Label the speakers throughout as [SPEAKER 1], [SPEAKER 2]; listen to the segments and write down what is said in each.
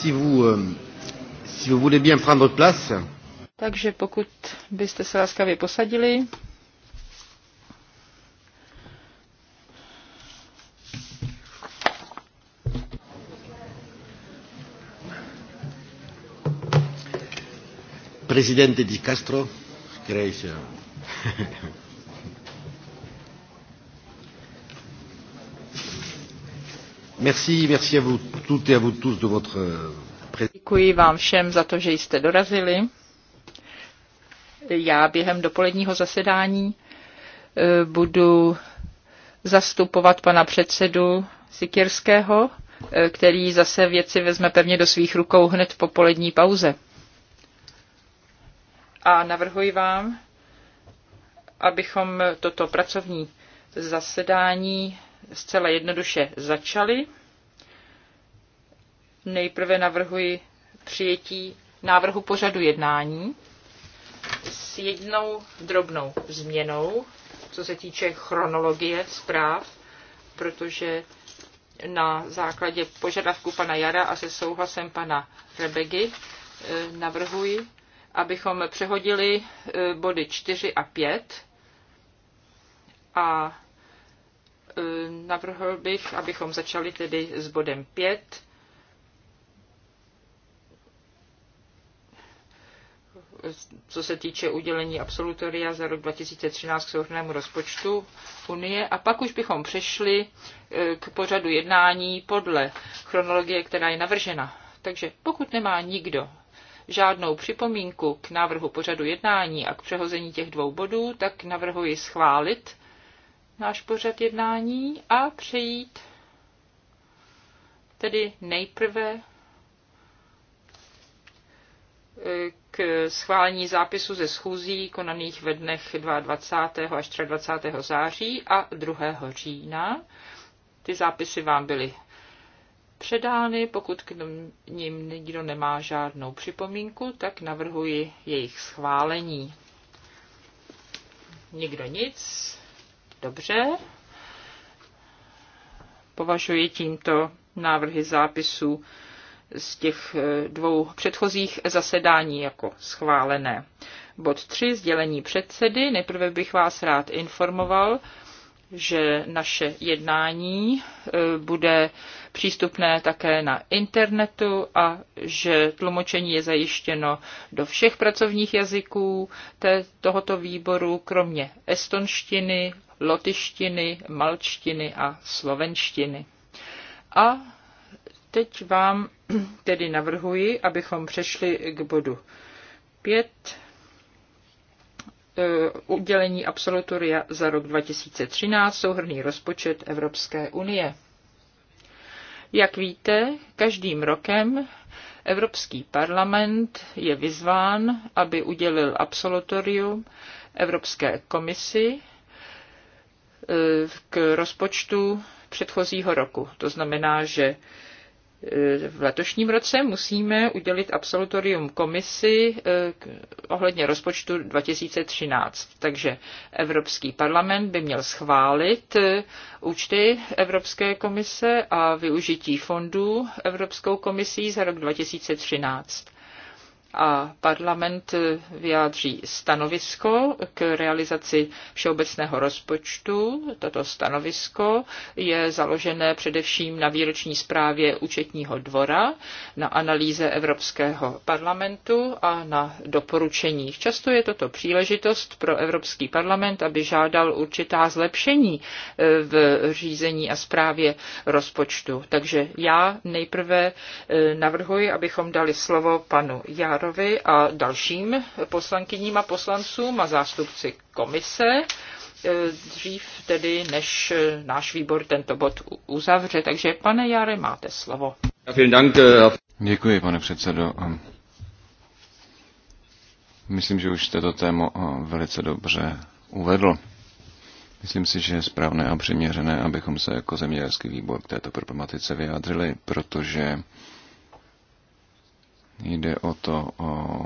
[SPEAKER 1] si vous, euh, si vous voulez bien prendre place.
[SPEAKER 2] Takže pokud byste se laskavě posadili,
[SPEAKER 1] Presidente Di Castro, gracias. Euh,
[SPEAKER 2] Děkuji vám všem za to, že jste dorazili. Já během dopoledního zasedání eh, budu zastupovat pana předsedu Sikirského, eh, který zase věci vezme pevně do svých rukou hned po polední pauze. A navrhuji vám, abychom toto pracovní zasedání zcela jednoduše začali. Nejprve navrhuji přijetí návrhu pořadu jednání s jednou drobnou změnou, co se týče chronologie zpráv, protože na základě požadavku pana Jara a se souhlasem pana Rebegy eh, navrhuji, abychom přehodili eh, body 4 a 5 a Eh, navrhl bych, abychom začali tedy s bodem 5. co se týče udělení absolutoria za rok 2013 k souhrnému rozpočtu Unie. A pak už bychom přešli eh, k pořadu jednání podle chronologie, která je navržena. Takže pokud nemá nikdo žádnou připomínku k návrhu pořadu jednání a k přehození těch dvou bodů, tak navrhuji schválit náš pořad jednání a přejít tedy nejprve eh, k schválení zápisu ze schůzí konaných ve dnech 22. až 23. září a 2. října. Ty zápisy vám byly předány. Pokud k ním nikdo nemá žádnou připomínku, tak navrhuji jejich schválení. Nikdo nic, Dobře. Považuji tímto návrhy zápisů z těch eh, dvou předchozích zasedání jako schválené. Bod 3. Sdělení předsedy. Nejprve bych vás rád informoval, že naše jednání eh, bude přístupné také na internetu a že tlumočení je zajištěno do všech pracovních jazyků tohoto výboru, kromě estonštiny, lotyštiny, malčtiny a slovenštiny. A teď vám tedy navrhuji, abychom přešli k bodu 5 e, udělení absolutoria za rok 2013, souhrný rozpočet Evropské unie. Jak víte, každým rokem Evropský parlament je vyzván, aby udělil absolutorium Evropské komisi k rozpočtu předchozího roku. To znamená, že e, v letošním roce musíme udělit absolutorium komisi e, ohledně rozpočtu 2013. Takže Evropský parlament by měl schválit e, účty Evropské komise a využití fondů Evropskou komisí za rok 2013 a parlament vyjádří stanovisko k realizaci všeobecného rozpočtu. Toto stanovisko je založené především na výroční zprávě účetního dvora, na analýze Evropského parlamentu a na doporučeních. Často je toto příležitost pro Evropský parlament, aby žádal určitá zlepšení eh, v řízení a zprávě rozpočtu. Takže já nejprve eh, navrhuji, abychom dali slovo panu Jaru Mlinárovi a dalším poslankyním a poslancům a zástupci komise eh, dřív tedy, než náš výbor tento bod uzavře. Takže pane Jare, máte slovo.
[SPEAKER 3] Eh, Děkuji, pane předsedo. Ehm, myslím, že už jste to téma eh, velice dobře uvedl. Myslím si, že je správné a přiměřené, abychom se jako zemědělský výbor k této problematice vyjádřili, protože Jde o to o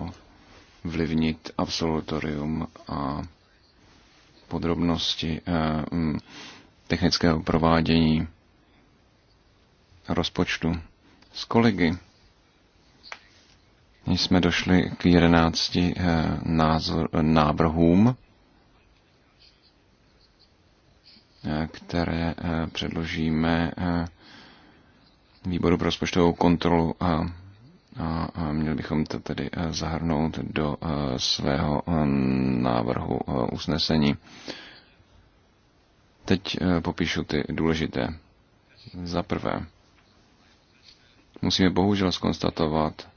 [SPEAKER 3] vlivnit absolutorium a podrobnosti eh, mm, technického provádění rozpočtu. S kolegy jsme došli k 11 eh, návrhům, eh, které předložíme výboru pro rozpočtovou kontrolu a a měli bychom to tedy eh, zahrnout do eh, svého eh, návrhu usnesení. Teď popíšu ty důležité. Za prvé, musíme bohužel skonstatovat,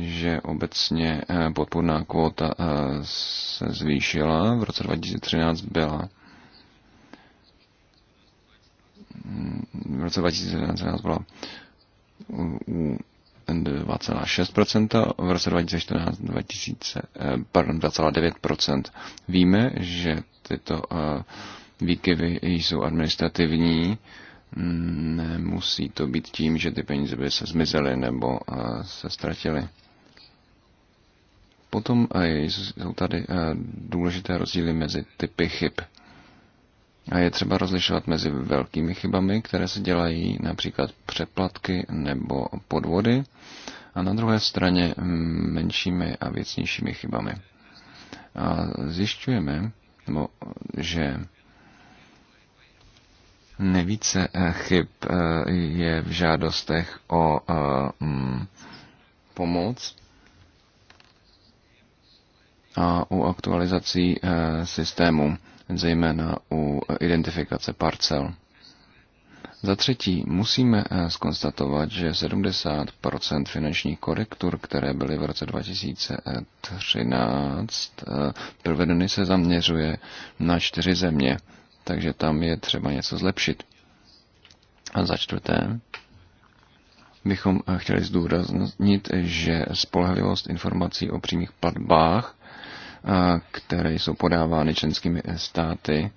[SPEAKER 3] že obecně podpůrná kvota se zvýšila. V roce 2013 byla mm, v roce 2013 byla u 2,6%, v roce 2014 2000, 2,9%. Víme, že tyto eh, výkyvy jsou administrativní, mm, nemusí to být tím, že ty peníze by se zmizely nebo eh, se ztratily. Potom eh, jsou tady důležité rozdíly mezi typy chyb. A je třeba rozlišovat mezi velkými chybami, které se dělají, například přeplatky nebo podvody, a na druhé straně mm, menšími a věcnějšími chybami. A zjišťujeme, nebo, že nejvíce eh, chyb eh, je v žádostech o eh, mm, pomoc a u aktualizací systému zejména u eh, identifikace parcel. Za třetí, musíme eh, skonstatovat, že 70 finančních korektur, které byly v roce 2013 eh, provedeny, se zaměřuje na čtyři země, takže tam je třeba něco zlepšit. A za čtvrté, bychom chtěli zdůraznit, že spolehlivost informací o přímých platbách které jsou podávány členskými státy,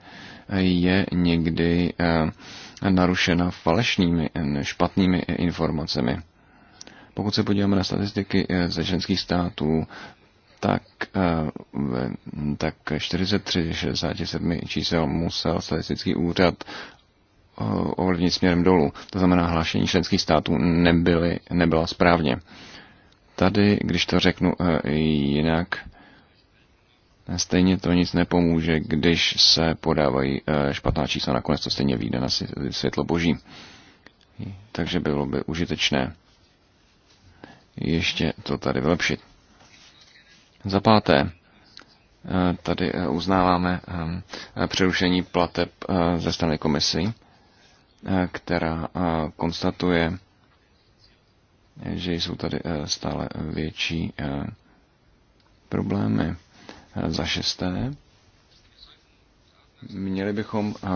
[SPEAKER 3] je někdy narušena falešnými, e, špatnými e, informacemi. Pokud se podíváme na statistiky e, ze členských států, tak, tak 43 67 čísel musel statistický úřad ovlivnit směrem dolů. To znamená, hlášení členských států nebyly, nebyla správně. Tady, když to řeknu jinak, Stejně to nic nepomůže, když se podávají eh, špatná čísla, nakonec to stejně vyjde na světlo boží. Takže bylo by užitečné ještě to tady vylepšit. Za páté, eh, tady eh, uznáváme přerušení plateb ze strany komisí, která konstatuje, že jsou tady stále větší problémy. Za šesté, měli bychom eh,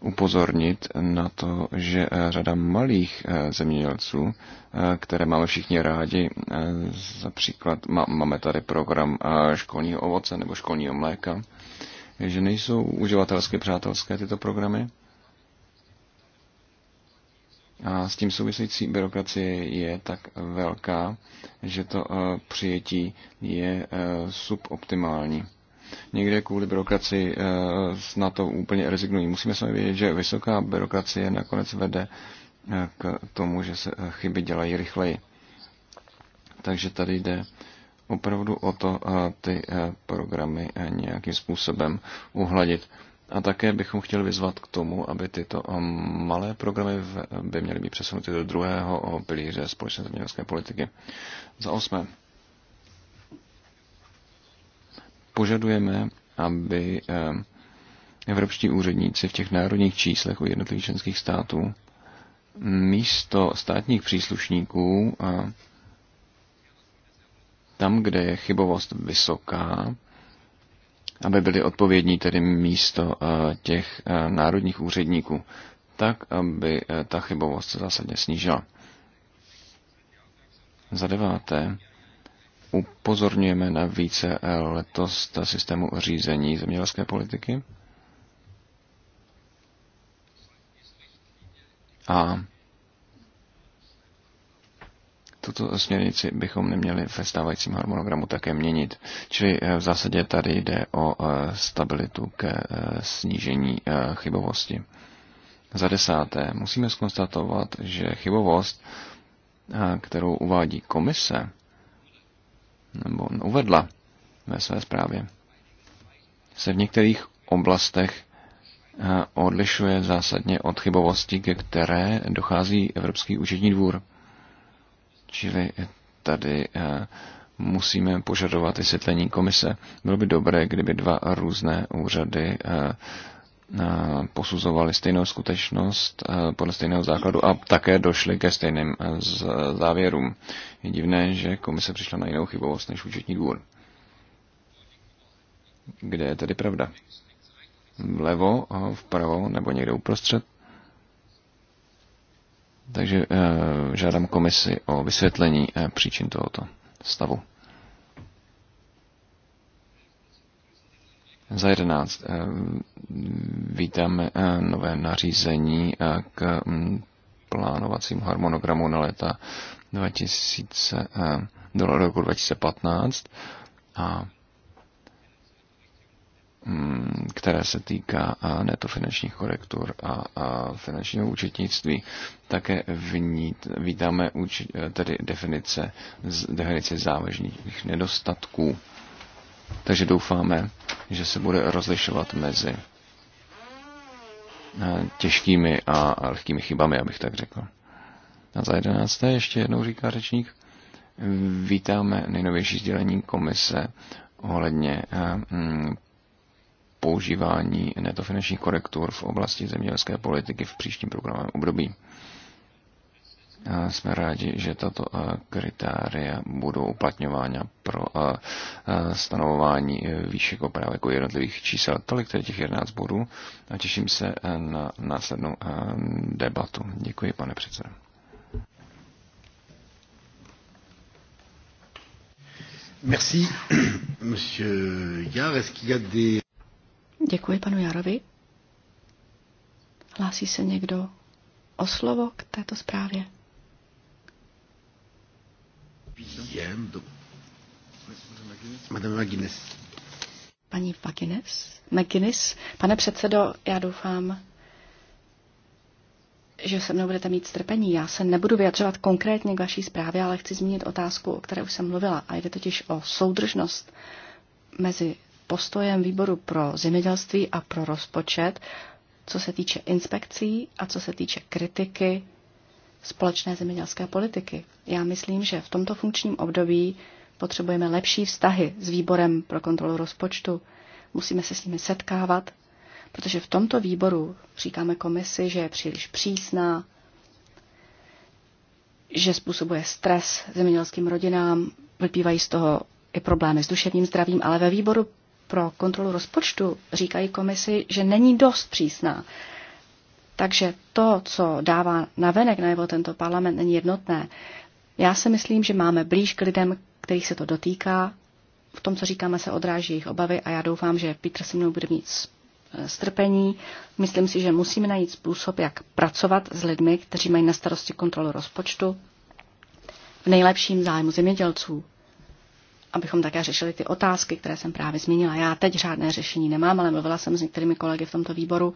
[SPEAKER 3] upozornit na to, že eh, řada malých eh, zemědělců, které máme všichni rádi, například máme tady program školního ovoce nebo školního mléka, že nejsou uživatelsky přátelské tyto programy a s tím související byrokracie je tak velká, že to eh, přijetí je eh, suboptimální. Někde kvůli byrokracii eh, na to úplně rezignují. Musíme sami vědět, že vysoká byrokracie nakonec vede k tomu, že se chyby dělají rychleji. Takže tady jde opravdu o to ty programy nějakým způsobem uhladit. A také bychom chtěli vyzvat k tomu, aby tyto um, malé programy by měly být přesunuty do druhého uh, pilíře společné zemědělské politiky. Za osmé. Požadujeme, aby uh, evropští úředníci v těch národních číslech u jednotlivých členských států místo státních příslušníků uh, tam, kde je chybovost vysoká, aby byli odpovědní tedy místo eh, těch eh, národních úředníků, tak aby eh, ta chybovost se zásadně snížila. Za deváté, upozorňujeme na více letos systému řízení zemědělské politiky. A tuto směrnici bychom neměli ve stávajícím harmonogramu také měnit. Čili eh, v zásadě tady jde o eh, stabilitu ke eh, snížení chybovosti. Za desáté, musíme skonstatovat, že chybovost, kterou uvádí komise, nebo uvedla ve své zprávě, se v některých oblastech odlišuje zásadně od chybovosti, ke které dochází Evropský účetní dvůr. Čili tady eh, musíme požadovat vysvětlení komise. Bylo by dobré, kdyby dva různé úřady eh, eh, posuzovali stejnou skutečnost podle stejného základu a také došli ke stejným závěrům. Je divné, že komise přišla na jinou chybovost než účetní dvůr. Kde je tedy pravda? Vlevo, vpravo nebo někde uprostřed? Takže eh, žádám komisi o vysvětlení eh, příčin tohoto stavu. Za jedenáct eh, vítáme nové nařízení k hm, plánovacímu harmonogramu na léta 2000, do roku 2015 a Mm, které se týká a neto finančních korektur a, a finančního účetnictví. Také v ní vítáme eh, tedy definice, definice závažných nedostatků. Takže doufáme, že se bude rozlišovat mezi eh, těžkými a lehkými chybami, abych tak řekl. A za jedenácté ještě jednou říká řečník, vítáme nejnovější sdělení komise ohledně eh, mm, používání netofinančních korektur v oblasti zemědělské politiky v příštím programovém období. Jsme rádi, že tato kritéria budou uplatňována pro stanovování e, výšek oprav jako jednotlivých čísel. Tolik tedy těch 11 bodů a těším se e, na následnou e, debatu. Děkuji, pane předsedo. Merci, monsieur Yar. Est-ce
[SPEAKER 1] qu'il y a des...
[SPEAKER 4] Děkuji panu Jarovi. Hlásí se někdo o slovo k této zprávě?
[SPEAKER 1] Madame McGuinness.
[SPEAKER 4] Paní McGuinness? McGuinness? Pane předsedo, já doufám, že se mnou budete mít strpení. Já se nebudu vyjadřovat konkrétně k vaší zprávě, ale chci zmínit otázku, o které už jsem mluvila. A jde totiž o soudržnost mezi postojem výboru pro zemědělství a pro rozpočet, co se týče inspekcí a co se týče kritiky společné zemědělské politiky. Já myslím, že v tomto funkčním období potřebujeme lepší vztahy s výborem pro kontrolu rozpočtu. Musíme se s nimi setkávat, protože v tomto výboru říkáme komisi, že je příliš přísná, že způsobuje stres zemědělským rodinám, vyplývají z toho i problémy s duševním zdravím, ale ve výboru pro kontrolu rozpočtu říkají komisi, že není dost přísná. Takže to, co dává navenek nebo tento parlament, není jednotné. Já si myslím, že máme blíž k lidem, kterých se to dotýká. V tom, co říkáme, se odráží jejich obavy a já doufám, že Petr se mnou bude mít strpení. Eh, myslím si, že musíme najít způsob, jak pracovat s lidmi, kteří mají na starosti kontrolu rozpočtu v nejlepším zájmu zemědělců abychom také řešili ty otázky, které jsem právě zmínila. Já teď žádné řešení nemám, ale mluvila jsem s některými kolegy v tomto výboru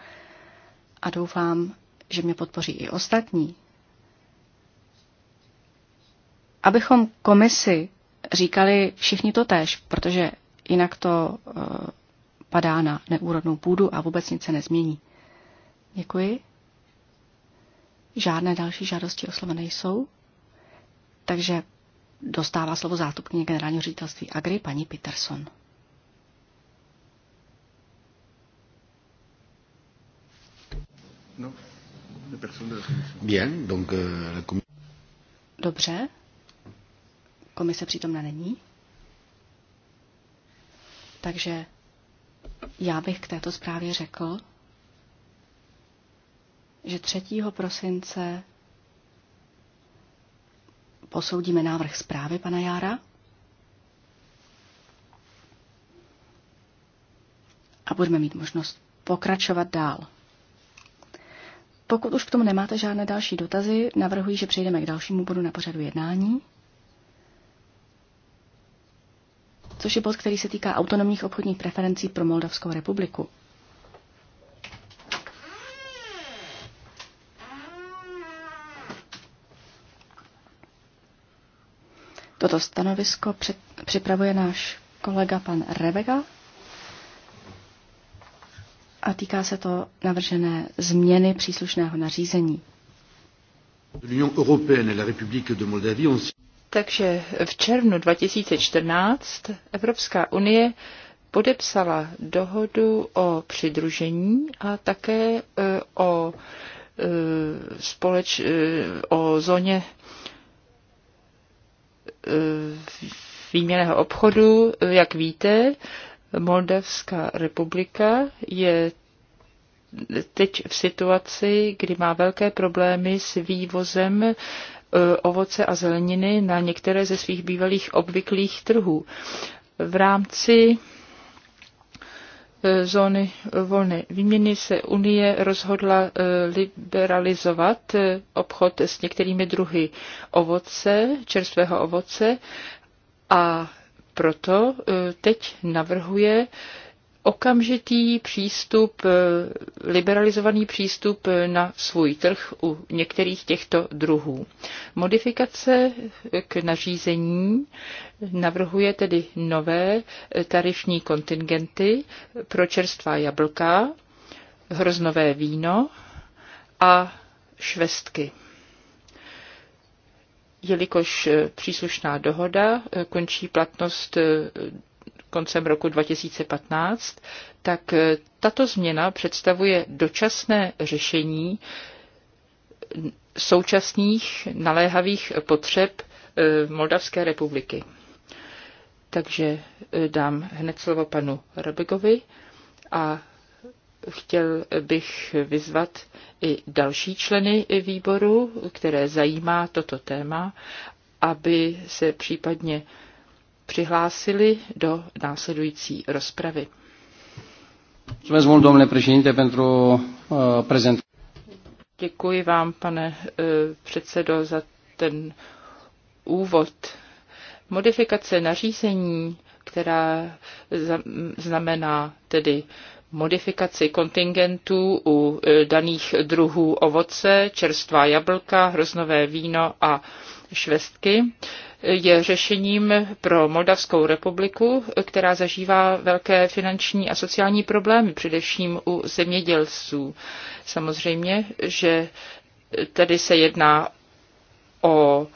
[SPEAKER 4] a doufám, že mě podpoří i ostatní. Abychom komisi říkali všichni to tež, protože jinak to eh, padá na neúrodnou půdu a vůbec nic se nezmění. Děkuji. Žádné další žádosti o slovo nejsou, takže dostává slovo zástupkyně generálního ředitelství Agri, paní Peterson. No, eh, Dobře. Komise přítomna není. Takže já bych k této zprávě řekl, že 3. prosince posoudíme návrh zprávy pana Jára a budeme mít možnost pokračovat dál. Pokud už k tomu nemáte žádné další dotazy, navrhuji, že přejdeme k dalšímu bodu na pořadu jednání, což je bod, který se týká autonomních obchodních preferencí pro Moldavskou republiku. Toto stanovisko před, připravuje náš kolega pan Rebega a týká se to navržené změny příslušného
[SPEAKER 2] nařízení. Takže v červnu 2014 Evropská unie podepsala dohodu o přidružení a také e, o, e, společ, e, o zóně Eh, výměného obchodu, jak víte, Moldavská republika je teď v situaci, kdy má velké problémy s vývozem eh, ovoce a zeleniny na některé ze svých bývalých obvyklých trhů. V rámci Eh, zóny eh, volné výměny se Unie rozhodla eh, liberalizovat obchod s některými druhy ovoce, čerstvého ovoce a proto teď navrhuje okamžitý přístup, eh, liberalizovaný přístup na svůj trh u některých těchto druhů. Modifikace k nařízení navrhuje tedy nové eh, tarifní kontingenty pro čerstvá jablka, hroznové víno a švestky jelikož eh, příslušná dohoda končí platnost koncem roku 2015, tak eh, tato změna představuje dočasné řešení současných naléhavých potřeb eh, Moldavské republiky. Takže eh, dám hned slovo panu Rabigovi a chtěl bych vyzvat i další členy výboru, které zajímá toto téma, aby se případně přihlásili do následující rozpravy.
[SPEAKER 3] Uh,
[SPEAKER 2] Děkuji vám, pane uh, předsedo, za ten úvod. Modifikace nařízení, která znamená tedy modifikaci kontingentů u uh, daných druhů ovoce, čerstvá jablka, hroznové víno a švestky, je řešením pro Moldavskou republiku, která zažívá velké finanční a sociální problémy, především u zemědělců. Samozřejmě, že tady se jedná o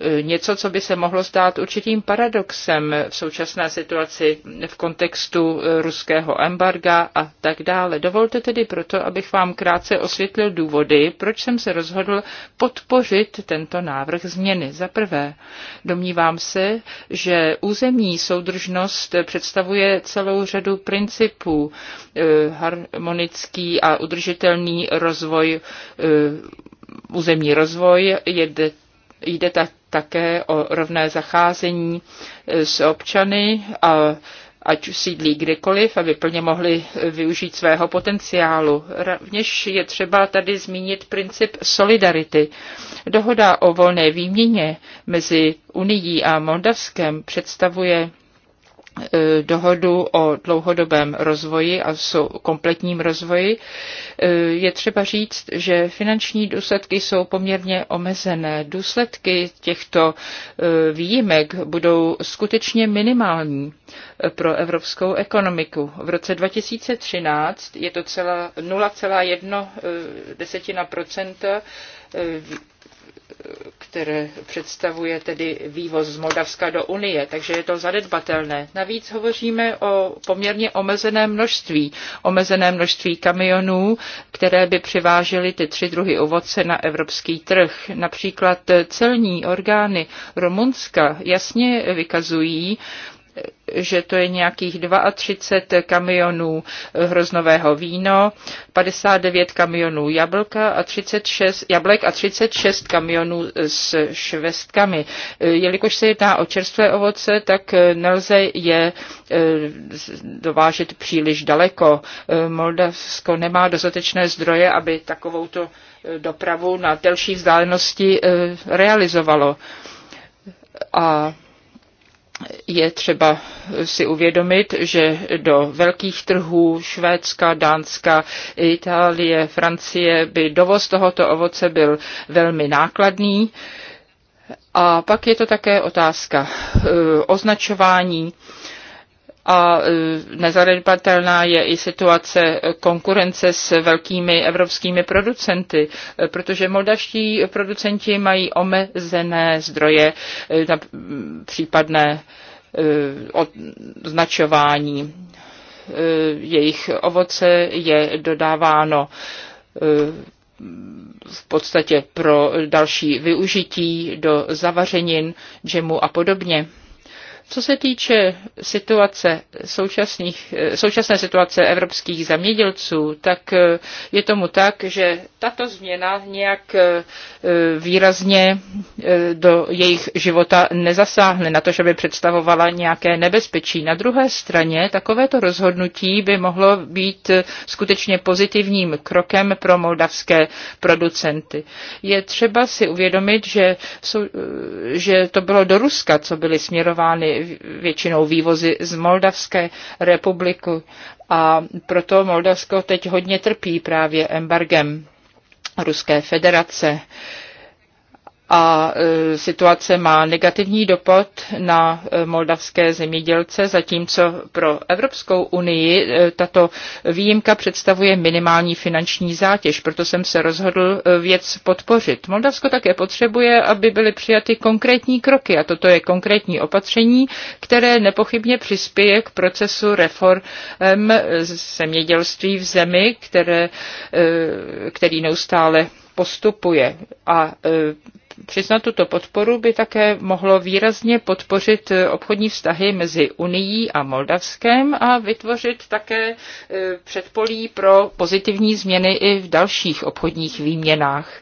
[SPEAKER 2] E, něco, co by se mohlo zdát určitým paradoxem v současné situaci v kontextu e, ruského embarga a tak dále. Dovolte tedy proto, abych vám krátce osvětlil důvody, proč jsem se rozhodl podpořit tento návrh změny. Za prvé, domnívám se, že územní soudržnost představuje celou řadu principů e, harmonický a udržitelný rozvoj územní rozvoj, jde, jde tak také o rovné zacházení eh, s občany a ať sídlí kdekoliv, aby plně mohli eh, využít svého potenciálu. Rovněž je třeba tady zmínit princip solidarity. Dohoda o volné výměně mezi Unií a Moldavskem představuje E, dohodu o dlouhodobém rozvoji a kompletním rozvoji, e, je třeba říct, že finanční důsledky jsou poměrně omezené. Důsledky těchto e, výjimek budou skutečně minimální pro evropskou ekonomiku. V roce 2013 je to 0,1 desetina procenta které představuje tedy vývoz z Moldavska do Unie, takže je to zanedbatelné. Navíc hovoříme o poměrně omezeném množství, omezeném množství kamionů, které by přivážely ty tři druhy ovoce na evropský trh. Například celní orgány Rumunska jasně vykazují, že to je nějakých 32 kamionů hroznového víno, 59 kamionů jablka a 36, jablek a 36 kamionů s švestkami. Jelikož se jedná o čerstvé ovoce, tak nelze je e, dovážet příliš daleko. E, Moldavsko nemá dostatečné zdroje, aby takovouto e, dopravu na delší vzdálenosti realizovalo. A je třeba si uvědomit, že do velkých trhů Švédska, Dánska, Itálie, Francie by dovoz tohoto ovoce byl velmi nákladný. A pak je to také otázka eh, označování a e, nezanedbatelná je i situace konkurence s velkými evropskými producenty, e, protože moldavští producenti mají omezené zdroje e, na případné označování. Jejich ovoce je dodáváno v podstatě pro další využití do zavařenin, džemu a podobně. Co se týče situace současných, současné situace evropských zemědělců, tak eh, je tomu tak, že tato změna nějak eh, výrazně eh, do jejich života nezasáhne na to, že by představovala nějaké nebezpečí. Na druhé straně takovéto rozhodnutí by mohlo být skutečně pozitivním krokem pro moldavské producenty. Je třeba si uvědomit, že, že to bylo do Ruska, co byly směrovány většinou vývozy z Moldavské republiky a proto Moldavsko teď hodně trpí právě embargem Ruské federace a e, situace má negativní dopad na e, moldavské zemědělce, zatímco pro Evropskou unii e, tato výjimka představuje minimální finanční zátěž. Proto jsem se rozhodl věc podpořit. Moldavsko také potřebuje, aby byly přijaty konkrétní kroky a toto je konkrétní opatření, které nepochybně přispěje k procesu reform zemědělství v zemi, které, který neustále postupuje a přiznat tuto podporu by také mohlo výrazně podpořit eh, obchodní vztahy mezi Unií a Moldavskem a vytvořit také eh, předpolí pro pozitivní změny i v dalších obchodních výměnách.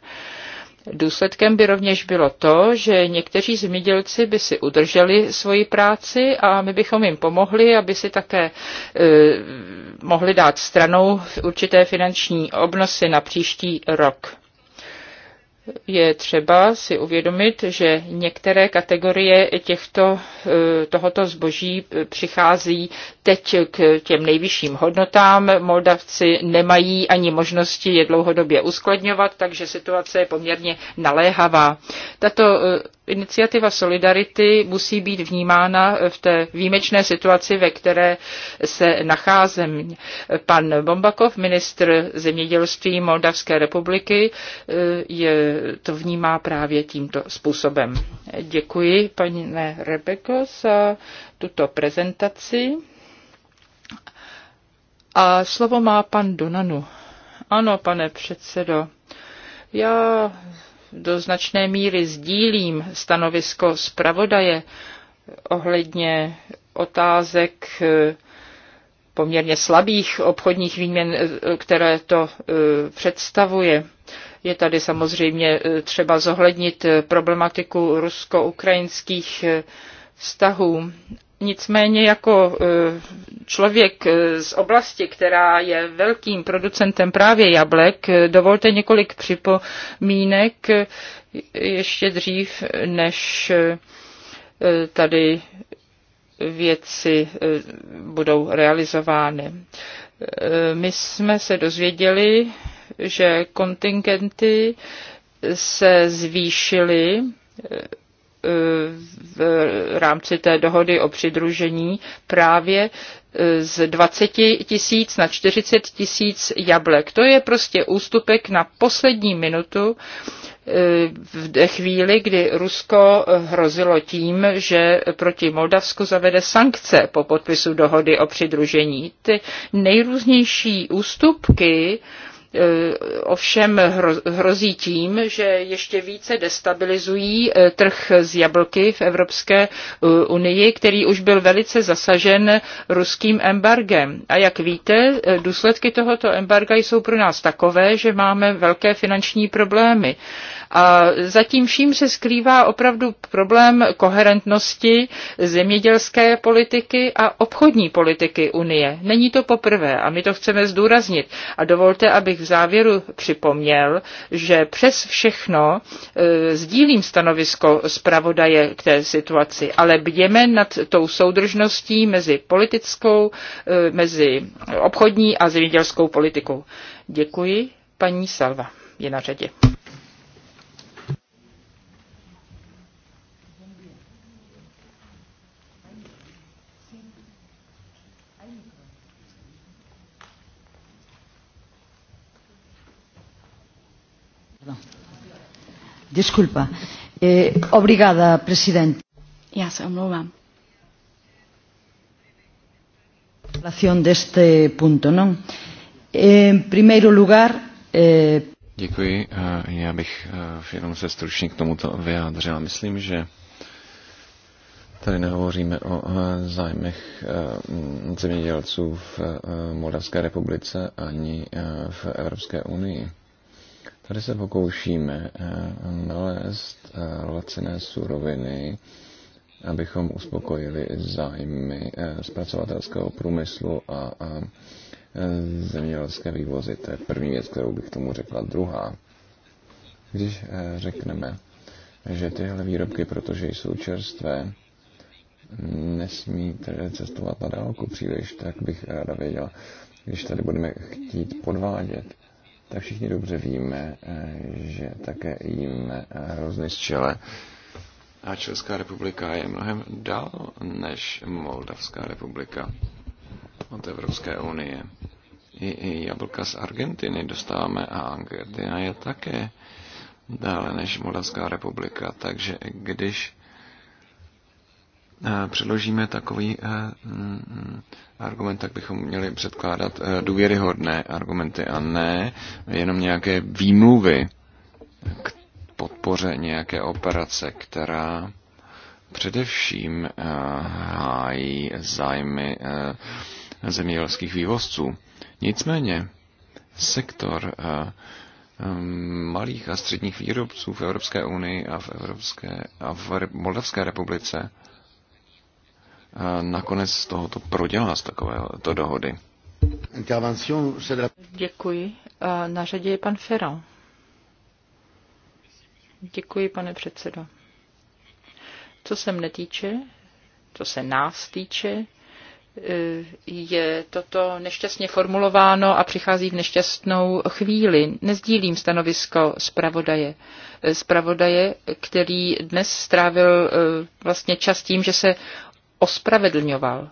[SPEAKER 2] Důsledkem by rovněž bylo to, že někteří zemědělci by si udrželi svoji práci a my bychom jim pomohli, aby si také e, mohli dát stranou určité finanční obnosy na příští rok je třeba si uvědomit, že některé kategorie těchto, eh, tohoto zboží eh, přichází teď k těm nejvyšším hodnotám. Moldavci nemají ani možnosti je dlouhodobě uskladňovat, takže situace je poměrně naléhavá. Tato eh, iniciativa Solidarity musí být vnímána v té výjimečné situaci, ve které se nacházím. Pan Bombakov, ministr zemědělství Moldavské republiky, eh, je, to vnímá právě tímto způsobem. Děkuji, paní Rebeko, za tuto prezentaci. A slovo má pan Donanu. Ano, pane předsedo. Já do značné míry sdílím stanovisko zpravodaje ohledně otázek eh, poměrně slabých obchodních výměn, eh, které to eh, představuje. Je tady samozřejmě třeba zohlednit problematiku rusko-ukrajinských vztahů Nicméně jako e, člověk e, z oblasti, která je velkým producentem právě jablek, e, dovolte několik připomínek ještě dřív, než tady věci budou realizovány. My jsme se dozvěděli, že kontingenty se zvýšily v rámci té dohody o přidružení právě e, z 20 tisíc na 40 tisíc jablek. To je prostě ústupek na poslední minutu e, v chvíli, kdy Rusko hrozilo tím, že proti Moldavsku zavede sankce po podpisu dohody o přidružení. Ty nejrůznější ústupky, Eh, ovšem hrozí tím, že ještě více destabilizují eh, trh z jablky v Evropské eh, unii, který už byl velice zasažen ruským embargem. A jak víte, důsledky tohoto embarga jsou pro nás takové, že máme velké finanční problémy. A zatím vším se skrývá opravdu problém koherentnosti zemědělské politiky a obchodní politiky Unie. Není to poprvé a my to chceme zdůraznit. A dovolte, abych v závěru připomněl, že přes všechno e, sdílím stanovisko zpravodaje k té situaci, ale bděme nad tou soudržností mezi politickou, e, mezi obchodní a zemědělskou politikou. Děkuji. Paní Salva je na řadě.
[SPEAKER 4] disculpa. Eh, obrigada, presidente. Já se omlouvám. Relación punto, ¿no? En primeiro lugar, eh...
[SPEAKER 3] Děkuji. Eh, já bych eh, jenom se stručně k tomuto vyjádřila. Myslím, že tady nehovoříme o eh, zájmech zemědělců v Moldavské republice ani v Evropské unii. Tady se pokoušíme eh, nalézt eh, laciné suroviny, abychom uspokojili zájmy eh, zpracovatelského průmyslu a zemědělské vývozy. To je první věc, kterou bych tomu řekla. Druhá, když řekneme, že tyhle výrobky, protože jsou čerstvé, nesmí tedy cestovat na dálku příliš, tak bych ráda věděla, když tady budeme chtít podvádět, tak všichni dobře víme, eh, že také jíme eh, hrozně z čele. A Česká republika je mnohem dál než Moldavská republika od Evropské unie. I, i jablka z Argentiny dostáváme a Argentina je také dále než Moldavská republika. Takže když Eh, předložíme takový eh, mm, argument, tak bychom měli předkládat eh, důvěryhodné argumenty a ne jenom nějaké výmluvy k podpoře nějaké operace, která především hájí zájmy zemědělských vývozců. Nicméně sektor malých a středních výrobců v Evropské unii a v, Evropské, a v Moldavské republice Eh, nakonec z tohoto prodělá z to dohody.
[SPEAKER 2] Děkuji. Eh, na řadě je pan Fero. Děkuji, pane předsedo. Co se mne týče, co se nás týče, eh, je toto nešťastně formulováno a přichází v nešťastnou chvíli. Nezdílím stanovisko zpravodaje. Zpravodaje, který dnes strávil vlastně čas tím, že se ospravedlňoval.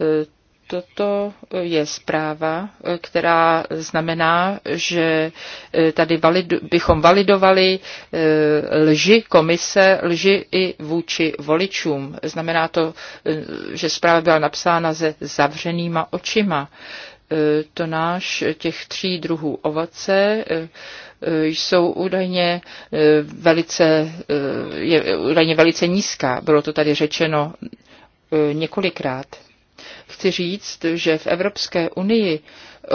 [SPEAKER 2] E, toto je zpráva, která znamená, že e, tady validu, bychom validovali e, lži komise, lži i vůči voličům. Znamená to, že zpráva byla napsána se zavřenýma očima. E, tonáž e, těch tří druhů ovace e, jsou údajně velice, je údajně velice nízká. Bylo to tady řečeno několikrát chci říct, že v Evropské unii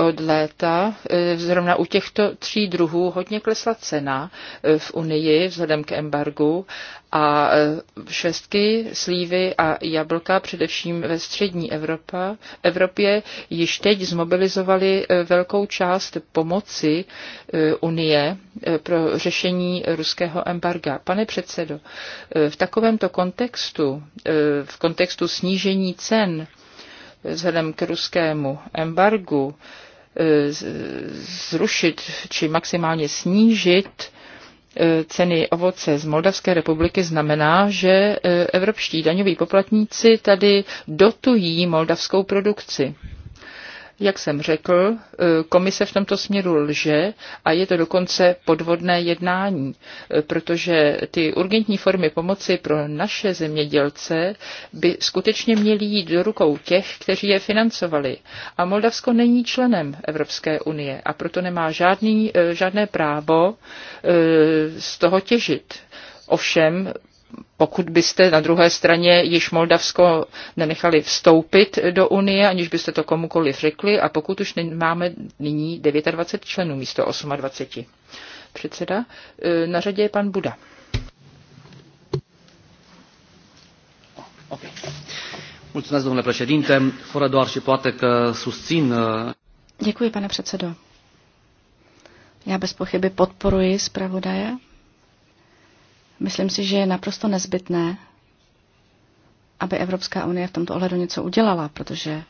[SPEAKER 2] od léta e, zrovna u těchto tří druhů hodně klesla cena e, v Unii vzhledem k embargu a e, švestky, slívy a jablka především ve střední Evropa, Evropě již teď zmobilizovali velkou část pomoci Unie pro řešení ruského embarga. Pane předsedo, v takovémto kontextu, v kontextu snížení cen vzhledem k ruskému embargu e, zrušit či maximálně snížit e, ceny ovoce z Moldavské republiky znamená, že e, evropští daňoví poplatníci tady dotují moldavskou produkci. Jak jsem řekl, e, komise v tomto směru lže a je to dokonce podvodné jednání, e, protože ty urgentní formy pomoci pro naše zemědělce by skutečně měly jít do rukou těch, kteří je financovali. A Moldavsko není členem Evropské unie a proto nemá žádný, e, žádné právo z toho těžit. Ovšem pokud byste na druhé straně již Moldavsko nenechali vstoupit do Unie, aniž byste to komukoliv řekli, a pokud už máme nyní 29 členů místo 28. Předseda, e, na řadě je pan Buda.
[SPEAKER 3] E,
[SPEAKER 4] Děkuji, pane předsedo. Já bez pochyby podporuji zpravodaje. Myslím si, že je naprosto nezbytné, aby Evropská unie v tomto ohledu něco udělala, protože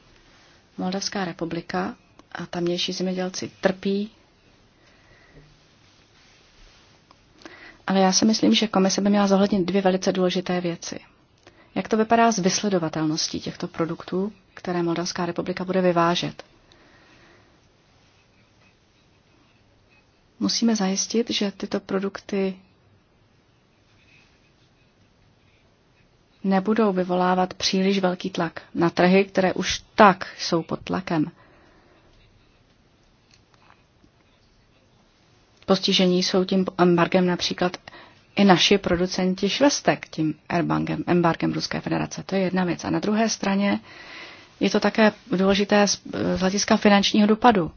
[SPEAKER 4] Moldavská republika a tamnější zemědělci trpí. Ale já si myslím, že komise by měla zohlednit dvě velice důležité věci. Jak to vypadá s vysledovatelností těchto produktů, které Moldavská republika bude vyvážet? Musíme zajistit, že tyto produkty nebudou vyvolávat příliš velký tlak na trhy, které už tak jsou pod tlakem. Postižení jsou tím embargem například i naši producenti švestek tím embargem, embargem Ruské federace. To je jedna věc. A na druhé straně je to také důležité z hlediska finančního dopadu.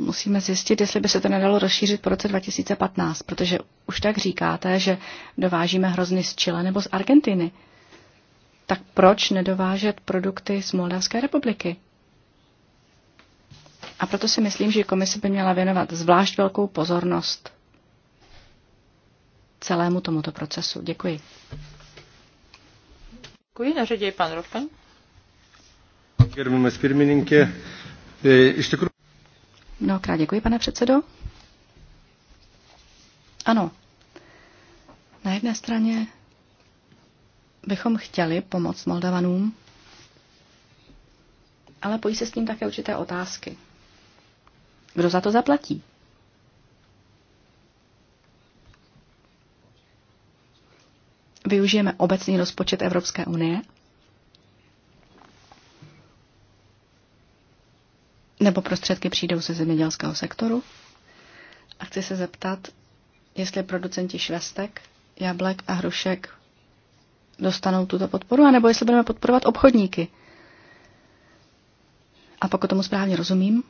[SPEAKER 4] musíme zjistit, jestli by se to nedalo rozšířit po roce 2015, protože už tak říkáte, že dovážíme hrozny z Chile nebo z Argentiny. Tak proč nedovážet produkty z Moldavské republiky? A proto si myslím, že komise by měla věnovat zvlášť velkou pozornost celému tomuto procesu. Děkuji.
[SPEAKER 2] Děkuji. Na řadě je pan Rofen.
[SPEAKER 1] Gerbimas pirmininkė, e, iš tikrųjų
[SPEAKER 4] Mnohokrát děkuji, pane předsedo. Ano. Na jedné straně bychom chtěli pomoct Moldavanům, ale pojí se s tím také určité otázky. Kdo za to zaplatí? Využijeme obecný rozpočet Evropské unie nebo prostředky přijdou ze zemědělského sektoru. A chci se zeptat, jestli producenti švestek, jablek a hrušek dostanou tuto podporu, anebo jestli budeme podporovat obchodníky. A pokud tomu správně rozumím,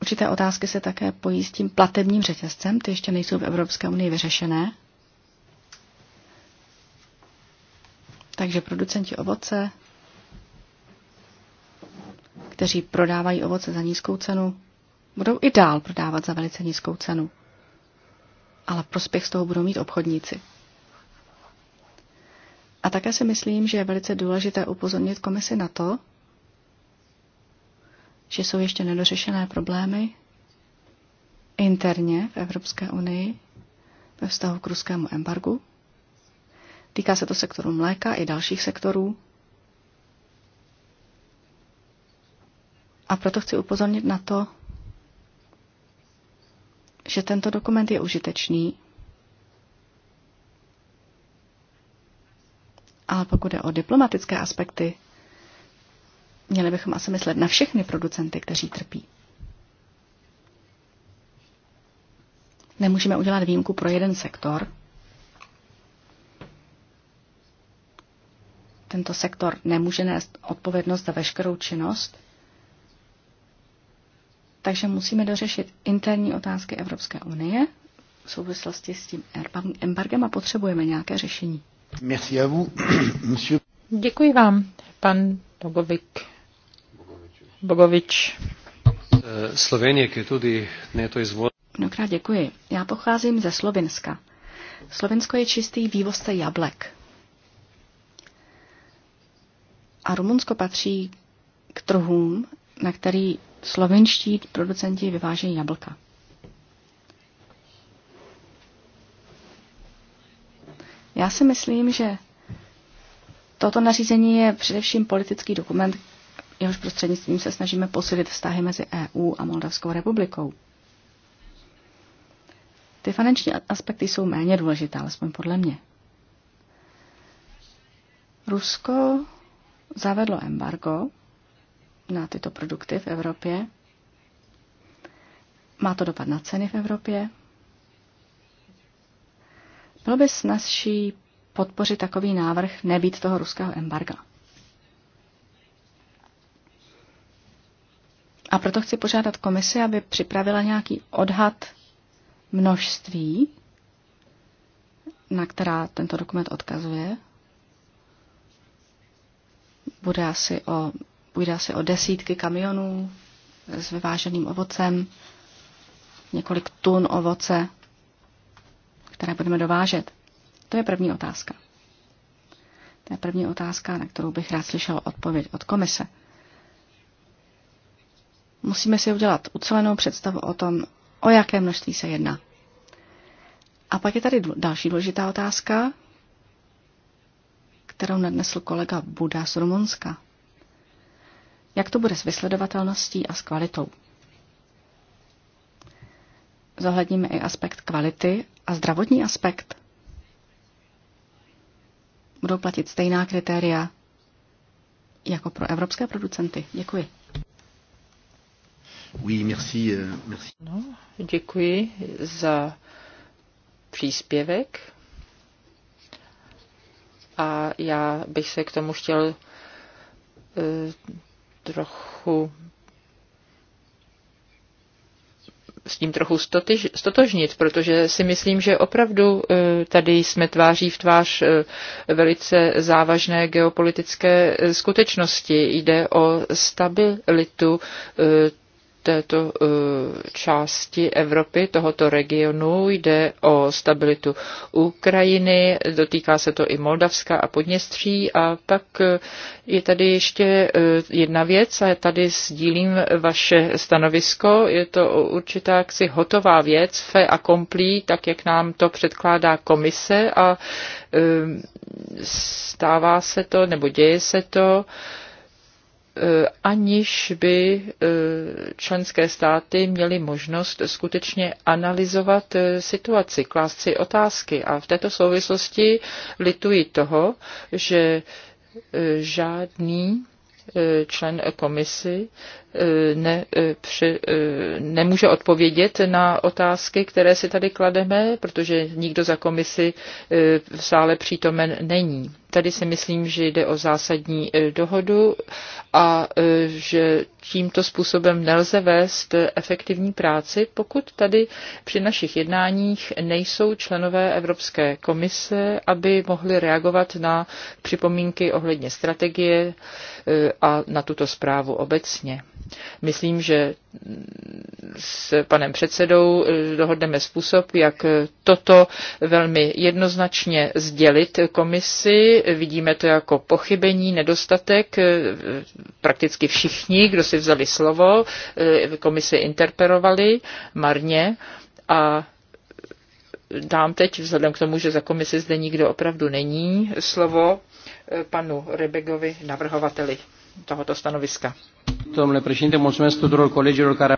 [SPEAKER 4] určité otázky se také pojí s tím platebním řetězcem, ty ještě nejsou v Evropské unii vyřešené. Takže producenti ovoce, kteří prodávají ovoce za nízkou cenu, budou i dál prodávat za velice nízkou cenu. Ale prospěch z toho budou mít obchodníci. A také si myslím, že je velice důležité upozornit komisi na to, že jsou ještě nedořešené problémy interně v Evropské unii ve vztahu k ruskému embargu. Týká se to sektoru mléka i dalších sektorů. A proto chci upozornit na to, že tento dokument je užitečný, ale pokud je o diplomatické aspekty, měli bychom asi myslet na všechny producenty, kteří trpí. Nemůžeme udělat výjimku pro jeden sektor. Tento sektor nemůže nést odpovědnost za veškerou činnost, takže musíme dořešit interní otázky Evropské unie v souvislosti s tím embargem a potřebujeme nějaké řešení.
[SPEAKER 1] Merci à vous,
[SPEAKER 3] monsieur.
[SPEAKER 2] Děkuji vám, pan Bogovic. Bogovič.
[SPEAKER 3] Slovenije, ki je tudi
[SPEAKER 2] Mnohokrát děkuji. Já
[SPEAKER 4] pocházím ze Slovenska. Slovensko je čistý vývozce jablek. A Rumunsko patří k trhům, na který slovenští producenti vyvážejí jablka. Já si myslím, že toto nařízení je především politický dokument, jehož prostřednictvím se snažíme posilit vztahy mezi EU a Moldavskou republikou. Ty finanční aspekty jsou méně důležité, alespoň podle mě. Rusko zavedlo embargo na tyto produkty v Evropě. Má to dopad na ceny v Evropě. Bylo by snazší podpořit takový návrh, nebýt toho ruského embarga. A proto chci požádat komisi, aby připravila nějaký odhad množství, na která tento dokument odkazuje. Bude asi o Půjde asi o desítky kamionů s vyváženým ovocem, několik tun ovoce, které budeme dovážet. To je první otázka. To je první otázka, na kterou bych rád slyšel odpověď od komise. Musíme si udělat ucelenou představu o tom, o jaké množství se jedná. A pak je tady další důležitá otázka, kterou nadnesl kolega Buda z Rumunska. Jak to bude s vysledovatelností a s kvalitou? Zohledníme i aspekt kvality a zdravotní aspekt. Budou platit stejná kritéria jako pro evropské producenty. Děkuji.
[SPEAKER 1] Oui, merci, eh, merci. No,
[SPEAKER 2] děkuji za příspěvek. A já bych se k tomu chtěl eh, trochu s tím trochu stotyž, stotožnit, protože si myslím, že opravdu eh, tady jsme tváří v tvář eh, velice závažné geopolitické eh, skutečnosti. Jde o stabilitu této eh, části Evropy, tohoto regionu. Jde o stabilitu Ukrajiny, dotýká se to i Moldavska a Podněstří. A pak eh, je tady ještě eh, jedna věc a tady sdílím vaše stanovisko. Je to určitá jaksi hotová věc, fe a komplí, tak jak nám to předkládá komise a stává se to nebo děje se to E, aniž by e, členské státy měly možnost skutečně analyzovat e, situaci, klást si otázky. A v této souvislosti lituji toho, že žádný člen komisy ne, při, nemůže odpovědět na otázky, které si tady klademe, protože nikdo za komisi v sále přítomen není. Tady si myslím, že jde o zásadní e, dohodu a e, že tímto způsobem nelze vést efektivní práci, pokud tady při našich jednáních nejsou členové Evropské komise, aby mohli reagovat na připomínky ohledně strategie e, a na tuto zprávu obecně. Myslím, že s panem předsedou dohodneme způsob, jak toto velmi jednoznačně sdělit komisi. Vidíme to jako pochybení, nedostatek. Prakticky všichni, kdo si vzali slovo, komisi interperovali marně a dám teď, vzhledem k tomu, že za komisi zde nikdo opravdu není, slovo panu Rebegovi, navrhovateli tohoto stanoviska domnule președinte, mulțumesc tuturor
[SPEAKER 1] colegilor care...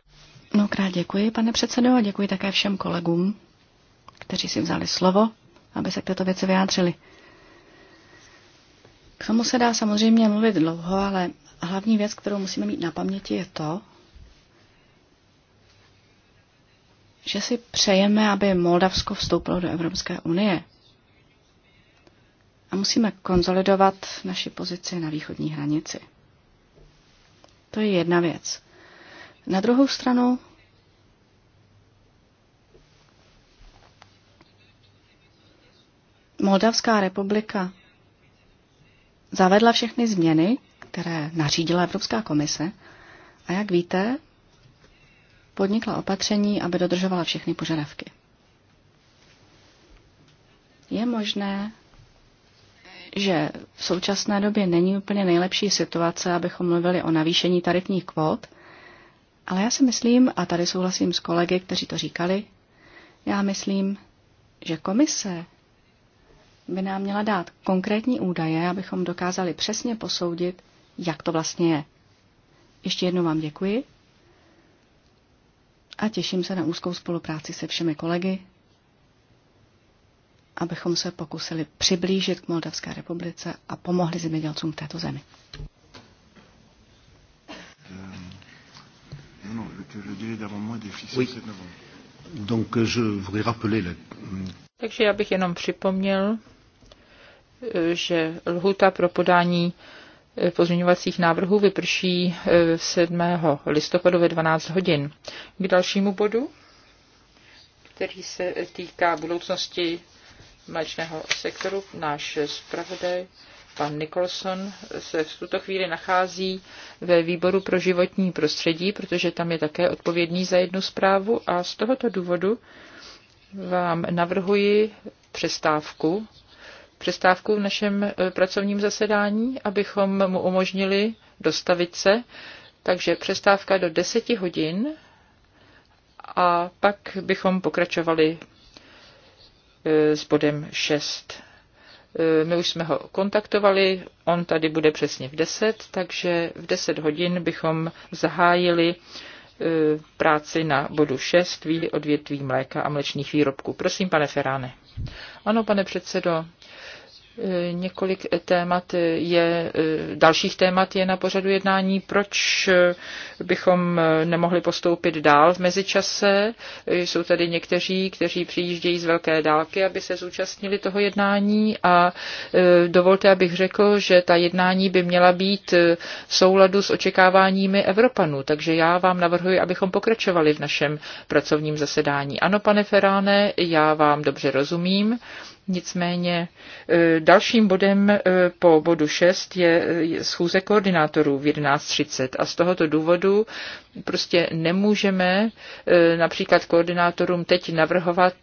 [SPEAKER 4] Mnohokrát děkuji, pane předsedo, a děkuji také všem kolegům, kteří si vzali slovo, aby se k této věci vyjádřili. K tomu se dá samozřejmě mluvit dlouho, ale hlavní věc, kterou musíme mít na paměti, je to, že si přejeme, aby Moldavsko vstoupilo do Evropské unie. A musíme konzolidovat naši pozici na východní hranici. To je jedna věc. Na druhou stranu Moldavská republika zavedla všechny změny, které nařídila Evropská komise a jak víte, podnikla opatření, aby dodržovala všechny požadavky. Je možné, že v současné době není úplně nejlepší situace, abychom mluvili o navýšení tarifních kvót, ale já si myslím, a tady souhlasím s kolegy, kteří to říkali, já myslím, že komise by nám měla dát konkrétní údaje, abychom dokázali přesně posoudit, jak to vlastně je. Ještě jednou vám děkuji a těším se na úzkou spolupráci se všemi kolegy abychom se pokusili přiblížit k Moldavské republice a pomohli zemědělcům v této zemi.
[SPEAKER 1] Euh, euh,
[SPEAKER 2] Takže já bych jenom připomněl, euh, že lhuta pro podání eh, pozměňovacích návrhů vyprší 7. Eh, listopadu ve 12 hodin. K dalšímu bodu, který se týká budoucnosti mléčného sektoru. Náš zpravodaj pan Nicholson se v tuto chvíli nachází ve výboru pro životní prostředí, protože tam je také odpovědný za jednu zprávu a z tohoto důvodu vám navrhuji přestávku. Přestávku v našem eh, pracovním zasedání, abychom mu umožnili dostavit se. Takže přestávka do 10 hodin a pak bychom pokračovali Eh, s bodem 6. Eh, my už jsme ho kontaktovali, on tady bude přesně v 10, takže v 10 hodin bychom zahájili eh, práci na bodu 6 odvětví mléka a mlečných výrobků. Prosím, pane Feráne. Ano, pane předsedo, Několik témat je, dalších témat je na pořadu jednání. Proč bychom nemohli postoupit dál v mezičase? Jsou tady někteří, kteří přijíždějí z velké dálky, aby se zúčastnili toho jednání a e, dovolte, abych řekl, že ta jednání by měla být v souladu s očekáváními Evropanů. Takže já vám navrhuji, abychom pokračovali v našem pracovním zasedání. Ano, pane Feráne, já vám dobře rozumím Nicméně e, dalším bodem e, po bodu 6 je schůze koordinátorů v 11.30 a z tohoto důvodu prostě nemůžeme e, například koordinátorům teď navrhovat,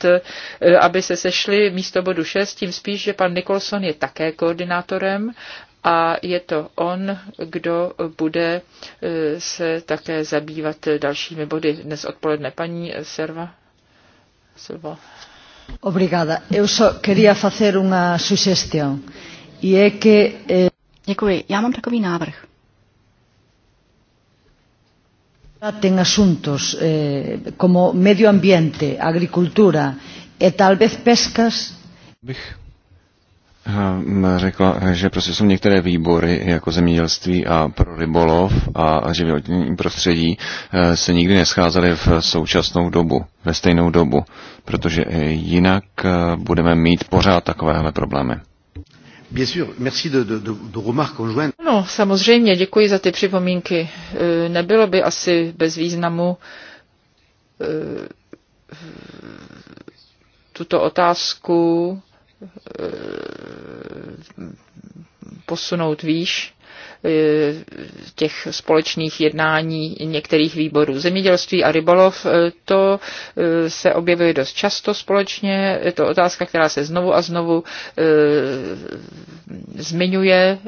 [SPEAKER 2] aby se sešli místo bodu 6, tím spíš, že pan Nikolson je také koordinátorem a je to on, kdo bude se také zabývat dalšími body dnes odpoledne. Paní Serva. Silva.
[SPEAKER 4] Obrigada. Eu só queria fazer uma sugestão. E é que... Eh... Děkuji. Já mám takový návrh. Ten asuntos eh, como medio ambiente, agricultura e tal vez pescas.
[SPEAKER 3] Bych Ehm, řekla, že prostě jsou některé výbory jako zemědělství a pro rybolov a životní prostředí eh, se nikdy nescházely v současnou dobu, ve stejnou dobu, protože jinak eh, budeme mít pořád takovéhle problémy.
[SPEAKER 2] No, samozřejmě, děkuji za ty připomínky. Eh, nebylo by asi bez významu tuto otázku Eh, posunout výš eh, těch společných jednání některých výborů. Zemědělství a rybolov, eh, to se objevuje dost často společně. Je to otázka, která se znovu a znovu zmiňuje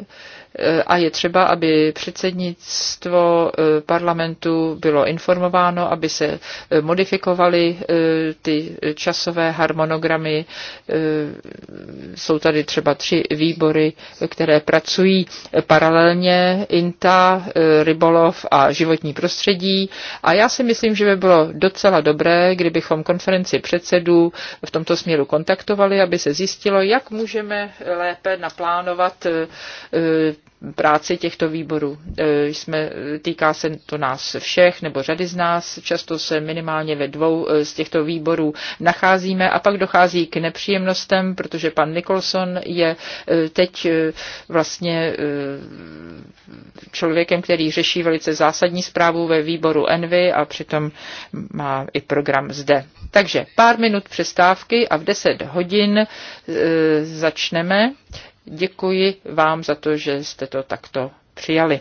[SPEAKER 2] a je třeba, aby předsednictvo eh, parlamentu bylo informováno, aby se eh, modifikovaly eh, ty časové harmonogramy. Jsou tady třeba tři výbory, které pracují paralelně, INTA, rybolov a životní prostředí. A já si myslím, že by bylo docela dobré, kdybychom konferenci předsedů v tomto směru kontaktovali, aby se zjistilo, jak můžeme lépe naplánovat práci těchto výborů. E, jsme, týká se to nás všech nebo řady z nás. Často se minimálně ve dvou e, z těchto výborů nacházíme a pak dochází k nepříjemnostem, protože pan Nicholson je e, teď vlastně člověkem, který řeší velice zásadní zprávu ve výboru Envy a přitom má i program zde. Takže pár minut přestávky a v 10 hodin začneme. Děkuji vám za to, že jste to takto přijali.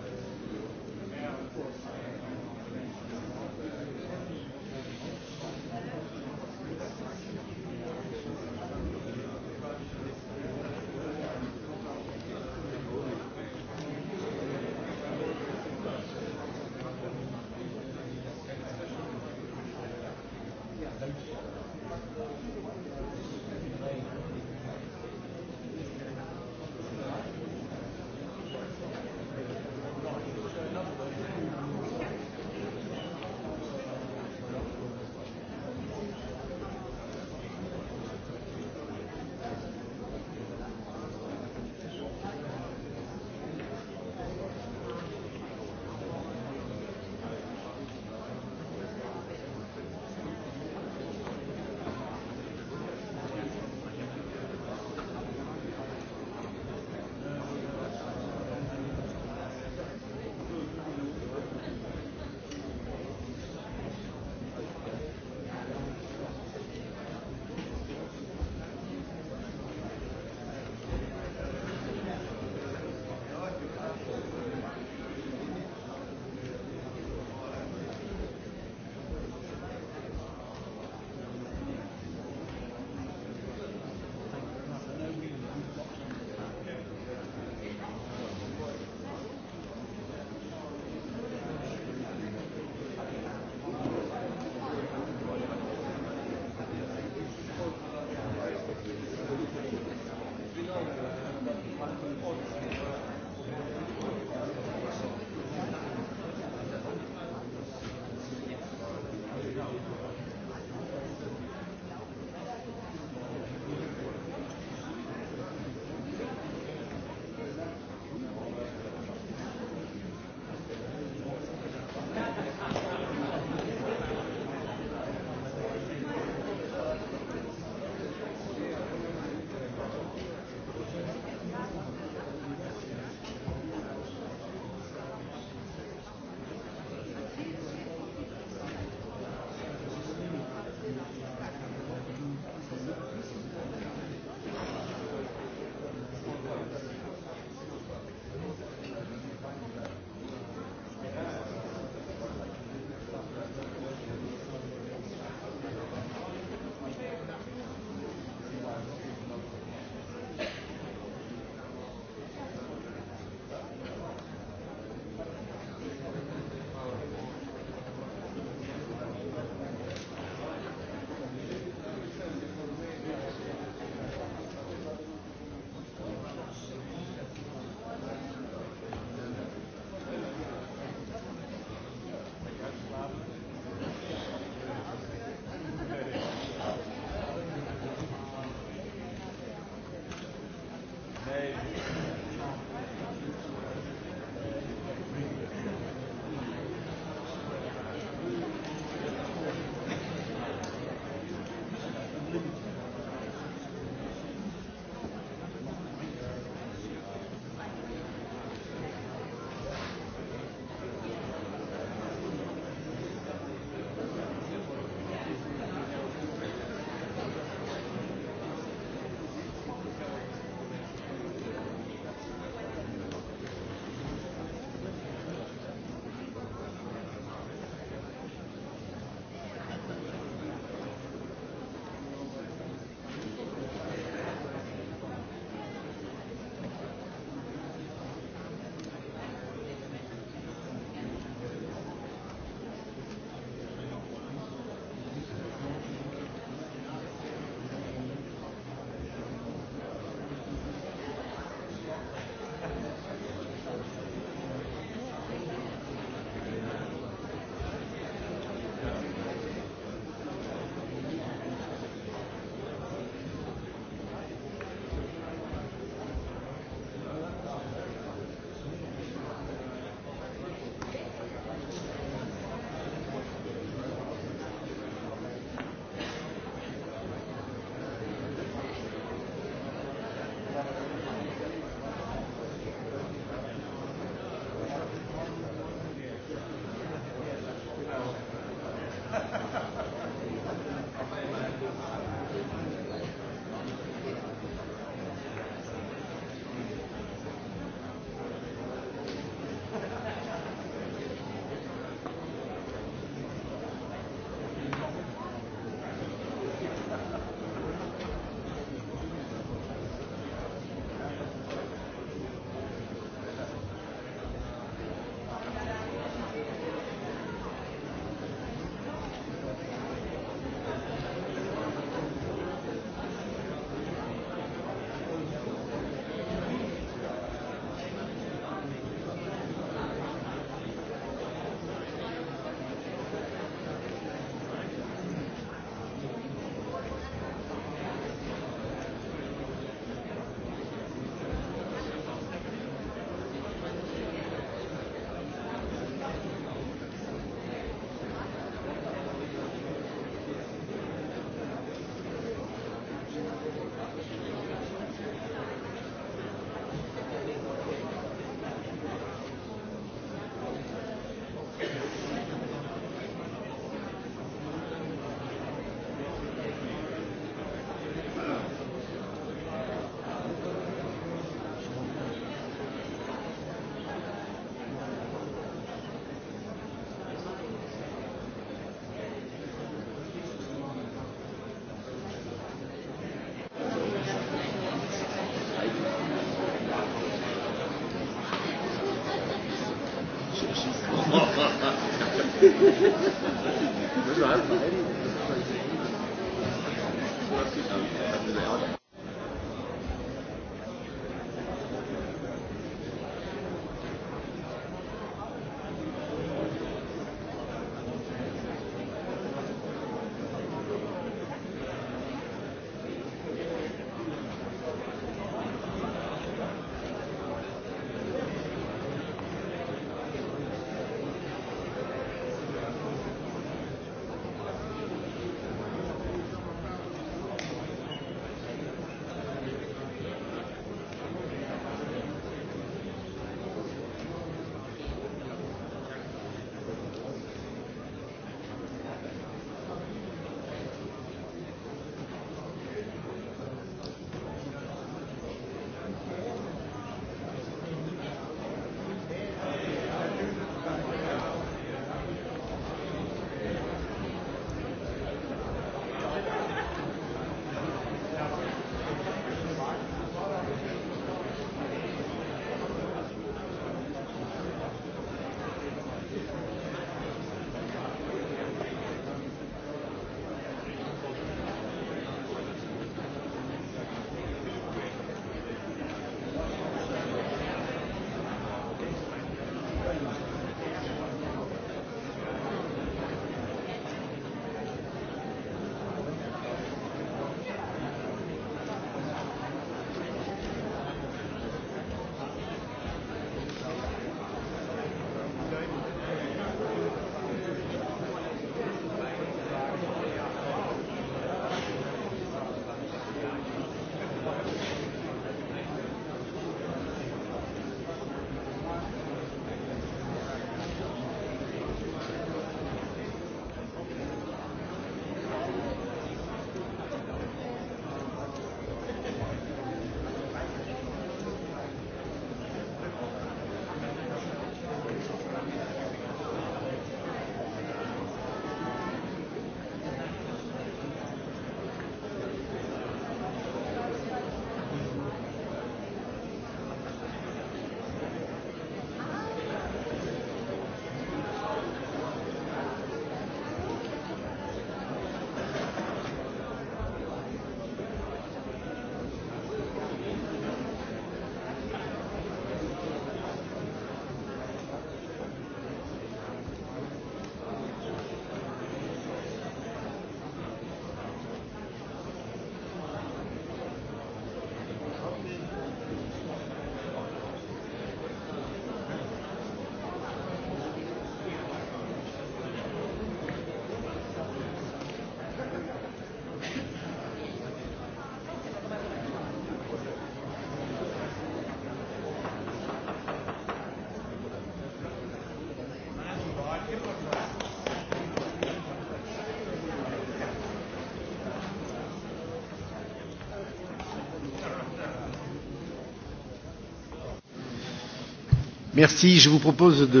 [SPEAKER 3] Merci, je vous propose de...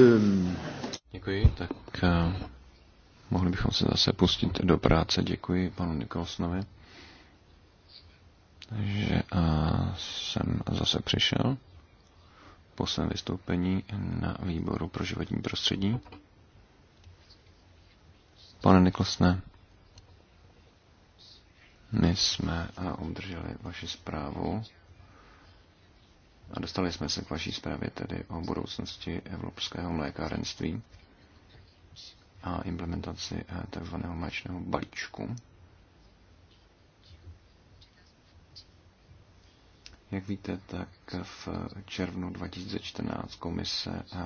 [SPEAKER 3] Děkuji, tak uh, mohli bychom se zase pustit do práce. Děkuji panu Nikolsonovi, Takže, uh, eh, jsem zase přišel po svém vystoupení na výboru pro životní prostředí. Pane Niklosne, my jsme eh, obdrželi vaši zprávu a dostali jsme se k vaší zprávě tedy o budoucnosti evropského mlékárenství a implementaci eh, tzv. mléčného balíčku. Jak víte, tak v červnu 2014 komise eh,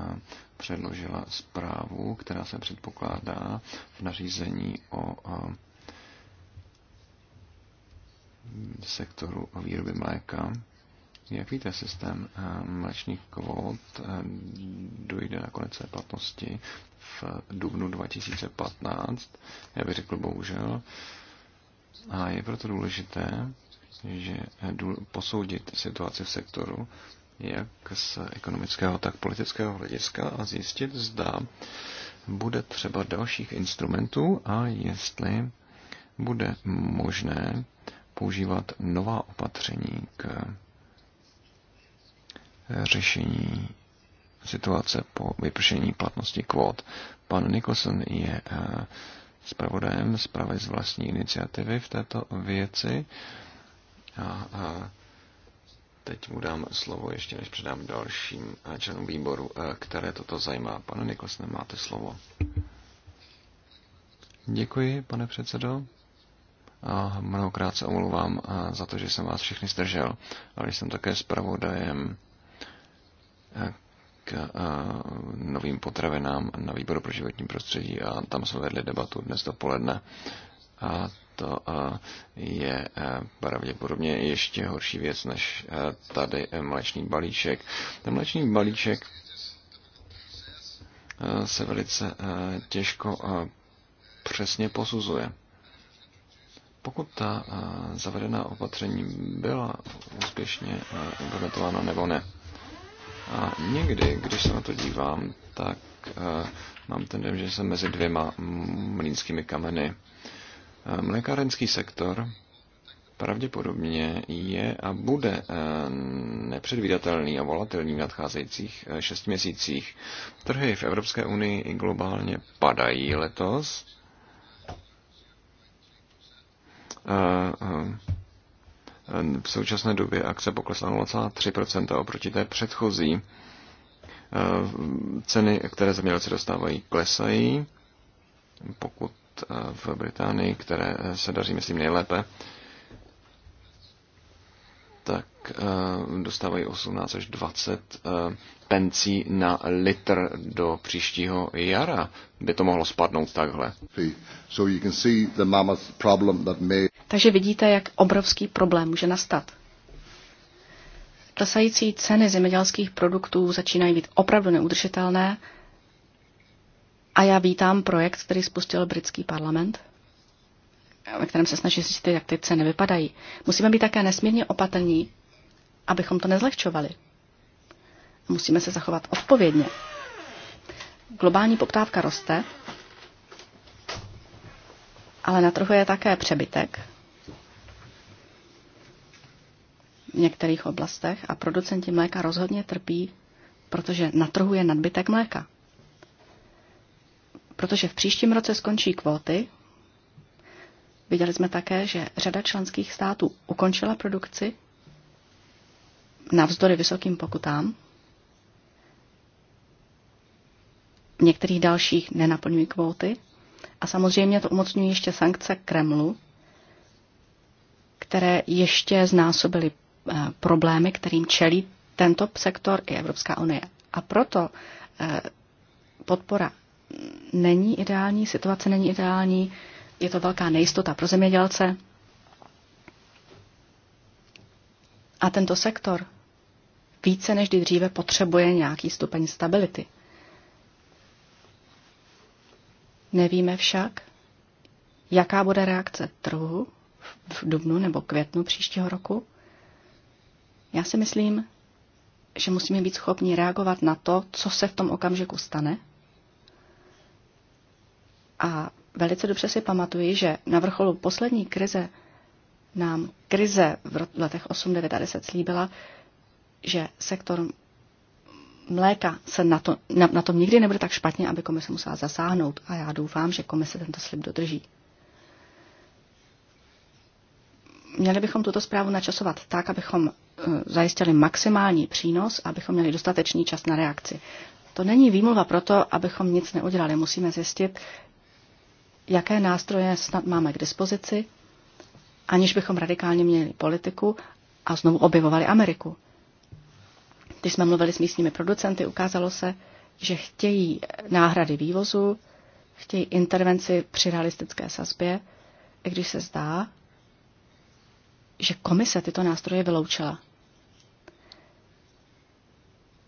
[SPEAKER 3] předložila zprávu, která se předpokládá v nařízení o eh, sektoru výroby mléka jak víte, systém eh, mlečných kvót eh, dojde na konec své platnosti v dubnu 2015, já bych řekl bohužel. A je proto důležité, že eh, posoudit situaci v sektoru, jak z ekonomického, tak politického hlediska a zjistit, zda bude třeba dalších instrumentů a jestli bude možné používat nová opatření k řešení situace po vypršení platnosti kvót. Pan Nicholson je eh, zpravodajem zprávy z vlastní iniciativy v této věci. A, a teď mu dám slovo, ještě než předám dalším eh, členům výboru, eh, které toto zajímá. Pane Nikos, máte slovo. Děkuji, pane předsedo. A mnohokrát se omluvám za to, že jsem vás všechny zdržel, ale jsem také zpravodajem k eh, novým potravinám na výboru pro životní prostředí a tam jsme vedli debatu dnes dopoledne. A to eh, je eh, pravděpodobně ještě horší věc než tady mléčný balíček. Ten mléčný balíček se velice těžko přesně posuzuje. Pokud ta zavedená opatření byla úspěšně implementována nebo ne. A někdy, když se na to dívám, tak eh, mám ten den, že jsem mezi dvěma mlínskými kameny. Eh, mlékárenský sektor pravděpodobně je a bude eh, nepředvídatelný a volatelný v nadcházejících šest měsících. Trhy v Evropské unii i globálně padají letos. V současné době akce poklesla 0,3% oproti té předchozí. Eh, ceny, které zemědělci dostávají, klesají, pokud eh, v Británii, které se daří, myslím, nejlépe, tak eh, dostávají 18 až 20 eh, pencí na litr do příštího jara, by to mohlo spadnout takhle.
[SPEAKER 4] Takže vidíte, jak obrovský problém může nastat. Klesající ceny zemědělských produktů začínají být opravdu neudržitelné a já vítám projekt, který spustil britský parlament – ve kterém se snaží říct, jak ty ceny vypadají. Musíme být také nesmírně opatrní, abychom to nezlehčovali. Musíme se zachovat odpovědně. Globální poptávka roste, ale na trhu je také přebytek v některých oblastech a producenti mléka rozhodně trpí, protože na trhu je nadbytek mléka. Protože v příštím roce skončí kvóty Viděli jsme také, že řada členských států ukončila produkci navzdory vysokým pokutám. některých dalších nenaplňují kvóty. A samozřejmě to umocňují ještě sankce Kremlu, které ještě znásobily eh, problémy, kterým čelí tento sektor i Evropská unie. A proto eh, podpora není ideální, situace není ideální, je to velká nejistota pro zemědělce. A tento sektor více než kdy dříve potřebuje nějaký stupeň stability. Nevíme však, jaká bude reakce trhu v dubnu nebo květnu příštího roku. Já si myslím, že musíme být schopni reagovat na to, co se v tom okamžiku stane a velice dobře si pamatuji, že na vrcholu poslední krize nám krize v letech 8, 9 a 10 slíbila, že sektor mléka se na, to, na, na tom nikdy nebude tak špatně, aby komise musela zasáhnout. A já doufám, že komise tento slib dodrží. Měli bychom tuto zprávu načasovat tak, abychom eh, zajistili maximální přínos, a abychom měli dostatečný čas na reakci. To není výmluva pro to, abychom nic neudělali. Musíme zjistit, jaké nástroje snad máme k dispozici, aniž bychom radikálně měnili politiku a znovu objevovali Ameriku. Když jsme mluvili s místními producenty, ukázalo se, že chtějí náhrady vývozu, chtějí intervenci při realistické sazbě, i když se zdá, že komise tyto nástroje vyloučila.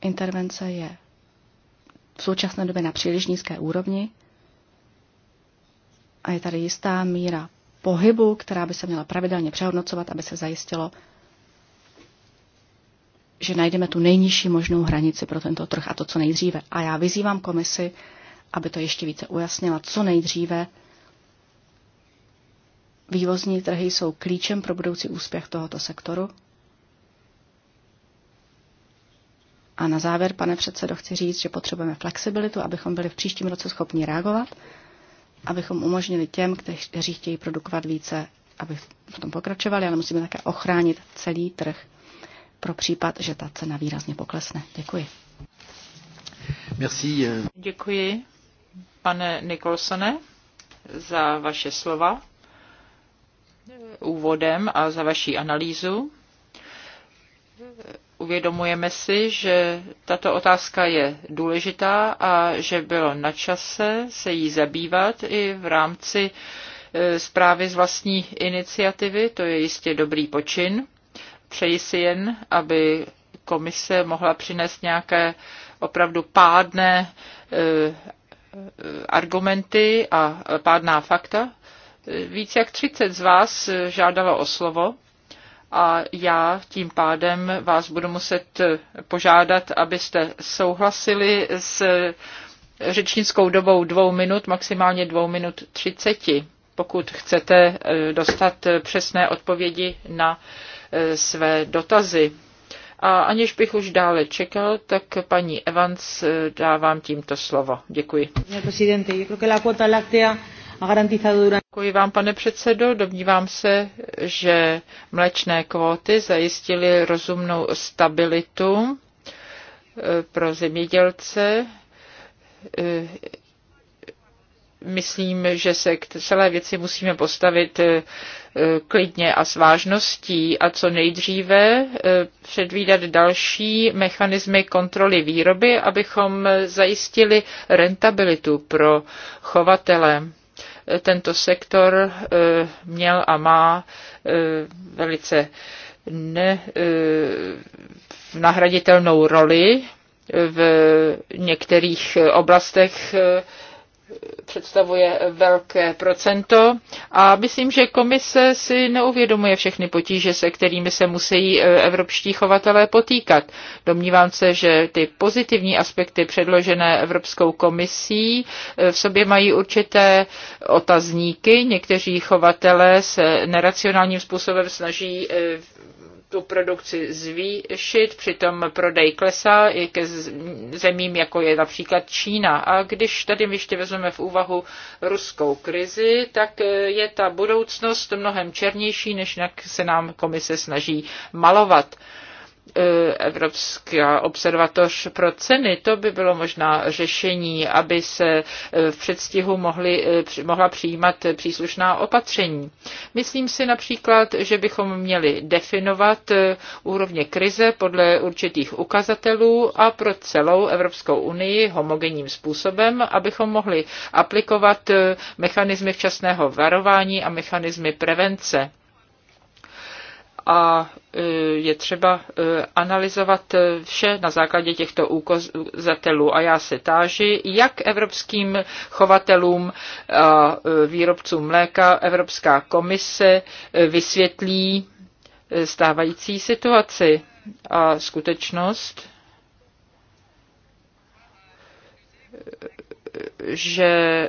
[SPEAKER 4] Intervence je v současné době na příliš nízké úrovni a je tady jistá míra pohybu, která by se měla pravidelně přehodnocovat, aby se zajistilo, že najdeme tu nejnižší možnou hranici pro tento trh a to co nejdříve. A já vyzývám komisi, aby to ještě více ujasnila, co nejdříve. Vývozní trhy jsou klíčem pro budoucí úspěch tohoto sektoru. A na závěr, pane předsedo, chci říct, že potřebujeme flexibilitu, abychom byli v příštím roce schopni reagovat abychom umožnili těm, kteří chtějí produkovat více, aby v tom pokračovali, ale musíme také ochránit celý trh pro případ, že ta cena výrazně poklesne. Děkuji.
[SPEAKER 1] Merci. Eh.
[SPEAKER 2] Děkuji, pane Nikolsone, za vaše slova úvodem a za vaši analýzu. Uvědomujeme si, že tato otázka je důležitá a že bylo na čase se jí zabývat i v rámci e, zprávy z vlastní iniciativy. To je jistě dobrý počin. Přeji si jen, aby komise mohla přinést nějaké opravdu pádné e, argumenty a pádná fakta. E, víc jak 30 z vás žádalo o slovo a já tím pádem vás budu muset požádat, abyste souhlasili s řečnickou dobou dvou minut, maximálně dvou minut třiceti, pokud chcete eh, dostat přesné odpovědi na eh, své dotazy. A aniž bych už dále čekal, tak paní Evans eh, dávám tímto slovo. Děkuji. Pane prezidente, já creo la láctea Děkuji vám, pane předsedo. Domnívám se, že mléčné kvóty zajistily rozumnou stabilitu eh, pro zemědělce. Eh, myslím, že se k celé věci musíme postavit eh, klidně a s vážností a co nejdříve předvídat další mechanismy kontroly výroby, abychom zajistili rentabilitu pro chovatele tento sektor eh, měl a má eh, velice ne, eh, nahraditelnou roli v některých oblastech představuje velké procento a myslím, že komise si neuvědomuje všechny potíže, se kterými se musí e, evropští chovatelé potýkat. Domnívám se, že ty pozitivní aspekty předložené Evropskou komisí e, v sobě mají určité otazníky. Někteří chovatelé se neracionálním způsobem snaží e, tu produkci zvýšit, přitom prodej klesá i ke zemím, jako je například Čína. A když tady ještě vezmeme v úvahu ruskou krizi, tak eh, je ta budoucnost mnohem černější, než jak se nám komise snaží malovat. E, Evropská observatoř pro ceny, to by bylo možná řešení, aby se e, v předstihu mohli, e, mohla přijímat příslušná opatření. Myslím si například, že bychom měli definovat úrovně krize podle určitých ukazatelů a pro celou Evropskou unii homogenním způsobem, abychom mohli aplikovat mechanizmy včasného varování a mechanizmy prevence a e, je třeba e, analyzovat vše na základě těchto ukazatelů. A já se táži, jak evropským chovatelům a e, výrobcům mléka Evropská komise vysvětlí stávající situaci a skutečnost, že e,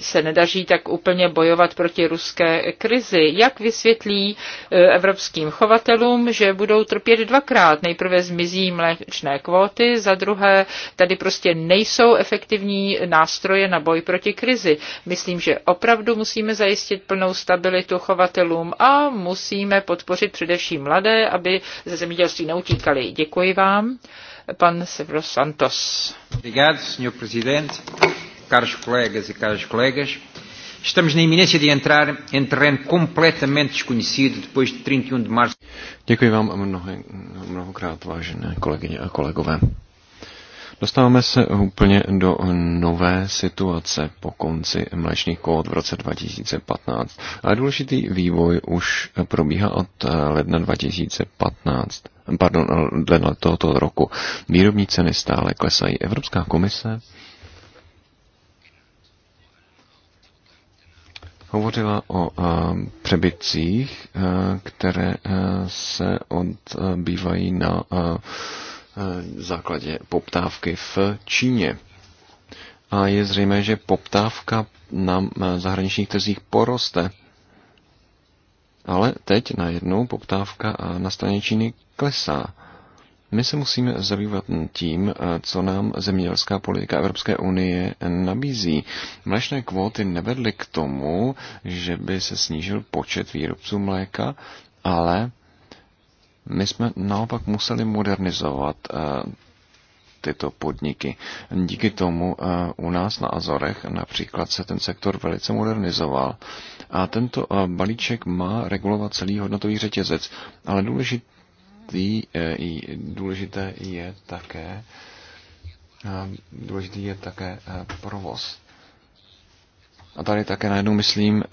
[SPEAKER 2] se nedaří tak úplně bojovat proti ruské krizi. Jak vysvětlí e, evropským chovatelům, že budou trpět dvakrát? Nejprve zmizí mléčné kvóty, za druhé tady prostě nejsou efektivní nástroje na boj proti krizi. Myslím, že opravdu musíme zajistit plnou stabilitu chovatelům a musíme podpořit především mladé, aby ze zemědělství neutíkali. Děkuji vám pan Severo Santos. Obrigado, senhor presidente, caros colegas e caras colegas. Estamos na iminência de entrar em terreno completamente desconhecido
[SPEAKER 3] depois de 31 e um de março. Děkuji vám mnohokrát, vážené kolegyně a kolegové. Dostáváme se úplně do nové situace po konci mléčných kód v roce 2015. A důležitý vývoj už probíhá od ledna 2015 pardon, dle tohoto roku. Výrobní ceny stále klesají. Evropská komise hovořila o eh, přebytcích, eh, které eh, se odbývají na základě poptávky v Číně. A je zřejmé, že poptávka na zahraničních trzích poroste. Ale teď najednou poptávka na straně Číny klesá. My se musíme zabývat tím, eh, co nám zemědělská politika Evropské unie nabízí. Mléčné kvóty nevedly k tomu, že by se snížil počet výrobců mléka, ale my jsme naopak museli modernizovat eh, tyto podniky. Díky tomu eh, u nás na Azorech například se ten sektor velice modernizoval a tento balíček má regulovat celý hodnotový řetězec. Ale důležitý, e, důležité je také e, důležitý je také e, provoz. A tady také najednou myslím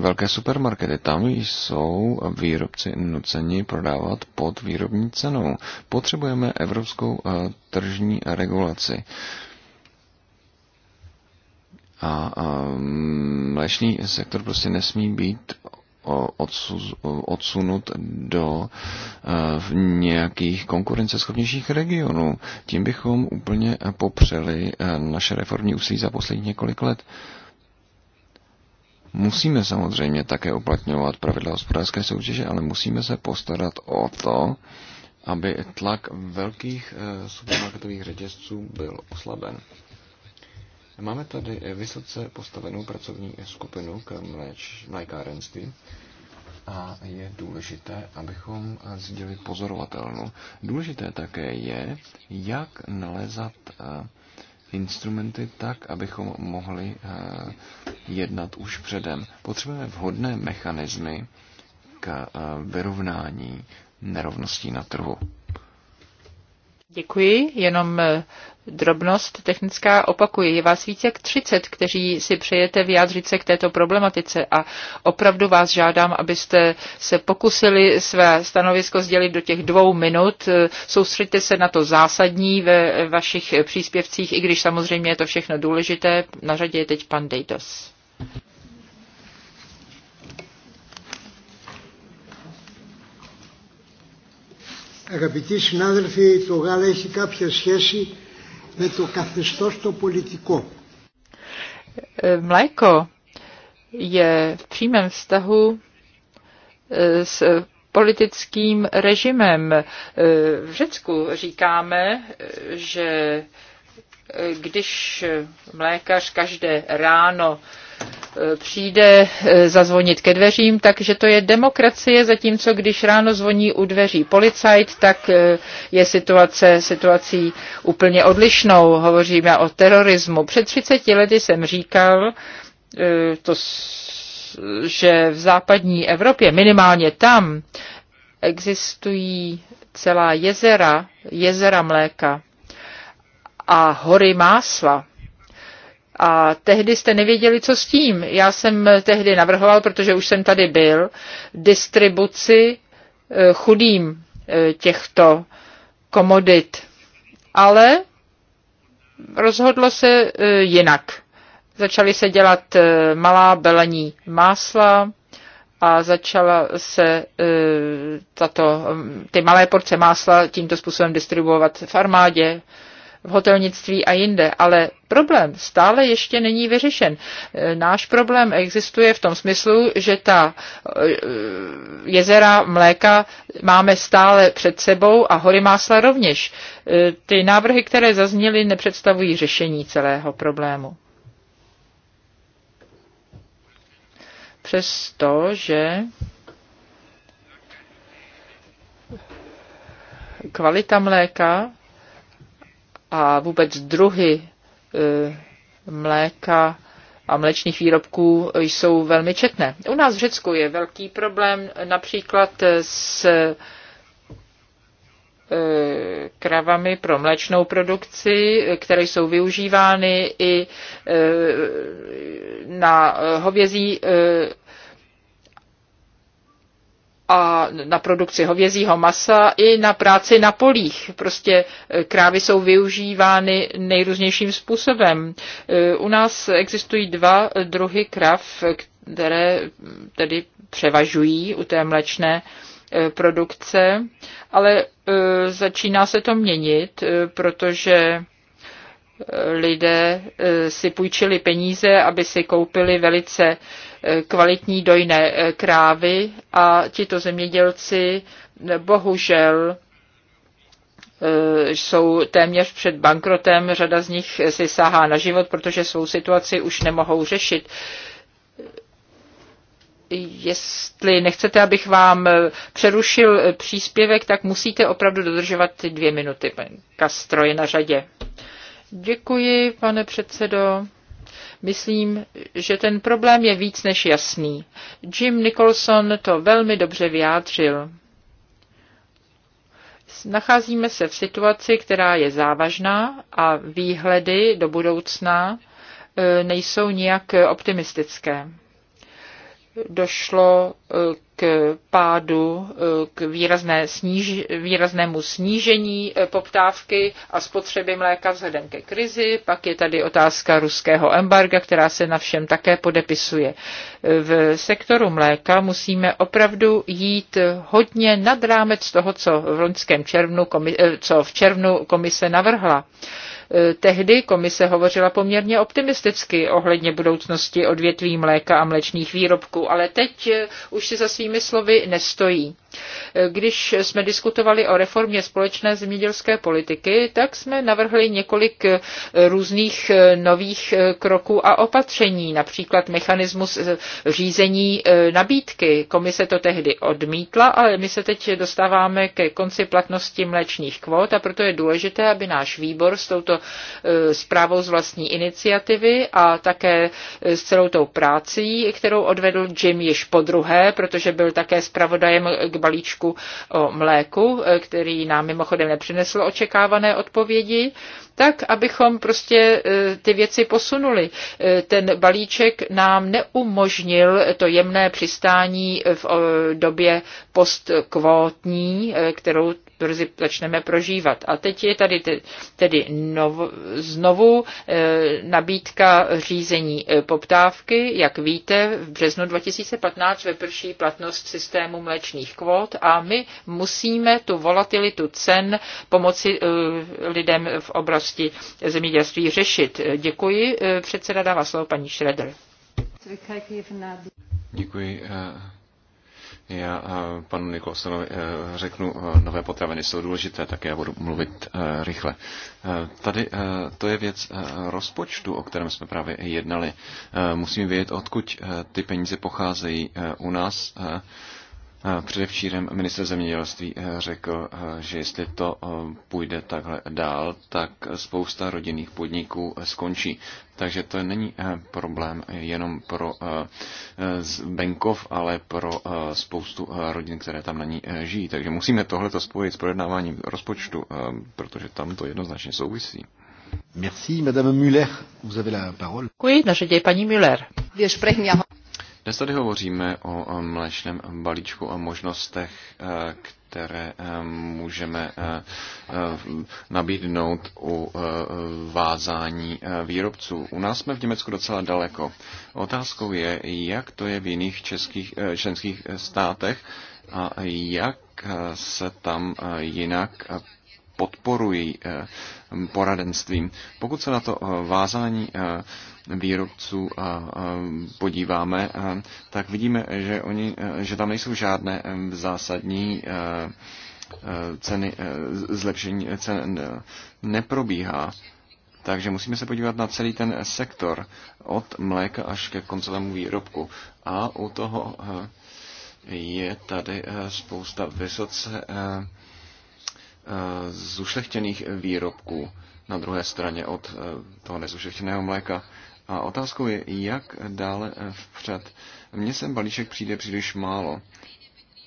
[SPEAKER 3] velké supermarkety. Tam jsou výrobci nuceni prodávat pod výrobní cenou. Potřebujeme evropskou tržní regulaci. A, a mm, mléčný sektor prostě nesmí být odsunut do e, nějakých konkurenceschopnějších regionů. Tím bychom úplně popřeli e, naše reformní úsilí za poslední několik let. Musíme samozřejmě také uplatňovat pravidla hospodářské soutěže, ale musíme se postarat o to, aby tlak velkých e, supermarketových řetězců byl oslaben. Máme tady vysoce postavenou pracovní skupinu k mléč, mlékárenství a je důležité, abychom sdělili pozorovatelnu. Důležité také je, jak nalezat eh, instrumenty tak, abychom mohli eh, jednat už předem. Potřebujeme vhodné mechanismy k eh, vyrovnání nerovností na trhu.
[SPEAKER 2] Děkuji, jenom drobnost technická, opakuji, je vás víc jak 30, kteří si přejete vyjádřit se k této problematice a opravdu vás žádám, abyste se pokusili své stanovisko sdělit do těch dvou minut. Soustředte se na to zásadní ve vašich příspěvcích, i když samozřejmě je to všechno důležité. Na řadě je teď pan Dejdos. Αγαπητοί συνάδελφοι, το ΓΑΛΑ
[SPEAKER 1] έχει κάποια σχέση με το καθεστώς το πολιτικό.
[SPEAKER 2] Mléko je v přímém vztahu e, s politickým režimem. E, v Řecku říkáme, e, že když mlékař každé ráno E, přijde e, zazvonit ke dveřím, takže to je demokracie, zatímco když ráno zvoní u dveří policajt, tak e, je situace situací úplně odlišnou. Hovoříme o terorismu. Před 30 lety jsem říkal, to, že v západní Evropě, minimálně tam, existují celá jezera, jezera mléka a hory másla a tehdy jste nevěděli, co s tím. Já jsem tehdy navrhoval, protože už jsem tady byl, distribuci eh, chudým eh, těchto komodit. Ale rozhodlo se eh, jinak. Začaly se dělat malá belení másla a začala se tato, mm, ty malé porce másla tímto způsobem distribuovat v armádě, v hotelnictví a jinde, ale problém stále ještě není vyřešen. E, náš problém existuje v tom smyslu, že ta e, jezera mléka máme stále před sebou a hory másla rovněž. E, ty návrhy, které zazněly, nepředstavují řešení celého problému. Přesto, že kvalita mléka a vůbec druhy e, mléka a mléčných výrobků jsou velmi četné. U nás v Řecku je velký problém například s e, kravami pro mléčnou produkci, které jsou využívány i e, na hovězí a na produkci hovězího masa i na práci na polích. Prostě e, krávy jsou využívány nejrůznějším způsobem. E, u nás existují dva druhy krav, které tedy převažují u té mlečné e, produkce, ale začíná se to měnit, protože lidé eh, si půjčili peníze, aby si koupili velice eh, kvalitní dojné eh, krávy a tito zemědělci bohužel jsou téměř před bankrotem, řada z nich si sáhá na život, protože svou situaci už nemohou řešit jestli nechcete, abych vám přerušil příspěvek, tak musíte opravdu dodržovat ty dvě minuty. Kastro je na řadě. Děkuji, pane předsedo. Myslím, že ten problém je víc než jasný. Jim Nicholson to velmi dobře vyjádřil. Nacházíme se v situaci, která je závažná a výhledy do budoucna e, nejsou nijak optimistické. Došlo e, k pádu, e, k výrazné sníž, výraznému snížení e, poptávky a spotřeby mléka vzhledem ke krizi. Pak je tady otázka ruského embarga, která se na všem také podepisuje. E, v sektoru mléka musíme opravdu jít hodně nad rámec toho, co v loňském červnu, co v červnu komise navrhla. Tehdy komise hovořila poměrně optimisticky ohledně budoucnosti odvětví mléka a mlečných výrobků, ale teď už si za svým svými slovy nestojí. Když jsme diskutovali o reformě společné zemědělské politiky, tak jsme navrhli několik různých nových kroků a opatření, například mechanismus řízení nabídky. Komise to tehdy odmítla, ale my se teď dostáváme ke konci platnosti mléčních kvót a proto je důležité, aby náš výbor s touto eh, zprávou z vlastní iniciativy a také s celou tou práci, kterou odvedl Jim již po druhé, protože byl také zpravodajem k balíčku o mléku, eh, který nám mimochodem nepřinesl očekávané odpovědi, tak, abychom prostě eh, ty věci posunuli. Eh, ten balíček nám neumožnil to jemné přistání v době postkvótní, kterou brzy začneme prožívat. A teď je tady tedy znovu e, nabídka řízení e, poptávky. Jak víte, v březnu 2015 vyprší platnost systému mléčných kvót a my musíme tu volatilitu cen pomoci e, lidem v oblasti zemědělství řešit. Děkuji. Předseda dává slovo paní Schroeder.
[SPEAKER 3] Děkuji. Já eh, panu Nikolsonovi eh, řeknu, eh, nové potraviny jsou důležité, tak já budu mluvit rychle. Tady to je věc rozpočtu, o kterém jsme právě jednali. Musím vědět, odkud ty peníze pocházejí u nás Eh, předevčírem minister zemědělství eh, řekl, eh, že jestli to půjde takhle dál, tak spousta rodinných podniků skončí. Takže to není problém jenom pro Benkov, ale pro spoustu rodin, které tam na ní žijí. Takže musíme tohleto spojit s projednáváním rozpočtu, protože tam to jednoznačně souvisí. Merci, Madame Müller. Vous avez la parole.
[SPEAKER 2] Oui, naše paní Müller.
[SPEAKER 3] Dnes tady hovoříme o mléčném balíčku a možnostech, eh, které eh, můžeme eh, nabídnout u vázání výrobců. U nás jsme v Německu docela daleko. Otázkou je, jak to je v jiných českých, členských státech a jak se tam jinak podporují poradenstvím. Pokud se na to vázání výrobců podíváme, tak vidíme, že, oni, že tam nejsou žádné zásadní ceny, zlepšení cen neprobíhá. Takže musíme se podívat na celý ten sektor, od mléka až ke koncovému výrobku. A u toho je tady spousta vysoce zušlechtěných výrobků na druhé straně od toho nezušlechtěného mléka. A otázkou je, jak dále eh, vpřed. Mně sem balíček přijde příliš málo.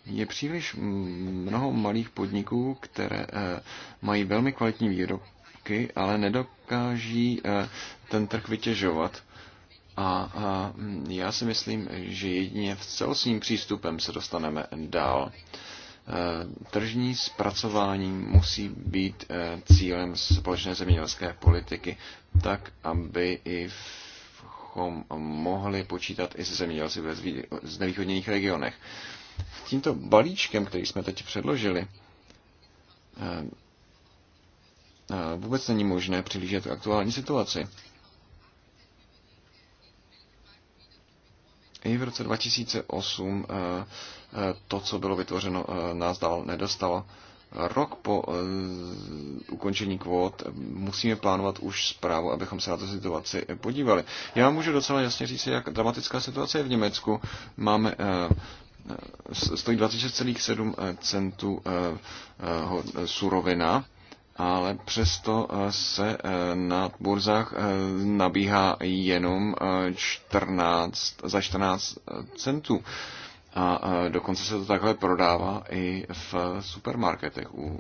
[SPEAKER 3] Je příliš mnoho malých podniků, které eh, mají velmi kvalitní výrobky, ale nedokáží eh, ten trh vytěžovat. A, mm, já si myslím, že jedině v celostním přístupem se dostaneme dál. Tržní zpracování musí být cílem společné zemědělské politiky, tak aby i v bychom mohli počítat i se zemědělci ve znevýhodněných regionech. Tímto balíčkem, který jsme teď předložili, eh, eh, vůbec není možné přilížet k aktuální situaci. I v roce 2008 eh, to, co bylo vytvořeno, nás dál nedostalo rok po uh, ukončení kvót musíme plánovat už zprávu, abychom se na tu situaci podívali. Já můžu docela jasně říct, jak dramatická situace je v Německu. Máme uh, stojí 26,7 eh, centů surovina, ale přesto se na burzách nabíhá jenom 14, za 14 centů. A dokonce se to takhle prodává i v supermarketech, u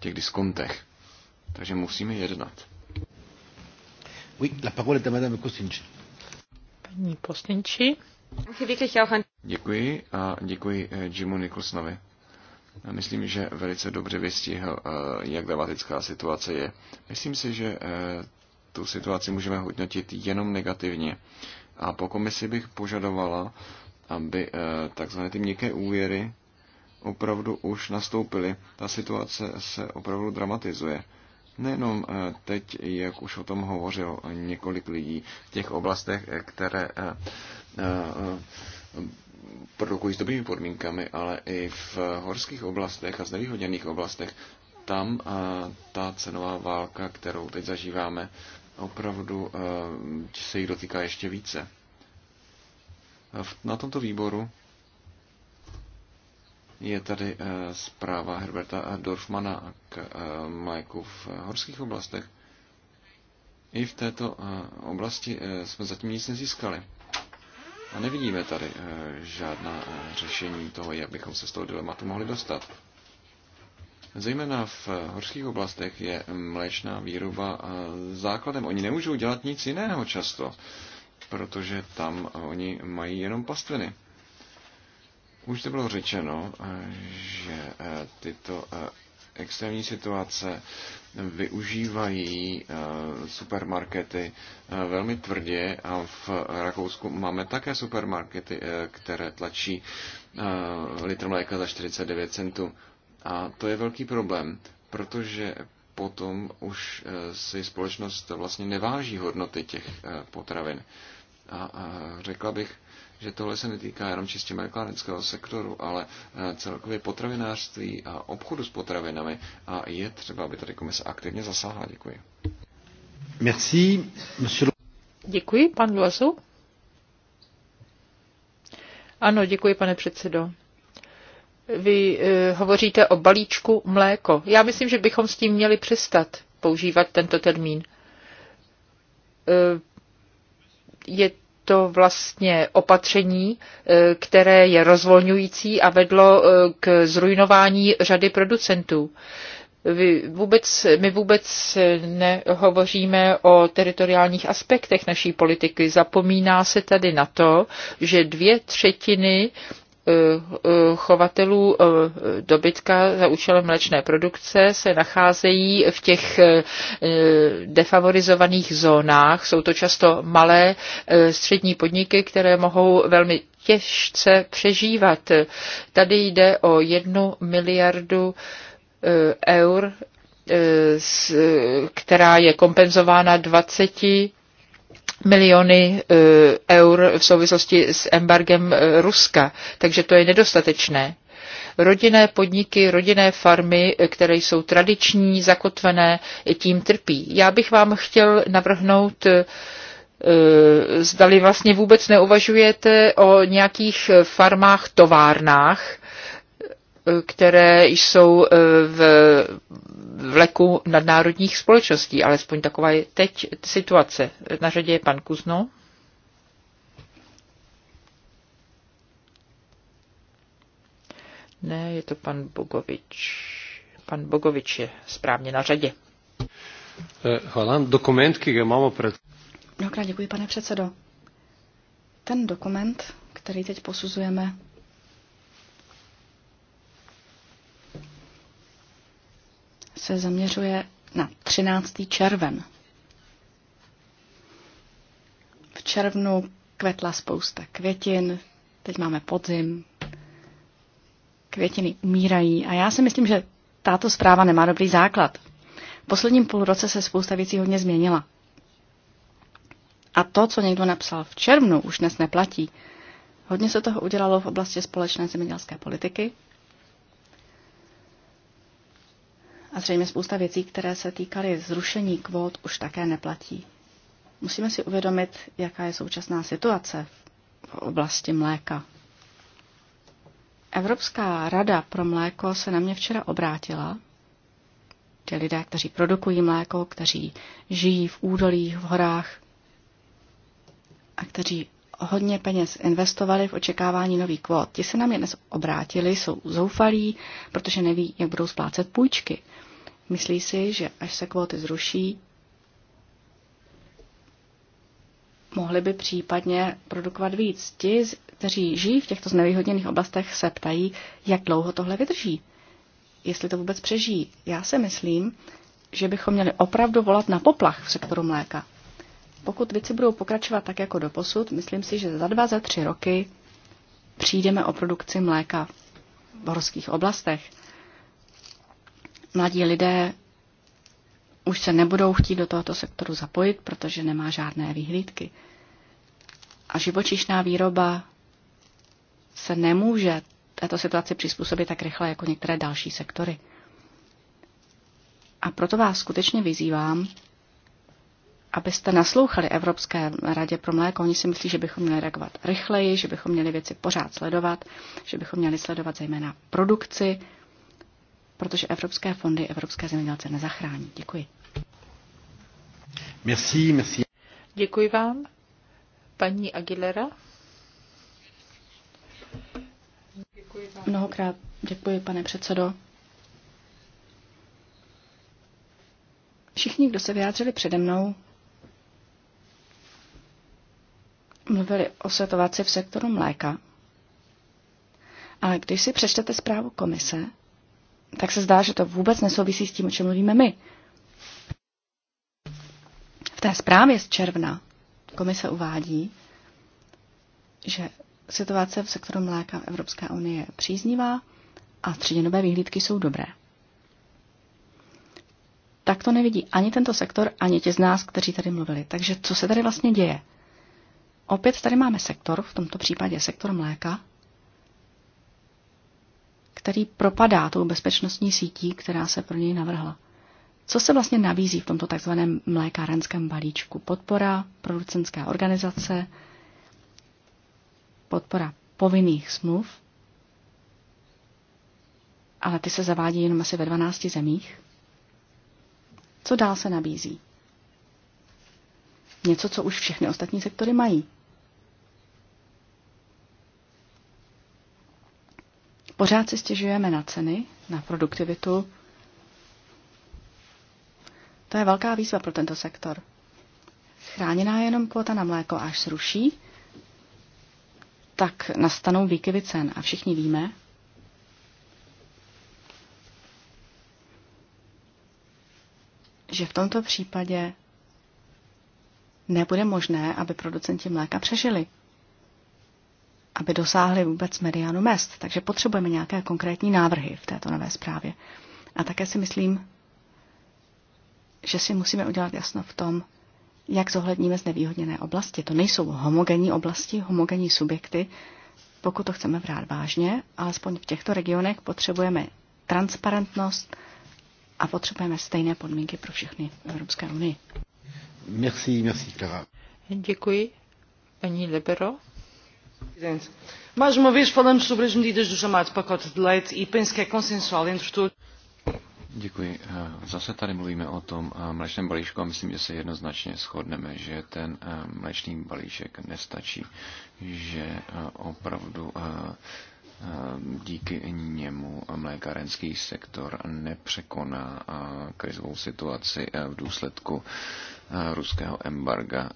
[SPEAKER 3] těch diskontech. Takže musíme jednat. Oui, la parole est à Madame
[SPEAKER 2] Paní Kosinči.
[SPEAKER 3] Děkuji a děkuji eh, Jimu Nicholsonovi. Myslím, že velice dobře vystihl, eh, jak dramatická situace je. Myslím si, že eh, tu situaci můžeme hodnotit jenom negativně. A po komisi bych požadovala aby eh, takzvané ty měkké úvěry opravdu už nastoupily. Ta situace se opravdu dramatizuje. Nejenom eh, teď, jak už o tom hovořil několik lidí v těch oblastech, eh, které produkují s dobrými podmínkami, ale i v horských oblastech a znevýhodněných oblastech, tam ta cenová válka, kterou teď zažíváme, opravdu se jich dotýká ještě více. Na tomto výboru je tady eh, zpráva Herberta Dorfmana k eh, majku v eh, horských oblastech. I v této oblasti jsme zatím nic nezískali. A nevidíme tady žádná řešení toho, jak bychom se z toho dilematu mohli dostat. Zejména v horských oblastech je mléčná výroba základem. Oni nemůžou dělat nic jiného často protože tam oni mají jenom pastviny. Už to bylo řečeno, že eh, tyto eh, extrémní situace využívají eh, supermarkety velmi tvrdě a v Rakousku máme také supermarkety, které tlačí litr mléka za 49 centů. A to je velký problém, protože potom už si společnost vlastně neváží hodnoty těch potravin. A, a řekla bych, že tohle se netýká jenom čistě mekanického sektoru, ale e, celkově potravinářství a obchodu s potravinami a je třeba, aby tady komise aktivně zasáhla. Děkuji.
[SPEAKER 1] Merci, monsieur...
[SPEAKER 2] Děkuji, pan Loasu. Ano, děkuji, pane předsedo. Vy e, hovoříte o balíčku mléko. Já myslím, že bychom s tím měli přestat používat tento termín e, je to vlastně opatření, e, které je rozvolňující a vedlo e, k zrujnování řady producentů. Vy vůbec, my vůbec nehovoříme o teritoriálních aspektech naší politiky. Zapomíná se tady na to, že dvě třetiny chovatelů eh, dobytka za účelem mléčné produkce se nacházejí v těch eh, defavorizovaných zónách. Jsou to často malé eh, střední podniky, které mohou velmi těžce přežívat. Tady jde o jednu miliardu eur, která je kompenzována 20 miliony eh, eur v souvislosti s embargem eh, Ruska, takže to je nedostatečné. Rodinné podniky, rodinné farmy, eh, které jsou tradiční, zakotvené, tím trpí. Já bych vám chtěl navrhnout zdali vlastně vůbec neuvažujete o nějakých farmách, továrnách, které jsou e, v vleku nadnárodních společností, alespoň taková je teď situace. Na řadě je pan Kuzno. Ne, je to pan Bogovič. Pan Bogovič je správně na řadě.
[SPEAKER 3] E, hvala. Dokument, který máme před...
[SPEAKER 4] Mnohokrát děkuji, pane předsedo. Ten dokument, který teď posuzujeme, se zaměřuje na 13. červen. V červnu kvetla spousta květin, teď máme podzim, květiny umírají a já si myslím, že tato zpráva nemá dobrý základ. V posledním půlroce se spousta věcí hodně změnila. A to, co někdo napsal v červnu, už dnes neplatí. Hodně se toho udělalo v oblasti společné zemědělské politiky, A zřejmě spousta věcí, které se týkaly zrušení kvót, už také neplatí. Musíme si uvědomit, jaká je současná situace v oblasti mléka. Evropská rada pro mléko se na mě včera obrátila. Ti lidé, kteří produkují mléko, kteří žijí v údolích, v horách a kteří hodně peněz investovali v očekávání nových kvót. Ti se nám mě dnes obrátili, jsou zoufalí, protože neví, jak budou splácet půjčky. Myslí si, že až se kvóty zruší, mohli by případně produkovat víc. Ti, kteří žijí v těchto znevýhodněných oblastech, se ptají, jak dlouho tohle vydrží, jestli to vůbec přežijí. Já si myslím, že bychom měli opravdu volat na poplach v sektoru mléka. Pokud věci budou pokračovat tak jako posud, myslím si, že za dva, za tři roky přijdeme o produkci mléka v horských oblastech. Mladí lidé už se nebudou chtít do tohoto sektoru zapojit, protože nemá žádné vyhlídky. A živočišná výroba se nemůže této situaci přizpůsobit tak rychle jako některé další sektory. A proto vás skutečně vyzývám, abyste naslouchali Evropské radě pro mléko. Oni si myslí, že bychom měli reagovat rychleji, že bychom měli věci pořád sledovat, že bychom měli sledovat zejména produkci, protože evropské fondy evropské zemědělce nezachrání. Děkuji.
[SPEAKER 1] Merci, merci.
[SPEAKER 2] Děkuji vám. Paní Aguilera. Děkuji vám. Mnohokrát
[SPEAKER 4] děkuji, pane předsedo. Všichni, kdo se vyjádřili přede mnou, mluvili o situaci v sektoru mléka. Ale když si přečtete zprávu komise, tak se zdá, že to vůbec nesouvisí s tím, o čem mluvíme my. V té zprávě z června komise uvádí, že situace v sektoru mléka v Evropské unii je příznivá a střednědobé výhlídky jsou dobré. Tak to nevidí ani tento sektor, ani ti z nás, kteří tady mluvili. Takže co se tady vlastně děje? Opět tady máme sektor, v tomto případě sektor mléka, který propadá tou bezpečnostní sítí, která se pro něj navrhla. Co se vlastně nabízí v tomto takzvaném mlékárenském balíčku? Podpora producentská organizace, podpora povinných smluv, ale ty se zavádí jenom asi ve 12 zemích. Co dál se nabízí? Něco, co už všechny ostatní sektory mají. Pořád si stěžujeme na ceny, na produktivitu. To je velká výzva pro tento sektor. Chráněná je jenom kvota na mléko, až zruší, tak nastanou výkyvy cen a všichni víme, že v tomto případě nebude možné, aby producenti mléka přežili aby dosáhli vůbec medianu mest. Takže potřebujeme nějaké konkrétní návrhy v této nové zprávě. A také si myslím, že si musíme udělat jasno v tom, jak zohledníme znevýhodněné oblasti. To nejsou homogenní oblasti, homogenní subjekty. Pokud to chceme brát vážně, alespoň v těchto regionech potřebujeme transparentnost a potřebujeme stejné podmínky pro všechny
[SPEAKER 2] v Evropské unii.
[SPEAKER 1] Merci, merci, Clara.
[SPEAKER 2] Děkuji. Paní Libero. Presidente, mais uma vez falamos sobre as medidas do chamado pacote de leite
[SPEAKER 4] e penso que é consensual entre todos.
[SPEAKER 3] Děkuji. Eh, zase tady mluvíme o tom eh, mléčném balíčku a myslím, že se jednoznačně shodneme, že ten eh, mléčný balíček nestačí, že opravdu díky němu mlékárenský sektor nepřekoná krizovou situaci v důsledku ruského embarga.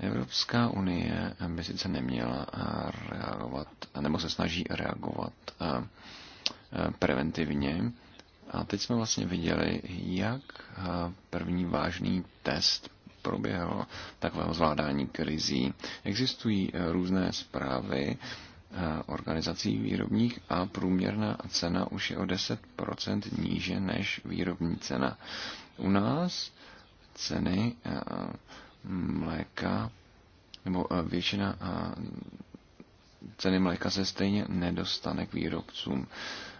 [SPEAKER 3] Evropská unie by sice neměla eh, reagovat, nebo se snaží reagovat eh, eh, preventivně. A teď jsme vlastně viděli, jak první vážný test proběhl takového zvládání krizí. Existují různé zprávy organizací výrobních a průměrná cena už je o 10% níže než výrobní cena. U nás ceny mléka, nebo eh, většina eh, ceny mléka se stejně nedostane k výrobcům.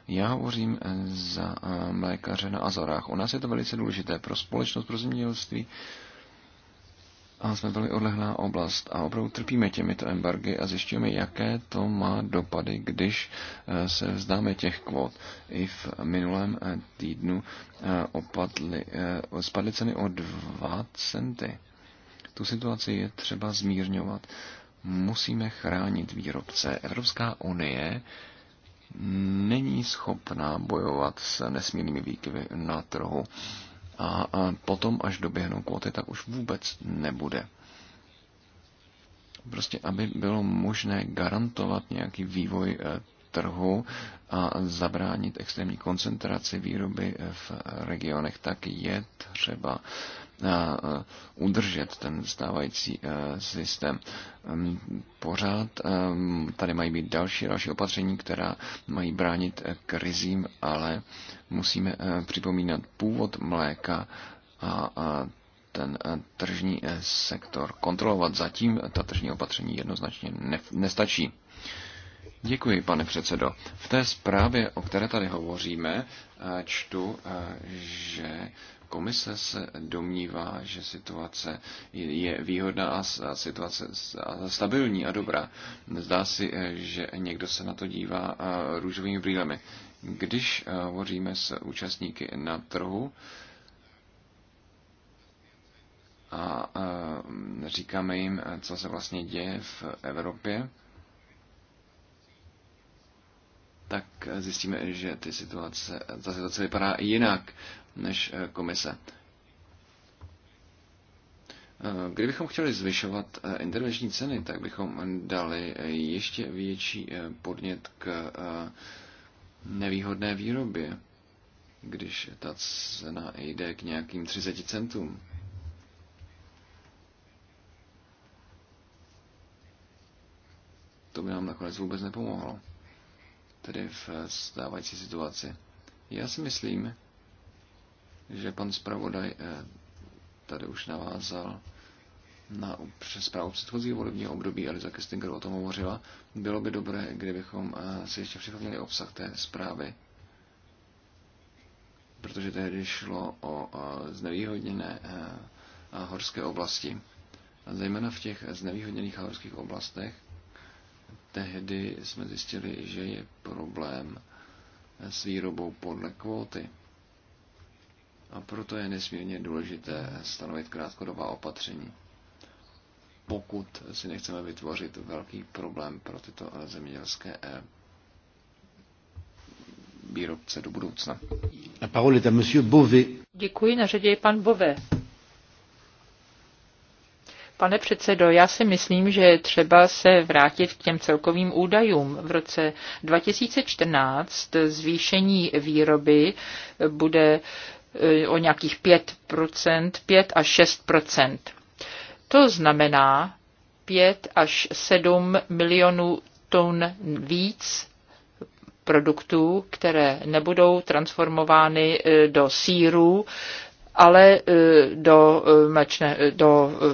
[SPEAKER 3] Já hovořím eh, za mlékaře na Azorách. U nás je to velice důležité pro společnost, pro zemědělství. A jsme velmi odlehlá oblast a opravdu trpíme těmito embargy a zjišťujeme, jaké to má dopady, když se vzdáme těch kvot. I v minulém týdnu opadly, spadly ceny o 2 centy. Tu situaci je třeba zmírňovat. Musíme chránit výrobce. Evropská unie není schopná bojovat s nesmírnými výkyvy na trhu. A, potom, až doběhnou kvóty, tak už vůbec nebude. Prostě, aby bylo možné garantovat nějaký vývoj eh, trhu a zabránit extrémní koncentraci výroby eh, v regionech, tak je třeba uh, udržet ten stávající e, systém. Ehm, pořád ehm, tady mají být další další opatření, která mají bránit e, krizím, ale musíme e, připomínat původ mléka a ten tržní sektor kontrolovat. Zatím ta tržní opatření jednoznačně nestačí. Děkuji, pane předsedo. V té zprávě, o které tady hovoříme, čtu, že Komise se domnívá, že situace je výhodná a situace stabilní a dobrá. Zdá si, eh, že někdo se na to dívá eh, růžovými brýlemi. Když eh, hovoříme s účastníky na trhu, a říkáme jim, co se vlastně děje v Evropě, tak zjistíme, že ty situace, ta situace vypadá jinak než eh, komise. Eh, kdybychom chtěli zvyšovat eh, intervenční ceny, tak bychom dali ještě větší podnět k nevýhodné výrobě, když ta cena jde k nějakým 30 centům. To by nám nakonec vůbec nepomohlo tedy v stávající situaci. Já si myslím, že pan zpravodaj eh, tady už navázal na zprávu předchozího volebního období, Eliza Kistinger o tom hovořila. Bylo by dobré, kdybychom eh, si ještě připomněli obsah té zprávy, protože tehdy šlo o eh, znevýhodněné horské oblasti. A zejména v těch znevýhodněných horských oblastech tehdy jsme zjistili, že je problém s výrobou podle kvóty. A proto je nesmírně důležité stanovit krátkodobá opatření, pokud si nechceme vytvořit velký problém pro tyto zemědělské eh, výrobce do budoucna.
[SPEAKER 1] parole est à monsieur Bové.
[SPEAKER 2] Děkuji, na řadě je pan Bové. Pane předsedo, já si myslím, že je třeba se vrátit k těm celkovým údajům. V roce 2014 zvýšení výroby bude eh, o nějakých 5%, 5 až 6%. To znamená 5 až 7 milionů tun víc produktů, které nebudou transformovány eh, do sírů ale e, do, e, mlečne, do e,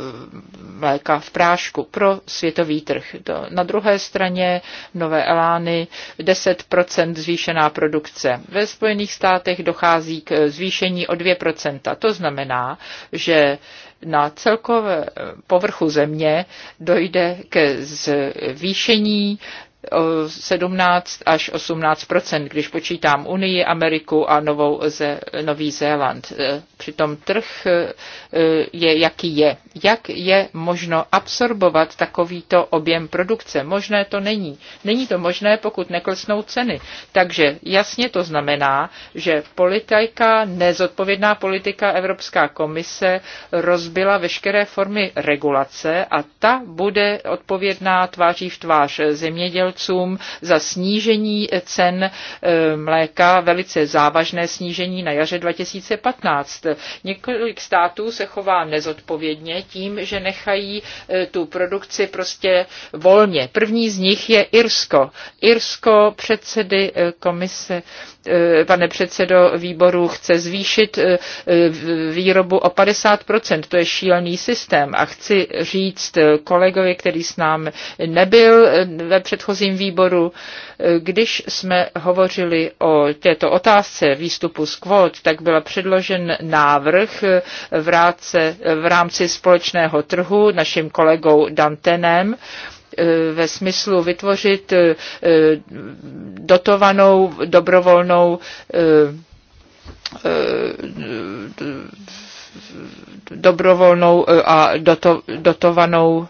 [SPEAKER 2] mléka v prášku pro světový trh. Na druhé straně nové elány 10% zvýšená produkce. Ve Spojených státech dochází k zvýšení o 2%. To znamená, že na celkové povrchu země dojde ke zvýšení o 17 až 18 když počítám Unii, Ameriku a Novou Ze- Nový Zéland. E, přitom trh e, je, jaký je jak je možno absorbovat takovýto objem produkce. Možné to není. Není to možné, pokud neklesnou ceny. Takže jasně to znamená, že politika, nezodpovědná politika Evropská komise rozbila veškeré formy regulace a ta bude odpovědná tváří v tvář zemědělcům za snížení cen eh, mléka, velice závažné snížení na jaře 2015. Několik států se chová nezodpovědně, tím, že nechají eh, tu produkci prostě volně. První z nich je Irsko. Irsko předsedy eh, komise, eh, pane předsedo výboru, chce zvýšit výrobu o 50%. To je šílený systém. A chci říct kolegovi, který s námi nebyl ve předchozím výboru, když jsme hovořili o této otázce výstupu z kvót, tak byl předložen návrh v rámci, v rámci společnosti společného trhu naším kolegou Dantenem e, ve smyslu vytvořit e, e, dotovanou dobrovolnou dobrovolnou a doto, dotovanou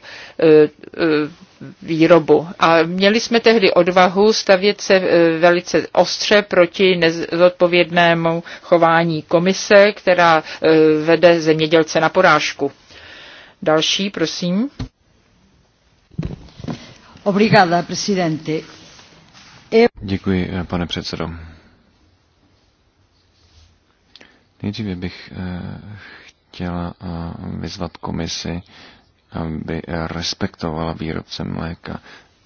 [SPEAKER 2] výrobu. A měli jsme tehdy odvahu stavět se velice ostře proti nezodpovědnému chování komise, která vede zemědělce na porážku. Další, prosím. Obrigada, presidente. E-
[SPEAKER 3] Děkuji, eh, pane předsedo. Nejdříve bych eh, chtěla eh, vyzvat komisi, aby respektovala výrobce mléka.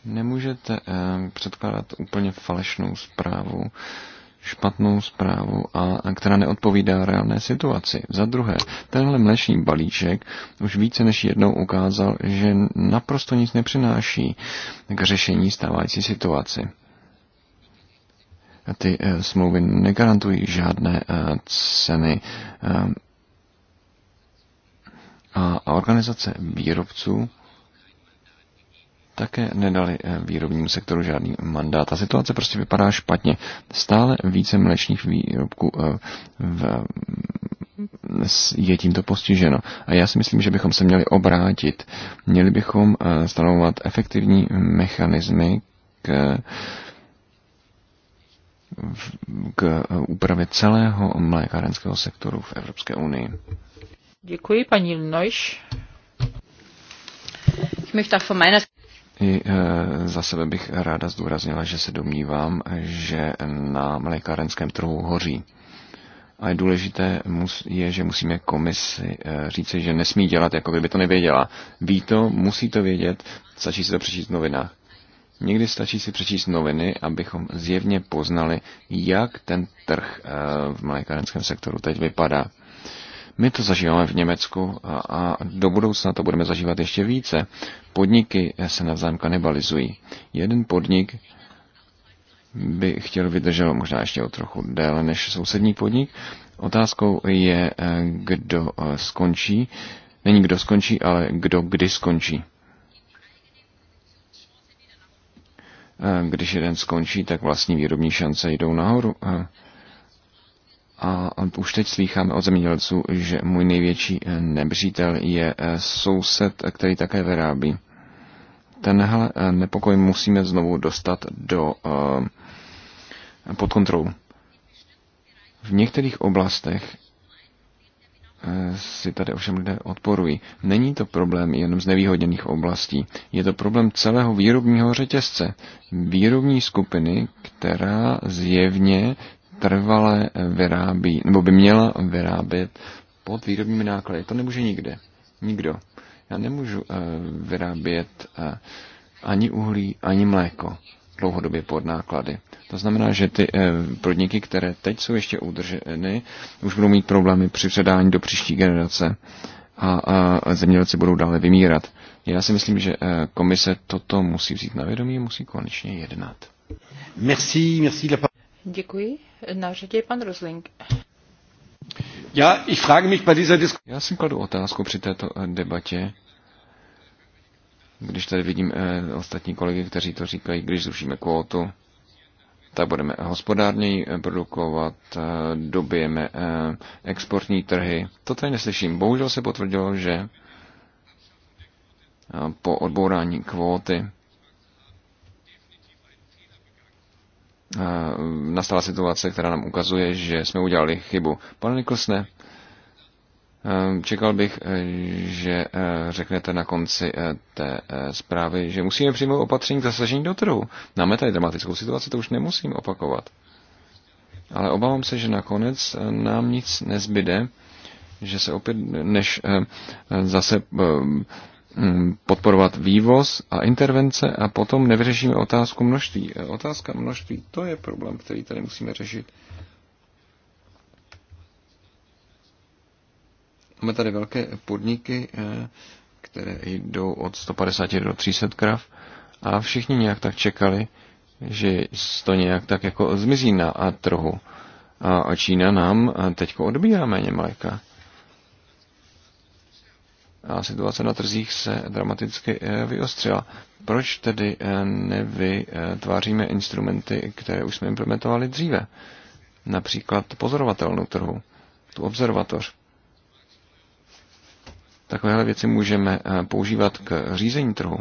[SPEAKER 3] Nemůžete předkládat úplně falešnou zprávu, špatnou zprávu, a, která neodpovídá reálné situaci. Za druhé, tenhle mleční balíček už více než jednou ukázal, že naprosto nic nepřináší k řešení stávající situaci. Ty eh, smlouvy negarantují žádné eh, ceny eh, a organizace výrobců také nedali eh, výrobnímu sektoru žádný mandát. A situace prostě vypadá špatně. Stále více mlečných výrobků eh, v, je tímto postiženo. A já si myslím, že bychom se měli obrátit. Měli bychom eh, stanovovat efektivní mechanismy k k úpravě celého mlékárenského sektoru v Evropské unii.
[SPEAKER 2] Děkuji, paní Neusch.
[SPEAKER 3] I eh, za sebe bych ráda zdůraznila, že se domnívám, že na mlékárenském trhu hoří. A je důležité je, že musíme komisi eh, říci, že nesmí dělat, jako kdyby to nevěděla. Ví to, musí to vědět, stačí si to přečíst v novinách. Někdy stačí si přečíst noviny, abychom zjevně poznali, jak ten trh eh, v mlékárenském sektoru teď vypadá. My to zažíváme v Německu a, a do budoucna to budeme zažívat ještě více. Podniky se navzájem kanibalizují. Jeden podnik by chtěl vydržet možná ještě o trochu déle než sousední podnik. Otázkou je, eh, kdo eh, skončí. Není kdo skončí, ale kdo kdy skončí. Eh, když jeden skončí, tak vlastní výrobní šance jdou nahoru. A už teď slýcháme od zemědělců, že můj největší eh, nepřítel je eh, soused, který také vyrábí. Tenhle eh, nepokoj musíme znovu dostat do pod kontrolu. V některých oblastech si tady ovšem lidé odporují. Není to problém jenom z nevýhodněných oblastí, je to problém celého výrobního řetězce. Výrobní skupiny, která zjevně trvale vyrábí, nebo by měla vyrábět pod výrobními náklady. To nemůže nikde. Nikdo. Já nemůžu eh, vyrábět eh, ani uhlí, ani mléko dlouhodobě pod náklady. To znamená, že ty eh, podniky, které teď jsou ještě udrženy, už budou mít problémy při předání do příští generace a, zemědělci budou dále vymírat. Já si myslím, že komise toto musí vzít na vědomí a musí konečně jednat. Merci, merci la...
[SPEAKER 2] Děkuji. Na řadě je pan Rosling.
[SPEAKER 3] Já, ich frage mich bei dieser Disku... Já jsem kladu otázku při této eh, debatě, když tady vidím eh, ostatní kolegy, kteří to říkají, když zrušíme kvótu, tak budeme hospodárněji eh, produkovat, eh, dobijeme eh, exportní trhy. To tady neslyším. Bohužel se potvrdilo, že eh, po odbourání kvóty Eh, nastala situace, která nám ukazuje, že jsme udělali chybu. Pane Niklsne, eh, čekal bych, eh, že řeknete na konci té zprávy, že musíme přijmout opatření k zasažení do trhu. Máme tady dramatickou situaci, to už nemusím opakovat. Ale obávám se, že nakonec nám nic nezbyde, že se opět, než zase Mm, podporovat vývoz a intervence a potom nevyřešíme otázku množství. E, otázka množství, to je problém, který tady musíme řešit. Máme tady velké podniky, e, které jdou od 150 do 300 krav a všichni nějak tak čekali, že to nějak tak jako zmizí na trhu. A Čína nám teď odbírá méně mléka a situace na trzích se dramaticky eh, vyostřila. Proč tedy eh, nevytváříme instrumenty, které už jsme implementovali dříve? Například pozorovatelnou trhu, tu observatoř. Takovéhle věci můžeme eh, používat k řízení trhu.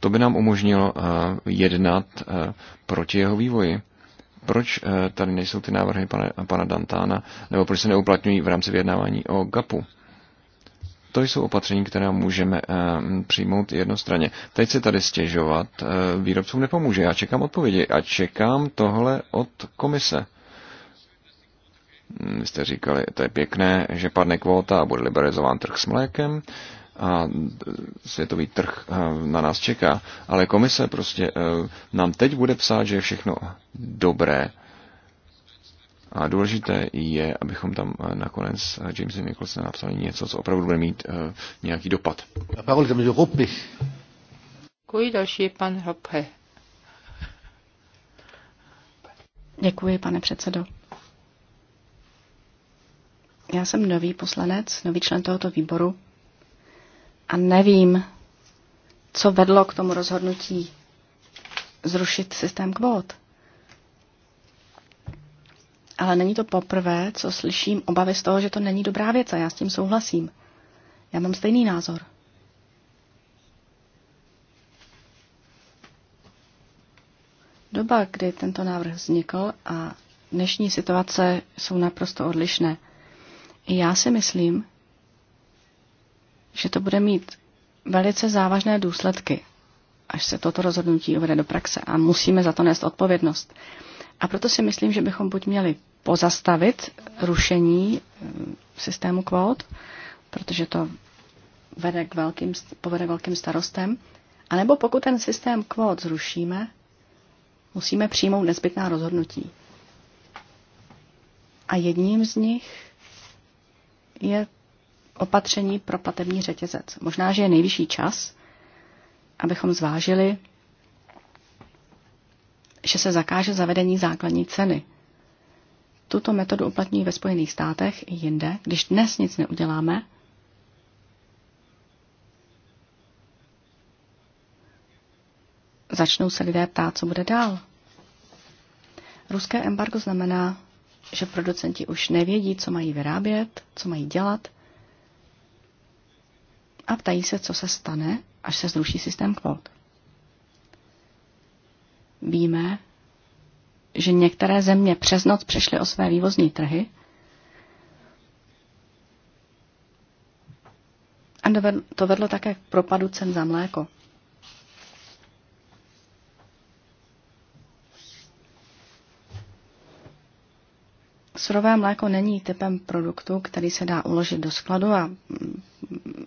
[SPEAKER 3] To by nám umožnilo jednat proti jeho vývoji proč eh, tady nejsou ty návrhy pana, pana Dantána, nebo proč se neuplatňují v rámci vyjednávání o GAPu? To jsou opatření, která můžeme eh, přijmout jednostranně. Teď se tady stěžovat eh, výrobcům nepomůže. Já čekám odpovědi a čekám tohle od komise. Vy jste říkali, to je pěkné, že padne kvóta a bude liberalizován trh s mlékem a světový trh eh, na nás čeká. Ale komise prostě eh, nám teď bude psát, že je všechno dobré. A důležité je, abychom tam eh, nakonec James Nicholson napsali něco, co opravdu bude mít nějaký dopad.
[SPEAKER 2] Děkuji, další je pan Hoppe.
[SPEAKER 4] Děkuji, pane předsedo. Já jsem nový poslanec, nový člen tohoto výboru a nevím, co vedlo k tomu rozhodnutí zrušit systém kvót. Ale není to poprvé, co slyším obavy z toho, že to není dobrá věc a já s tím souhlasím. Já mám stejný názor. Doba, kdy tento návrh vznikl a dnešní situace jsou naprosto odlišné. I já si myslím, že to bude mít velice závažné důsledky, až se toto rozhodnutí uvede do praxe a musíme za to nést odpovědnost. A proto si myslím, že bychom buď měli pozastavit rušení eh, systému kvót, protože to vede k velkým, povede k velkým starostem, anebo pokud ten systém kvót zrušíme, musíme přijmout nezbytná rozhodnutí. A jedním z nich je opatření pro platební řetězec. Možná, že je nejvyšší čas, abychom zvážili, že se zakáže zavedení základní ceny. Tuto metodu uplatňují ve Spojených státech i jinde. Když dnes nic neuděláme, začnou se lidé ptát, co bude dál. Ruské embargo znamená, že producenti už nevědí, co mají vyrábět, co mají dělat a ptají se, co se stane, až se zruší systém kvót. Víme, že některé země přes noc přešly o své vývozní trhy a to vedlo také k propadu cen za mléko. Surové mléko není typem produktu, který se dá uložit do skladu a mm,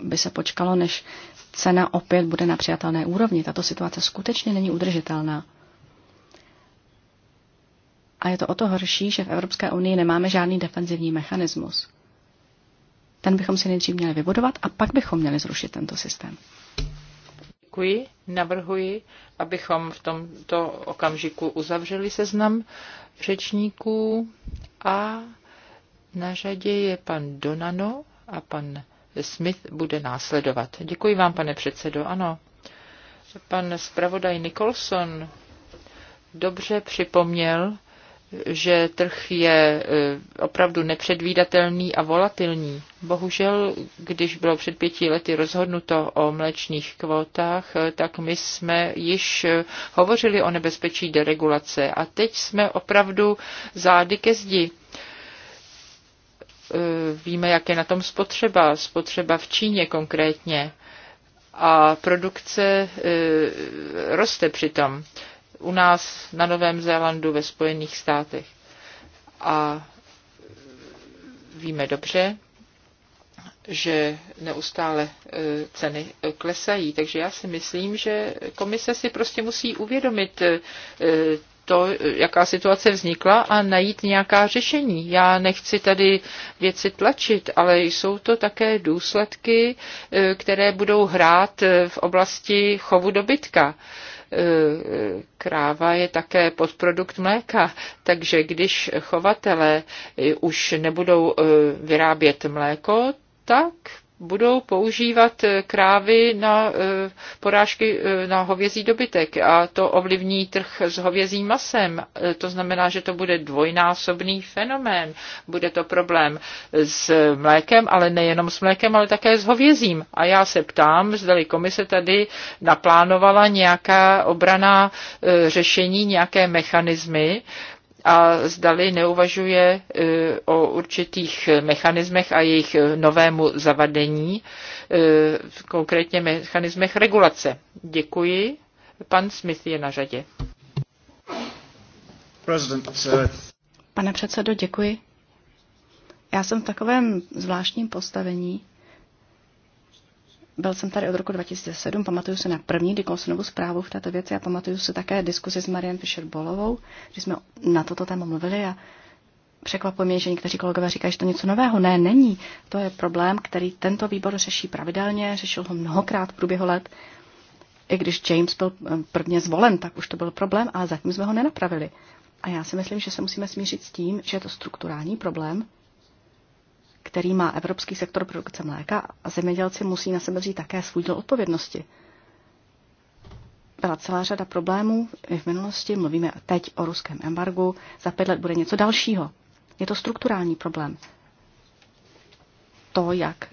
[SPEAKER 4] by se počkalo, než cena opět bude na přijatelné úrovni. Tato situace skutečně není udržitelná. A je to o to horší, že v Evropské unii nemáme žádný defenzivní mechanismus. Ten bychom si nejdřív měli vybudovat a pak bychom měli zrušit tento systém.
[SPEAKER 2] Děkuji. Navrhuji, abychom v tomto okamžiku uzavřeli seznam řečníků a na řadě je pan Donano a pan Smith bude následovat. Děkuji vám, pane předsedo. Ano, pan zpravodaj Nicholson dobře připomněl, že trh je e, opravdu nepředvídatelný a volatilní. Bohužel, když bylo před pěti lety rozhodnuto o mlečných kvótách, e, tak my jsme již e, hovořili o nebezpečí deregulace a teď jsme opravdu zády ke zdi Eh, víme, jak je na tom spotřeba, spotřeba v Číně konkrétně. A produkce eh, roste přitom u nás na Novém Zélandu ve Spojených státech. A víme dobře, že neustále eh, ceny klesají. Takže já si myslím, že komise si prostě musí uvědomit to, jaká situace vznikla a najít nějaká řešení. Já nechci tady věci tlačit, ale jsou to také důsledky, eh, které budou hrát eh, v oblasti chovu dobytka eh, kráva je také podprodukt mléka, takže když chovatele už nebudou vyrábět mléko, tak budou používat eh, krávy na eh, porážky eh, na hovězí dobytek a to ovlivní trh s hovězím masem. To znamená, že to bude dvojnásobný fenomén. Bude to problém s mlékem, ale nejenom s mlékem, ale také s hovězím. A já se ptám, zda-li komise tady naplánovala nějaká obraná řešení, nějaké mechanismy, a zdali neuvažuje e, o určitých mechanismech a jejich e, novému zavadení, e, konkrétně mechanismech regulace. Děkuji. Pan Smith je na řadě. Uh,
[SPEAKER 4] Pane předsedo, děkuji. Já jsem v takovém zvláštním postavení, byl jsem tady od roku 2007, pamatuju se na první Dikonsonovu zprávu v této věci a pamatuju se také diskuzi s Marian Fischer-Bolovou, kdy jsme na toto téma mluvili a překvapuje mě, že někteří kolegové říkají, že to něco nového. Ne, není. To je problém, který tento výbor řeší pravidelně, řešil ho mnohokrát v průběhu let. I když James byl eh, prvně zvolen, tak už to byl problém, ale zatím jsme ho nenapravili. A já si myslím, že se musíme smířit s tím, že je to strukturální problém, který má evropský sektor produkce mléka a zemědělci musí na sebe vzít také svůj díl odpovědnosti. Byla celá řada problémů v minulosti, mluvíme teď o ruském embargu, za pět let bude něco dalšího. Je to strukturální problém. To, jak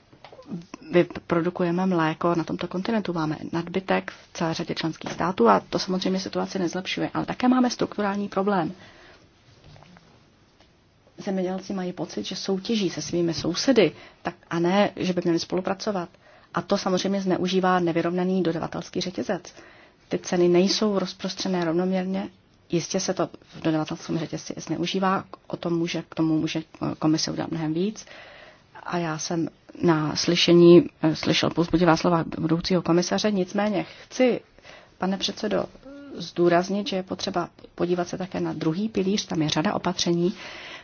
[SPEAKER 4] vyprodukujeme mléko na tomto kontinentu. Máme nadbytek v celé řadě členských států a to samozřejmě situace nezlepšuje, ale také máme strukturální problém zemědělci mají pocit, že soutěží se svými sousedy, tak a ne, že by měli spolupracovat. A to samozřejmě zneužívá nevyrovnaný dodavatelský řetězec. Ty ceny nejsou rozprostřené rovnoměrně, jistě se to v dodavatelském řetězci zneužívá, o tom může, k tomu může komise udělat mnohem víc. A já jsem na slyšení eh, slyšel pozbudivá slova budoucího komisaře, nicméně chci, pane předsedo, zdůraznit, že je potřeba podívat se také na druhý pilíř, tam je řada opatření,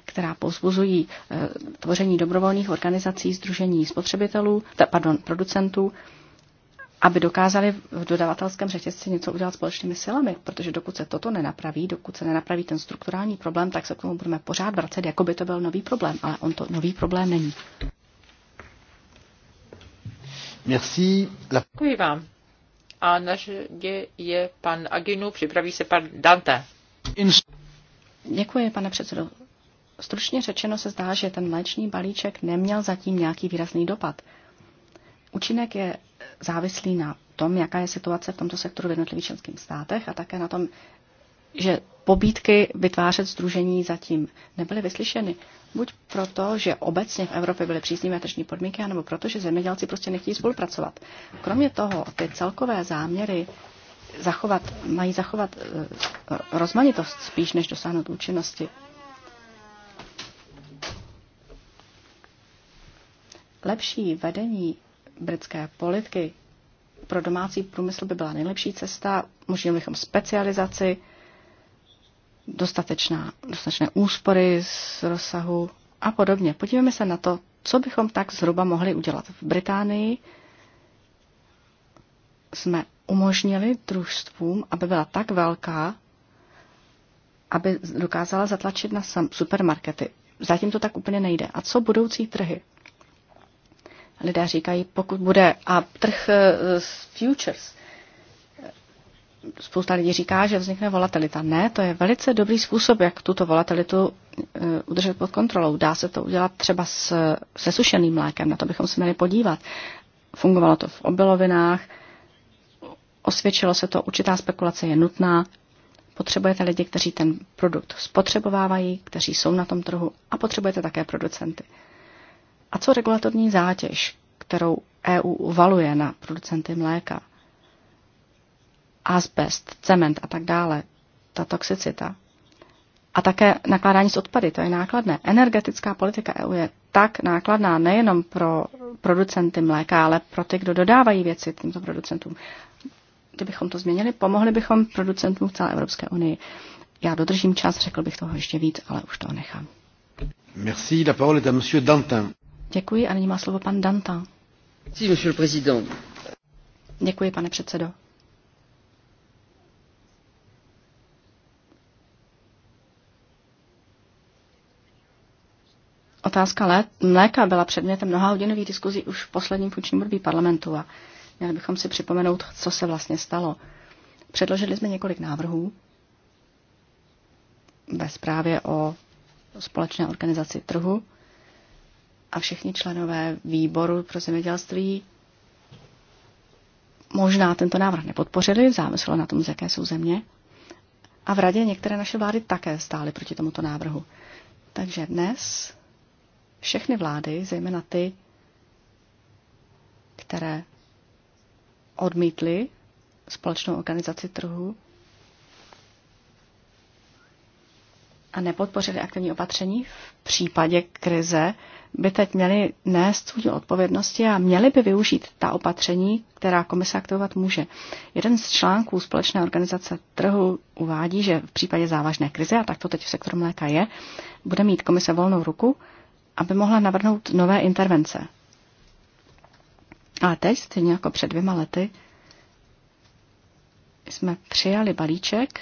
[SPEAKER 4] která pozbuzují eh, tvoření dobrovolných organizací Združení spotřebitelů, pardon, producentů, aby dokázali v dodavatelském řetězci něco udělat společnými silami, protože dokud se toto nenapraví, dokud se nenapraví ten strukturální problém, tak se k tomu budeme pořád vracet, jako by to byl nový problém, ale on to nový problém není. Merci. La...
[SPEAKER 2] Děkuji vám. A na řadě je pan Aginu, připraví se pan Dante.
[SPEAKER 4] Děkuji, pane předsedo. Stručně řečeno se zdá, že ten mléčný balíček neměl zatím nějaký výrazný dopad. Účinek je závislý na tom, jaká je situace v tomto sektoru v jednotlivých členských státech a také na tom, že pobídky vytvářet združení zatím nebyly vyslyšeny. Buď proto, že obecně v Evropě byly příznivé tržní podmínky, anebo proto, že zemědělci prostě nechtějí spolupracovat. Kromě toho, ty celkové záměry zachovat, mají zachovat eh, rozmanitost spíš, než dosáhnout účinnosti. Lepší vedení britské politiky pro domácí průmysl by byla nejlepší cesta. Možná bychom specializaci, dostatečná, dostatečné úspory z rozsahu a podobně. Podívejme se na to, co bychom tak zhruba mohli udělat. V Británii jsme umožnili družstvům, aby byla tak velká, aby dokázala zatlačit na supermarkety. Zatím to tak úplně nejde. A co budoucí trhy? lidé říkají, pokud bude a trh e, s futures, spousta lidí říká, že vznikne volatilita. Ne, to je velice dobrý způsob, jak tuto volatilitu e, udržet pod kontrolou. Dá se to udělat třeba s, se sušeným mlékem, na to bychom se měli podívat. Fungovalo to v obilovinách, osvědčilo se to, určitá spekulace je nutná. Potřebujete lidi, kteří ten produkt spotřebovávají, kteří jsou na tom trhu a potřebujete také producenty. A co regulatorní zátěž, kterou EU uvaluje na producenty mléka? Asbest, cement a tak dále, ta toxicita. A také nakládání s odpady, to je nákladné. Energetická politika EU je tak nákladná nejenom pro producenty mléka, ale pro ty, kdo dodávají věci těmto producentům. Kdybychom to změnili, pomohli bychom producentům v celé Evropské unii. Já dodržím čas, řekl bych toho ještě víc, ale už to nechám.
[SPEAKER 1] Merci, la parole est à monsieur Dantin.
[SPEAKER 4] Děkuji a nyní má slovo pan Danta. Děkuji, pane předsedo. Otázka mléka byla předmětem mnoha hodinových diskuzí už v posledním funkčním období parlamentu a měli bychom si připomenout, co se vlastně stalo. Předložili jsme několik návrhů ve zprávě o společné organizaci trhu a všichni členové výboru pro zemědělství možná tento návrh nepodpořili, záviselo na tom, z jaké jsou země. A v radě některé naše vlády také stály proti tomuto návrhu. Takže dnes všechny vlády, zejména ty, které odmítly společnou organizaci trhu, a nepodpořili aktivní opatření v případě krize, by teď měli nést svůj odpovědnosti a měli by využít ta opatření, která komise aktivovat může. Jeden z článků společné organizace trhu uvádí, že v případě závažné krize, a tak to teď v sektoru mléka je, bude mít komise volnou ruku, aby mohla navrhnout nové intervence. Ale teď, stejně jako před dvěma lety, jsme přijali balíček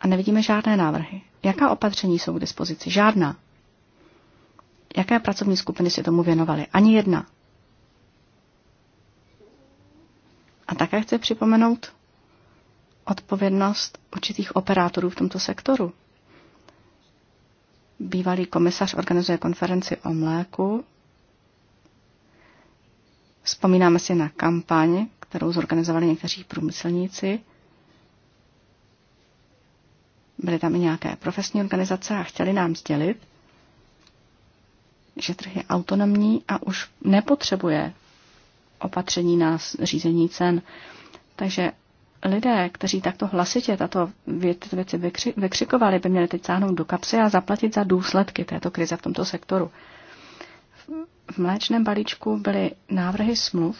[SPEAKER 4] a nevidíme žádné návrhy. Jaká opatření jsou k dispozici? Žádná. Jaké pracovní skupiny si tomu věnovaly? Ani jedna. A také chci připomenout odpovědnost určitých operátorů v tomto sektoru. Bývalý komisař organizuje konferenci o mléku. Vzpomínáme si na kampaň, kterou zorganizovali někteří průmyslníci – Byly tam i nějaké profesní organizace a chtěli nám sdělit, že trh je autonomní a už nepotřebuje opatření na řízení cen. Takže lidé, kteří takto hlasitě tato věci vykřikovali, by měli teď sáhnout do kapsy a zaplatit za důsledky této krize v tomto sektoru. V mléčném balíčku byly návrhy smluv,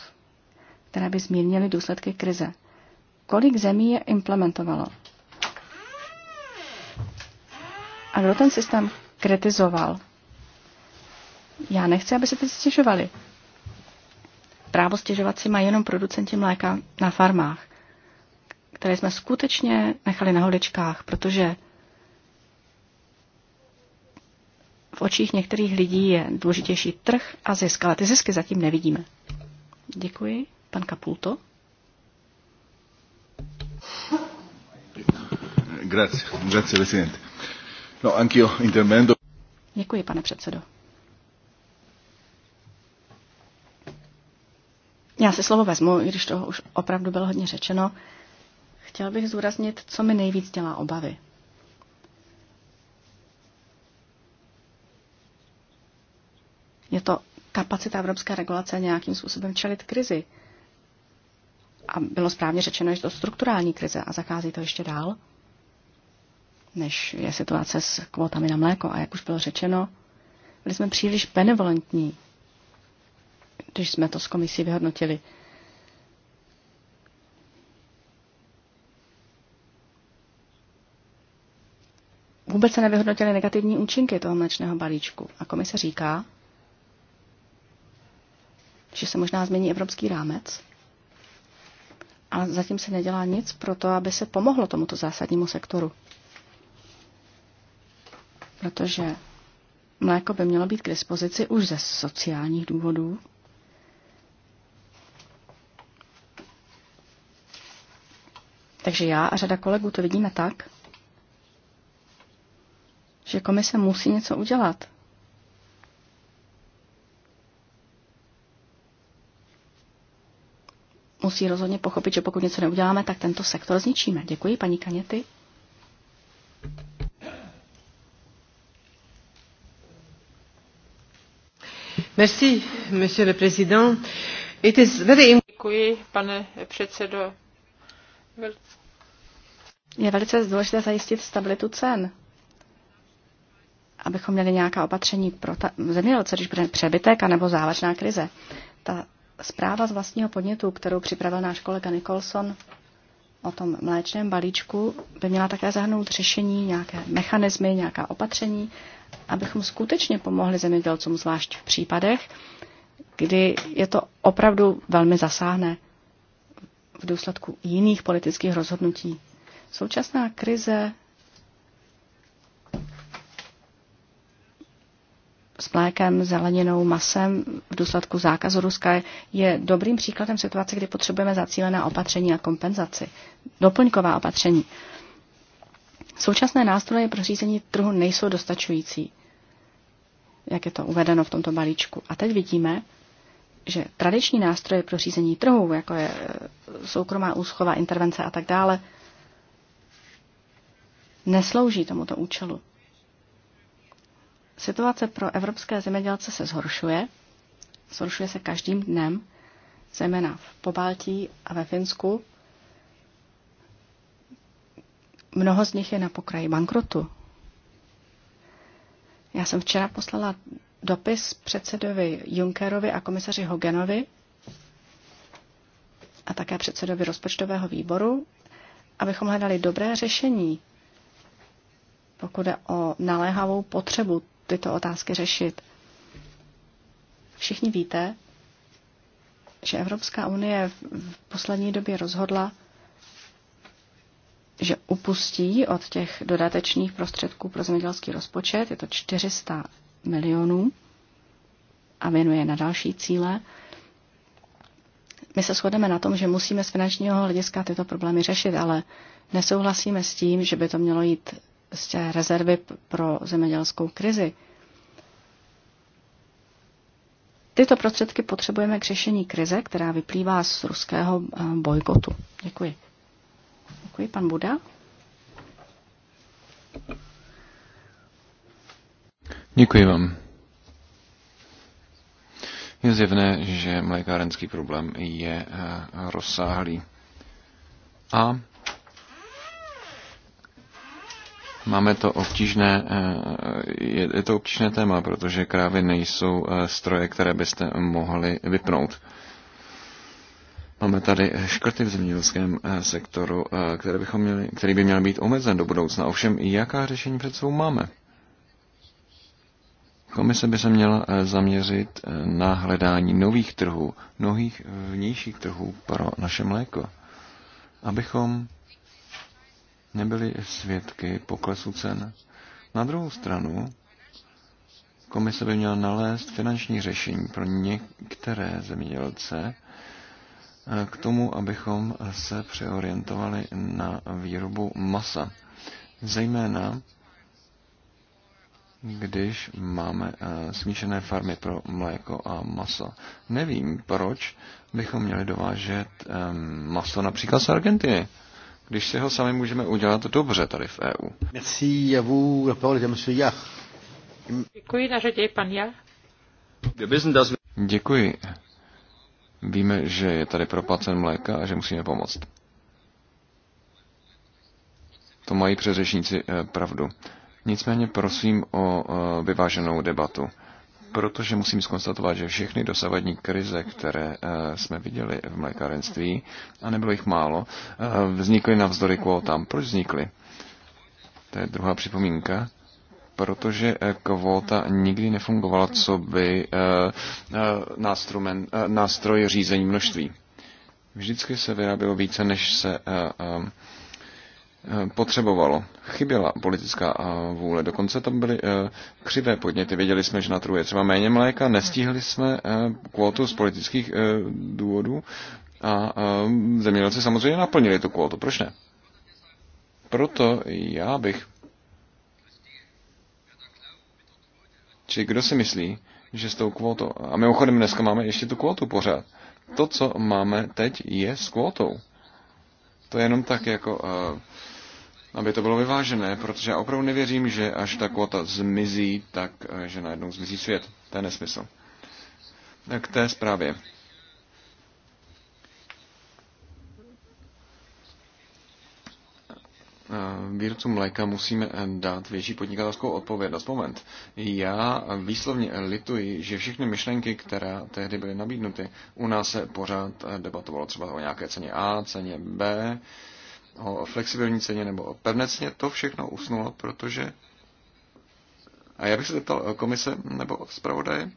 [SPEAKER 4] které by zmírnily důsledky krize. Kolik zemí je implementovalo? A kdo ten systém kritizoval? Já nechci, aby se teď stěžovali. Právo stěžovat si mají jenom producenti mléka na farmách, které jsme skutečně nechali na holičkách, protože v očích některých lidí je důležitější trh a zisk, ale ty zisky zatím nevidíme. Děkuji. Pan Kapulto.
[SPEAKER 1] Grazie, grazie Presidente. No,
[SPEAKER 4] Děkuji, pane předsedo. Já si slovo vezmu, i když toho už opravdu bylo hodně řečeno. Chtěl bych zúraznit, co mi nejvíc dělá obavy. Je to kapacita evropské regulace nějakým způsobem čelit krizi. A bylo správně řečeno, že to strukturální krize a zachází to ještě dál než je situace s kvótami na mléko. A jak už bylo řečeno, byli jsme příliš benevolentní, když jsme to s komisí vyhodnotili. Vůbec se nevyhodnotily negativní účinky toho mléčného balíčku. A komise říká, že se možná změní evropský rámec, ale zatím se nedělá nic pro to, aby se pomohlo tomuto zásadnímu sektoru protože mléko by mělo být k dispozici už ze sociálních důvodů. Takže já a řada kolegů to vidíme tak, že komise musí něco udělat. Musí rozhodně pochopit, že pokud něco neuděláme, tak tento sektor zničíme. Děkuji, paní Kaněty.
[SPEAKER 2] Děkuji, pane předsedo.
[SPEAKER 4] Je velice důležité zajistit stabilitu cen, abychom měli nějaká opatření pro ta... zemědělce, když bude přebytek anebo závažná krize. Ta zpráva z vlastního podnětu, kterou připravil náš kolega Nicholson, o tom mléčném balíčku by měla také zahrnout řešení, nějaké mechanismy, nějaká opatření, abychom skutečně pomohli zemědělcům, zvlášť v případech, kdy je to opravdu velmi zasáhne v důsledku jiných politických rozhodnutí. Současná krize s mlékem, zeleninou, masem v důsledku zákazu Ruska je dobrým příkladem situace, kdy potřebujeme zacílená opatření a kompenzaci, doplňková opatření. Současné nástroje pro řízení trhu nejsou dostačující, jak je to uvedeno v tomto balíčku. A teď vidíme, že tradiční nástroje pro řízení trhu, jako je e, soukromá úschova, intervence a tak dále, neslouží tomuto účelu. Situace pro evropské zemědělce se zhoršuje. Zhoršuje se každým dnem, zejména v Pobaltí a ve Finsku. Mnoho z nich je na pokraji bankrotu. Já jsem včera poslala dopis předsedovi Junckerovi a komisaři Hogenovi a také předsedovi rozpočtového výboru, abychom hledali dobré řešení, pokud je o naléhavou potřebu tyto otázky řešit. Všichni víte, že Evropská unie v poslední době rozhodla, že upustí od těch dodatečných prostředků pro zemědělský rozpočet, je to 400 milionů a věnuje na další cíle. My se shodeme na tom, že musíme z finančního hlediska tyto problémy řešit, ale nesouhlasíme s tím, že by to mělo jít z té rezervy pro zemědělskou krizi. Tyto prostředky potřebujeme k řešení krize, která vyplývá z ruského eh, bojkotu. Děkuji. Děkuji, pan Buda.
[SPEAKER 3] Děkuji vám. Je zjevné, že mlékárenský problém je eh, rozsáhlý. A Máme to obtížné, eh, je to obtížné téma, protože krávy nejsou eh, stroje, které byste mohli vypnout. Máme tady škrty v zemědělském eh, sektoru, které bychom měli, který by měl být omezen do budoucna. Ovšem, jaká řešení před sebou máme? Komise by se měla zaměřit na hledání nových trhů, nových vnějších trhů pro naše mléko, abychom nebyli svědky poklesu cen. Na druhou stranu, komise by měla nalézt finanční řešení pro některé zemědělce eh, k tomu, abychom se přeorientovali na výrobu masa. Zejména když máme eh, smíšené farmy pro mléko a maso. Nevím, proč bychom měli dovážet eh, maso například z Argentiny když si ho sami můžeme udělat dobře tady v e EU.
[SPEAKER 2] Děkuji, na řadě je pan Jach.
[SPEAKER 3] Děkuji. Víme, že je tady propacen mléka a že musíme pomoct. To mají předřečníci eh, pravdu. Nicméně prosím o eh, vyváženou debatu protože musím skonstatovat, že všechny dosavadní krize, které eh, jsme viděli v mlékárenství, a nebylo jich málo, eh, vznikly navzdory kvótám. Proč vznikly? To je druhá připomínka protože eh, kvóta nikdy nefungovala co by nástroj řízení množství. Vždycky se vyrábělo více, než se potřebovalo. Chyběla politická eh, vůle. Dokonce tam byly eh, křivé podněty. Věděli jsme, že na trhu je třeba méně mléka. Nestihli jsme eh, kvótu z politických důvodů. A zemědělci samozřejmě naplnili tu kvótu Proč ne? Proto já bych. Či kdo si myslí, že s tou kvótou. A mimochodem dneska máme ještě tu kvótu pořád. To, co máme teď, je s kvótou. To je jenom tak jako uh, aby to bylo vyvážené, protože já opravdu nevěřím, že až ta kvota zmizí, tak eh, že najednou zmizí svět. To je nesmysl. K té zprávě. Eh, výrobcům mléka musíme eh, dát větší podnikatelskou odpovědnost. Moment. Já výslovně lituji, že všechny myšlenky, které tehdy byly nabídnuty, u nás se pořád debatovalo třeba o nějaké ceně A, ceně B, o flexibilní ceně nebo o pevné ceně, to všechno usnulo, protože... A já bych se zeptal komise nebo zpravodaje,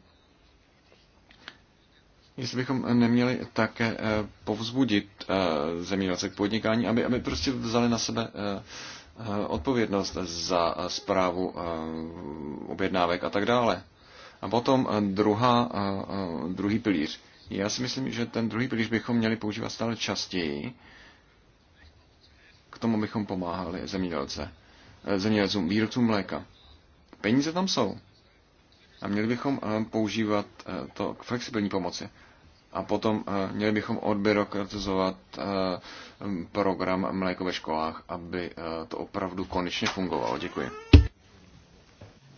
[SPEAKER 3] jestli bychom neměli také eh, povzbudit eh, zemědělce k podnikání, aby, aby prostě vzali na sebe eh, odpovědnost za zprávu objednávek a tak dále. A potom druhá, druhý pilíř. Já si myslím, že ten druhý pilíř bychom měli používat stále častěji, k tomu bychom pomáhali zemědělce, eh, zemědělcům, výrobcům mléka. Peníze tam jsou. A měli bychom eh, používat eh, to k flexibilní pomoci. A potom měli bychom odbyrokratizovat program mléko ve školách, aby to opravdu konečně fungovalo. Děkuji.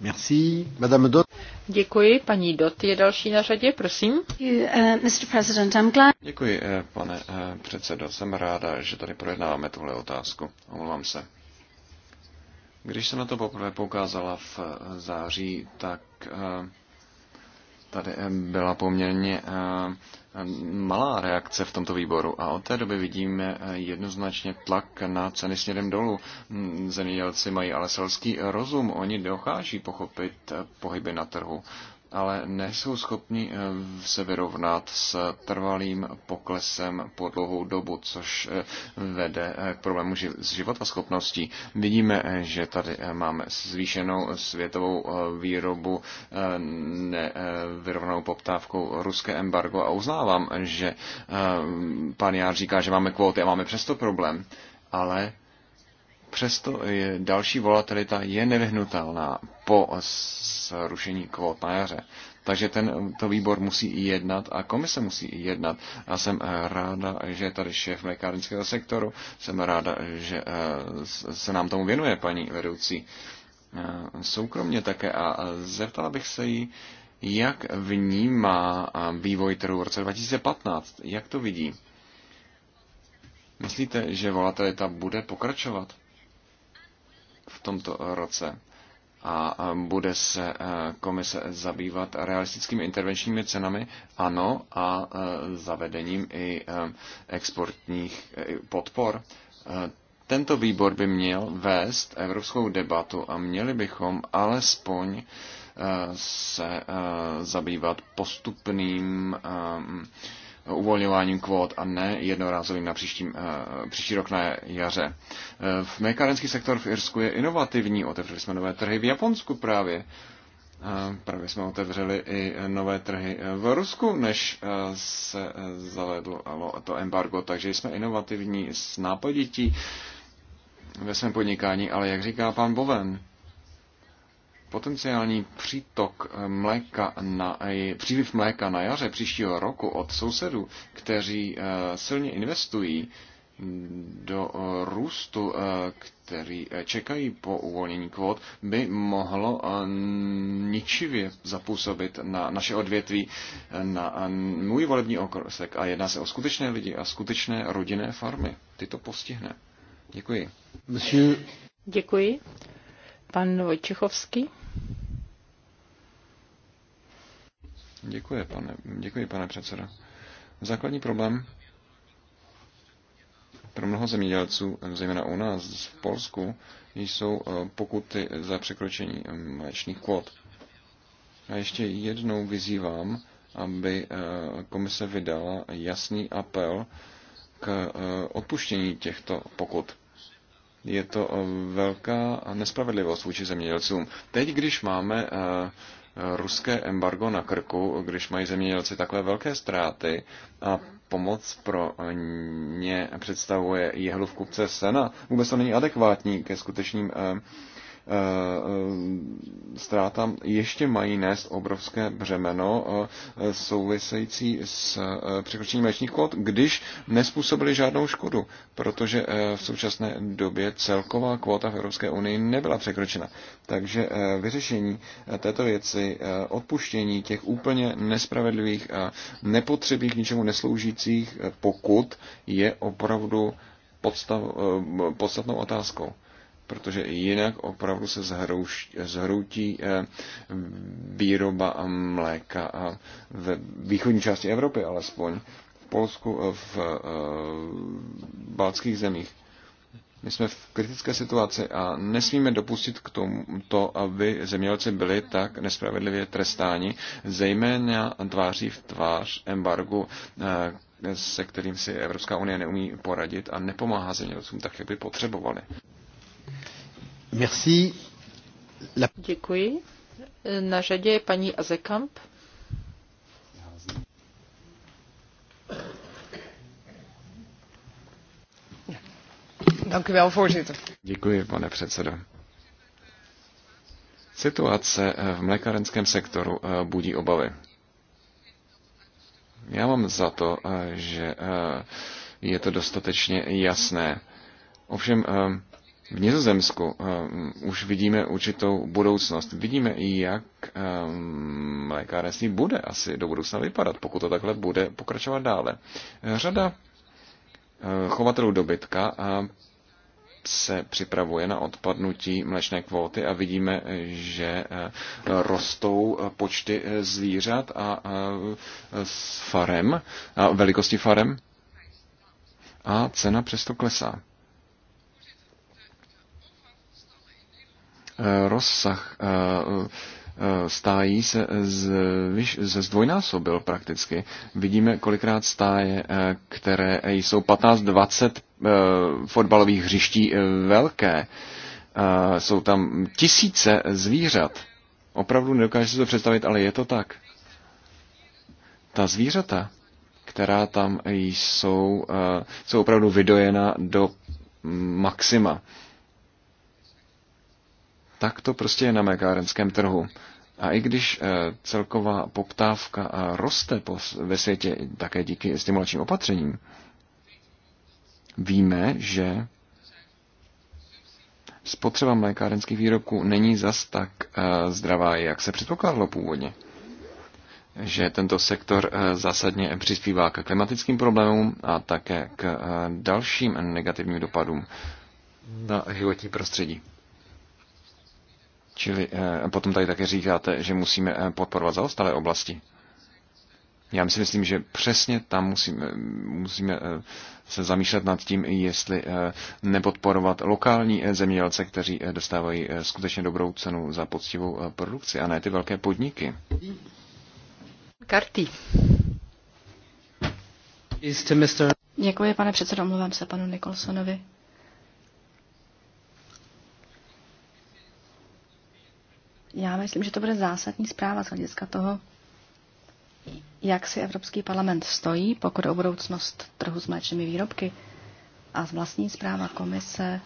[SPEAKER 1] Merci,
[SPEAKER 3] Madame Dot.
[SPEAKER 2] Děkuji. Paní Dot je další na řadě, prosím.
[SPEAKER 1] Uh,
[SPEAKER 3] Děkuji, eh, pane eh, předsedo. Jsem ráda, že tady projednáváme tuhle otázku. Omlouvám se. Když jsem na to poprvé poukázala v eh, září, tak tady byla poměrně malá reakce v tomto výboru a od té doby vidíme eh, jednoznačně tlak na ceny směrem dolů. Hmm, zemědělci mají ale selský rozum, oni dokáží pochopit eh, pohyby na trhu ale nejsou schopni eh, se vyrovnat s trvalým poklesem po dlouhou dobu, což eh, vede eh, k problému s životaschopností. Vidíme, že tady máme zvýšenou světovou výrobu, nevyrovnanou poptávkou ruské embargo a uznávám, že pan Jár říká, že máme kvóty a máme přesto problém, ale Přesto je, další volatilita je nevyhnutelná po zrušení kvót na jaře. Takže ten, to výbor musí i jednat a komise musí i jednat. Já jsem ráda, že je tady šéf mlékárnického sektoru, jsem ráda, že eh, se nám tomu věnuje paní vedoucí eh, soukromně také a zeptala bych se jí, jak vnímá eh, vývoj trhu v roce 2015, jak to vidí. Myslíte, že volatilita bude pokračovat? tomto roce a bude se e, komise zabývat realistickými intervenčními cenami, ano, a e, zavedením i e, exportních podpor. Tento výbor by měl vést evropskou debatu a měli bychom alespoň se zabývat postupným uvolňováním kvót a ne jednorázovým na příštím, eh, příští rok na jaře. Eh, v mekárenský sektor v Irsku je inovativní, otevřeli jsme nové trhy v Japonsku právě. Eh, právě jsme otevřeli i nové trhy v Rusku, než se zavedlo to embargo, takže jsme inovativní s nápadití ve svém podnikání, ale jak říká pan Boven, potenciální přítok mléka na, příliv mléka na jaře příštího roku od sousedů, kteří eh, silně investují do eh, růstu, eh, který čekají po uvolnění kvót, by mohlo ničivě zapůsobit na naše odvětví, na můj volební okresek. A jedná se o skutečné lidi a skutečné rodinné farmy. Ty to postihne. Děkuji.
[SPEAKER 2] Děkuji. Pan Vojčichovský.
[SPEAKER 3] Děkuji, pane, děkuji, pane předsedo. Základní problém pro mnoho zemědělců, zejména u nás v Polsku, jsou eh, pokuty za překročení eh, mléčných kvot. A ještě jednou vyzývám, aby eh, komise vydala jasný apel k odpuštění těchto pokut je to eh, velká nespravedlivost vůči zemědělcům. Teď, když máme eh, ruské embargo na krku, když mají zemědělci takové velké ztráty a pomoc pro ně představuje jehlu v kupce sena, vůbec to není adekvátní ke skutečným eh, Eh, eh, ztrátám, ještě mají nést obrovské břemeno eh, související s překročením mléčních kvot, když nespůsobili žádnou škodu, protože v současné době celková kvota v Evropské unii nebyla překročena. Takže vyřešení této věci, odpuštění těch úplně nespravedlivých a nepotřebných, ničemu nesloužících pokud je opravdu podstav, podstatnou otázkou protože jinak opravdu se zhroutí eh, výroba mléka v východní části Evropy alespoň, v Polsku, eh, v eh, baltských zemích. My jsme v kritické situaci a nesmíme dopustit k tomu, to, aby zemědělci byli tak nespravedlivě trestáni, zejména tváří v tvář embargu, se kterým si Evropská unie neumí poradit a nepomáhá zemědělcům tak, jak by potřebovali.
[SPEAKER 2] Merci. La... Děkuji. Na řadě je paní Azekamp.
[SPEAKER 3] Děkuji, pane předsedo. Situace eh, v mlékárenském sektoru eh, budí obavy. Já mám za to, eh, že je to dostatečně jasné. Ovšem, v Nizozemsku eh, už vidíme určitou budoucnost. Vidíme i, jak eh, lékárenství bude asi do budoucna vypadat, pokud to takhle bude pokračovat dále. Eh, řada chovatelů dobytka se připravuje na odpadnutí mlečné kvóty a vidíme, že rostou počty zvířat a s farem, a velikosti farem a cena přesto klesá. Eh, rozsah eh, eh, stájí se, zvyš, se zdvojnásobil prakticky. Vidíme kolikrát stáje, které jsou 15-20 fotbalových hřiští velké. Jsou tam tisíce zvířat. Opravdu nedokážu si to představit, ale je to tak. Ta zvířata, která tam jsou, jsou opravdu vydojena do mm, maxima. Tak to prostě je na mekárenském trhu. A i když eh, celková poptávka eh, roste ve světě také díky stimulačním opatřením, víme, že spotřeba mlékárenských výrobků není zas tak eh, zdravá, jak se předpokládalo původně. Že tento sektor zásadně přispívá k klimatickým problémům a také k dalším negativním dopadům na životní prostředí. Čili eh, potom tady také říkáte, že musíme eh, podporovat zaostalé oblasti. Já si myslím, že přesně tam musíme, musíme eh, se zamýšlet nad tím, jestli nepodporovat lokální zemědělce, kteří dostávají skutečně dobrou cenu za poctivou produkci, a ne ty velké podniky.
[SPEAKER 2] Karty.
[SPEAKER 4] Děkuji, pane předsedo, omlouvám se panu Nikolsonovi. Já myslím, že to bude zásadní zpráva z hlediska toho, jak si Evropský parlament stojí, pokud o budoucnost trhu s mléčnými výrobky a z vlastní zpráva komise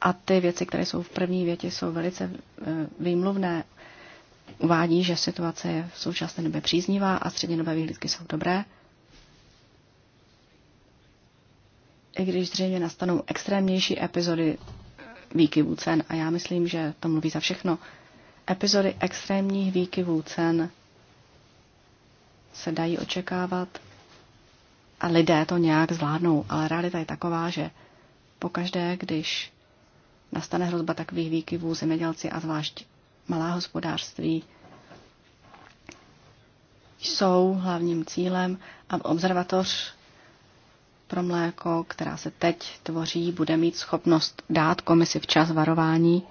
[SPEAKER 4] a ty věci, které jsou v první větě, jsou velice eh, výmluvné. Uvádí, že situace je v současné době příznivá a střednědobé výhledky jsou dobré. I když zřejmě nastanou extrémnější epizody výkyvů cen a já myslím, že to mluví za všechno. Epizody extrémních výkyvů cen se dají očekávat a lidé to nějak zvládnou, ale realita je taková, že pokaždé, když nastane hrozba takových výkyvů, zemědělci a zvlášť malá hospodářství jsou hlavním cílem a observatoř pro mléko, která se teď tvoří, bude mít schopnost dát komisi včas varování,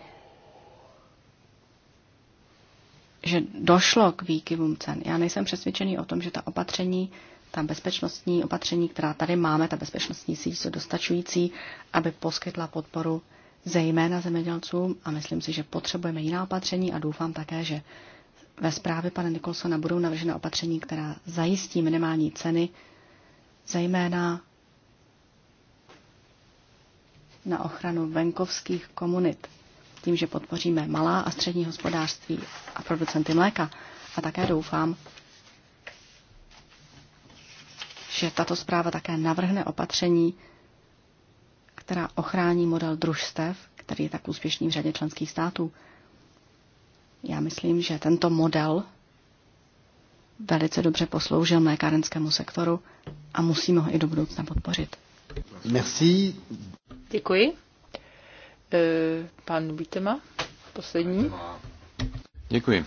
[SPEAKER 4] že došlo k výkyvům cen. Já nejsem přesvědčený o tom, že ta opatření, ta bezpečnostní opatření, která tady máme, ta bezpečnostní síť, jsou dostačující, aby poskytla podporu zejména zemědělcům a myslím si, že potřebujeme jiná opatření a doufám také, že ve zprávě pana Nikolsona budou navržena opatření, která zajistí minimální ceny, zejména na ochranu venkovských komunit tím, že podpoříme malá a střední hospodářství a producenty mléka. A také doufám, že tato zpráva také navrhne opatření, která ochrání model družstev, který je tak úspěšný v řadě členských států. Já myslím, že tento model velice dobře posloužil mlékárenskému sektoru a musíme ho i do budoucna podpořit.
[SPEAKER 1] Merci.
[SPEAKER 2] Děkuji. E, pan Bitema, poslední.
[SPEAKER 3] Děkuji.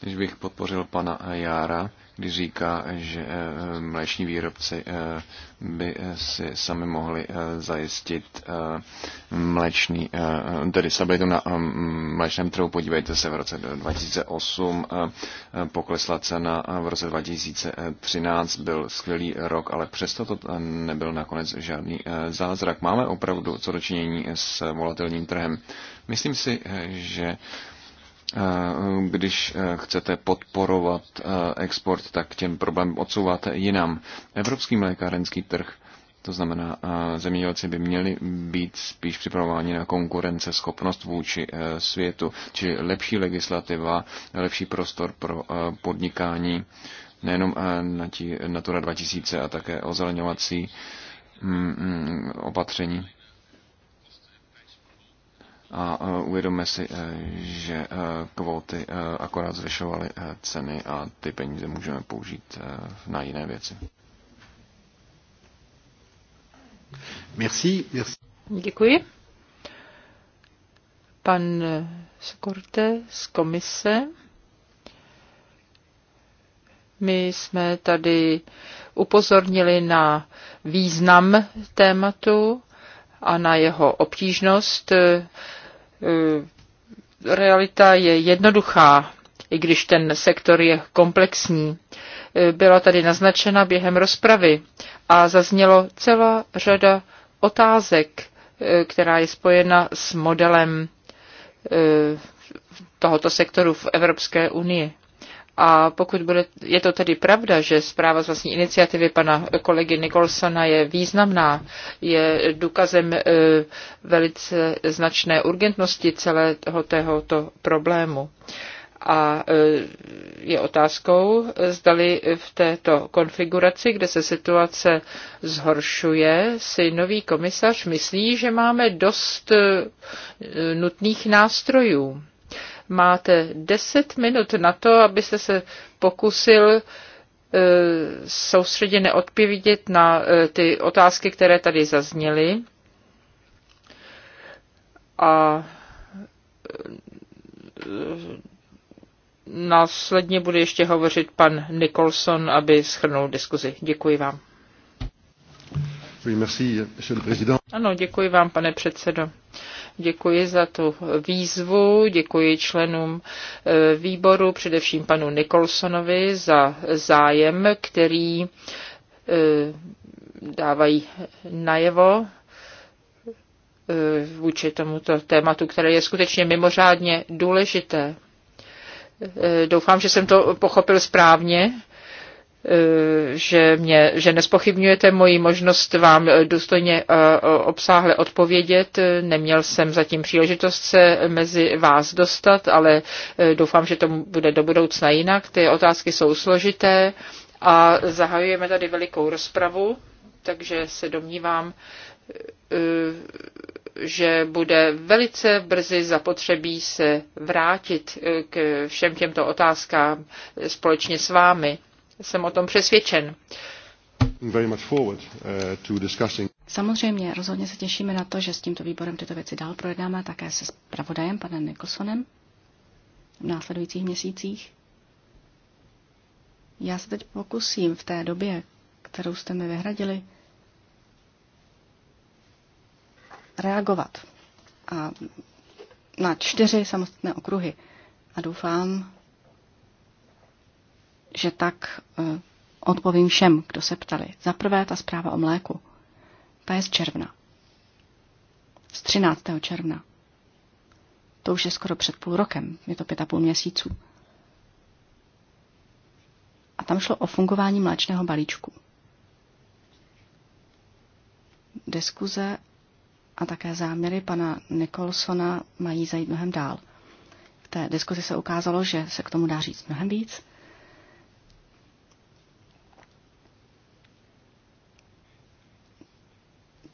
[SPEAKER 3] Když bych podpořil pana Jára, když říká, že eh, mléční výrobci eh, by eh, si sami mohli zajistit mléčný, tedy to na mléčném trhu. Podívejte se, v roce 2008 poklesla cena, v roce 2013 byl skvělý rok, ale přesto to nebyl nakonec žádný zázrak. Máme opravdu co dočinění s volatilním trhem. Myslím si, že Eh, když eh, chcete podporovat eh, export, tak těm problém odsouváte jinam. Evropský mlékárenský trh, to znamená, zemědělci by měli být spíš připravováni na konkurenceschopnost vůči světu, či lepší legislativa, lepší prostor pro podnikání, nejenom na Natura 2000 a také ozeleňovací mm, mm, opatření a e, uvědomme si, e, že e, kvóty akorát zvyšovaly ceny a ty peníze můžeme použít na jiné věci. Merci. merci.
[SPEAKER 2] Děkuji. Pan Skorte z komise. My jsme tady upozornili na význam tématu a na jeho obtížnost. Eh, realita je jednoduchá, i když ten sektor je komplexní. Eh, byla tady naznačena během rozpravy a zaznělo celá řada otázek, eh, která je spojena s modelem tohoto sektoru v Evropské unii. A pokud bude, je to tedy pravda, že zpráva z vlastní iniciativy pana kolegy Nicholsona je významná, je důkazem e, velice značné urgentnosti celého tohoto problému. A e, je otázkou, zdali v této konfiguraci, kde se situace zhoršuje, si nový komisař myslí, že máme dost e, nutných nástrojů Máte 10 minut na to, abyste se pokusil e, soustředěně odpovědět na e, ty otázky, které tady zazněly. A e, následně bude ještě hovořit pan Nicholson, aby schrnul diskuzi. Děkuji vám. Ano, děkuji vám, pane předsedo. Děkuji za tu výzvu, děkuji členům eh, výboru, především panu Nikolsonovi za zájem, který eh, dávají najevo eh, vůči tomuto tématu, které je skutečně mimořádně důležité. Doufám, že jsem to pochopil správně. Eh, že, mě, že nespochybňujete moji možnost vám eh, důstojně eh, obsáhle odpovědět. Neměl jsem zatím příležitost se mezi vás dostat, ale doufám, že to bude do budoucna jinak. Ty otázky jsou složité a zahajujeme tady velikou rozpravu, takže se domnívám, že bude velice brzy zapotřebí se vrátit k všem těmto otázkám společně s vámi. Jsem o tom přesvědčen.
[SPEAKER 1] Uh,
[SPEAKER 4] Samozřejmě, rozhodně se těšíme
[SPEAKER 2] na to, že s tímto výborem tyto věci dál projednáme
[SPEAKER 4] také se zpravodajem, panem Nicholsonem, v následujících měsících. Já se teď pokusím v té době, kterou jste mi vyhradili, reagovat a na čtyři samostatné okruhy. A doufám, že tak eh, odpovím všem, kdo se ptali. Za prvé ta zpráva o mléku. Ta je z června. Z 13. června. To už je skoro před půl rokem, je to pět a půl měsíců. A tam šlo o fungování mléčného balíčku. Diskuze a také záměry pana Nicholsona mají zajít mnohem dál. V té diskuzi se ukázalo, že se k tomu dá říct mnohem víc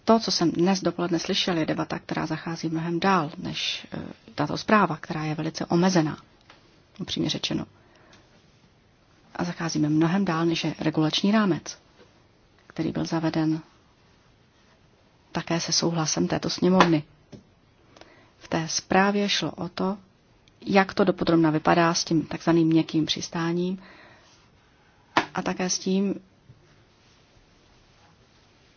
[SPEAKER 4] to, co jsem dnes dopoledne slyšel, je debata, která zachází mnohem dál než eh, tato zpráva, která je velice omezená, upřímně řečeno. A zacházíme mnohem dál než je regulační rámec, který byl zaveden také se souhlasem této sněmovny. V té zprávě šlo o to, jak to dopodrobna vypadá s tím takzvaným měkkým přistáním a také s tím,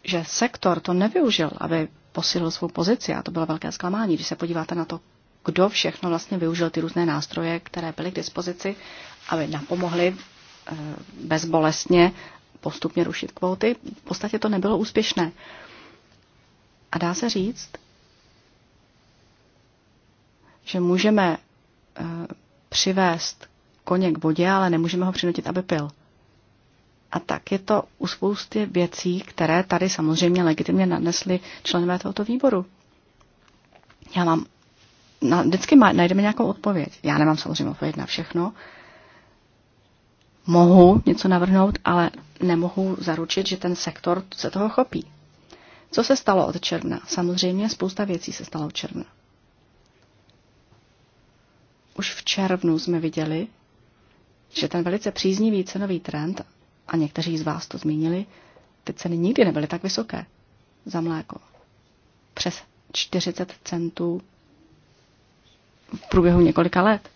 [SPEAKER 4] že sektor to nevyužil, aby posílil svou pozici a to bylo velké zklamání. Když se podíváte na to, kdo všechno vlastně využil ty různé nástroje, které byly k dispozici, aby napomohli eh, bezbolestně postupně rušit kvóty, v podstatě to nebylo úspěšné. A dá se říct, že můžeme eh, přivést koně k vodě, ale nemůžeme ho přinutit, aby pil. A tak je to u spousty věcí, které tady samozřejmě legitimně nadnesli členové tohoto výboru. Já vám na, vždycky má, najdeme nějakou odpověď. Já nemám samozřejmě odpověď na všechno. Mohu něco navrhnout, ale nemohu zaručit, že ten sektor se toho chopí. Co se stalo od června? Samozřejmě spousta věcí se stalo od června. Už v červnu jsme viděli, že ten velice příznivý cenový trend a někteří z vás to zmínili, ty ceny nikdy nebyly tak vysoké za mléko. Přes 40 centů v průběhu několika let.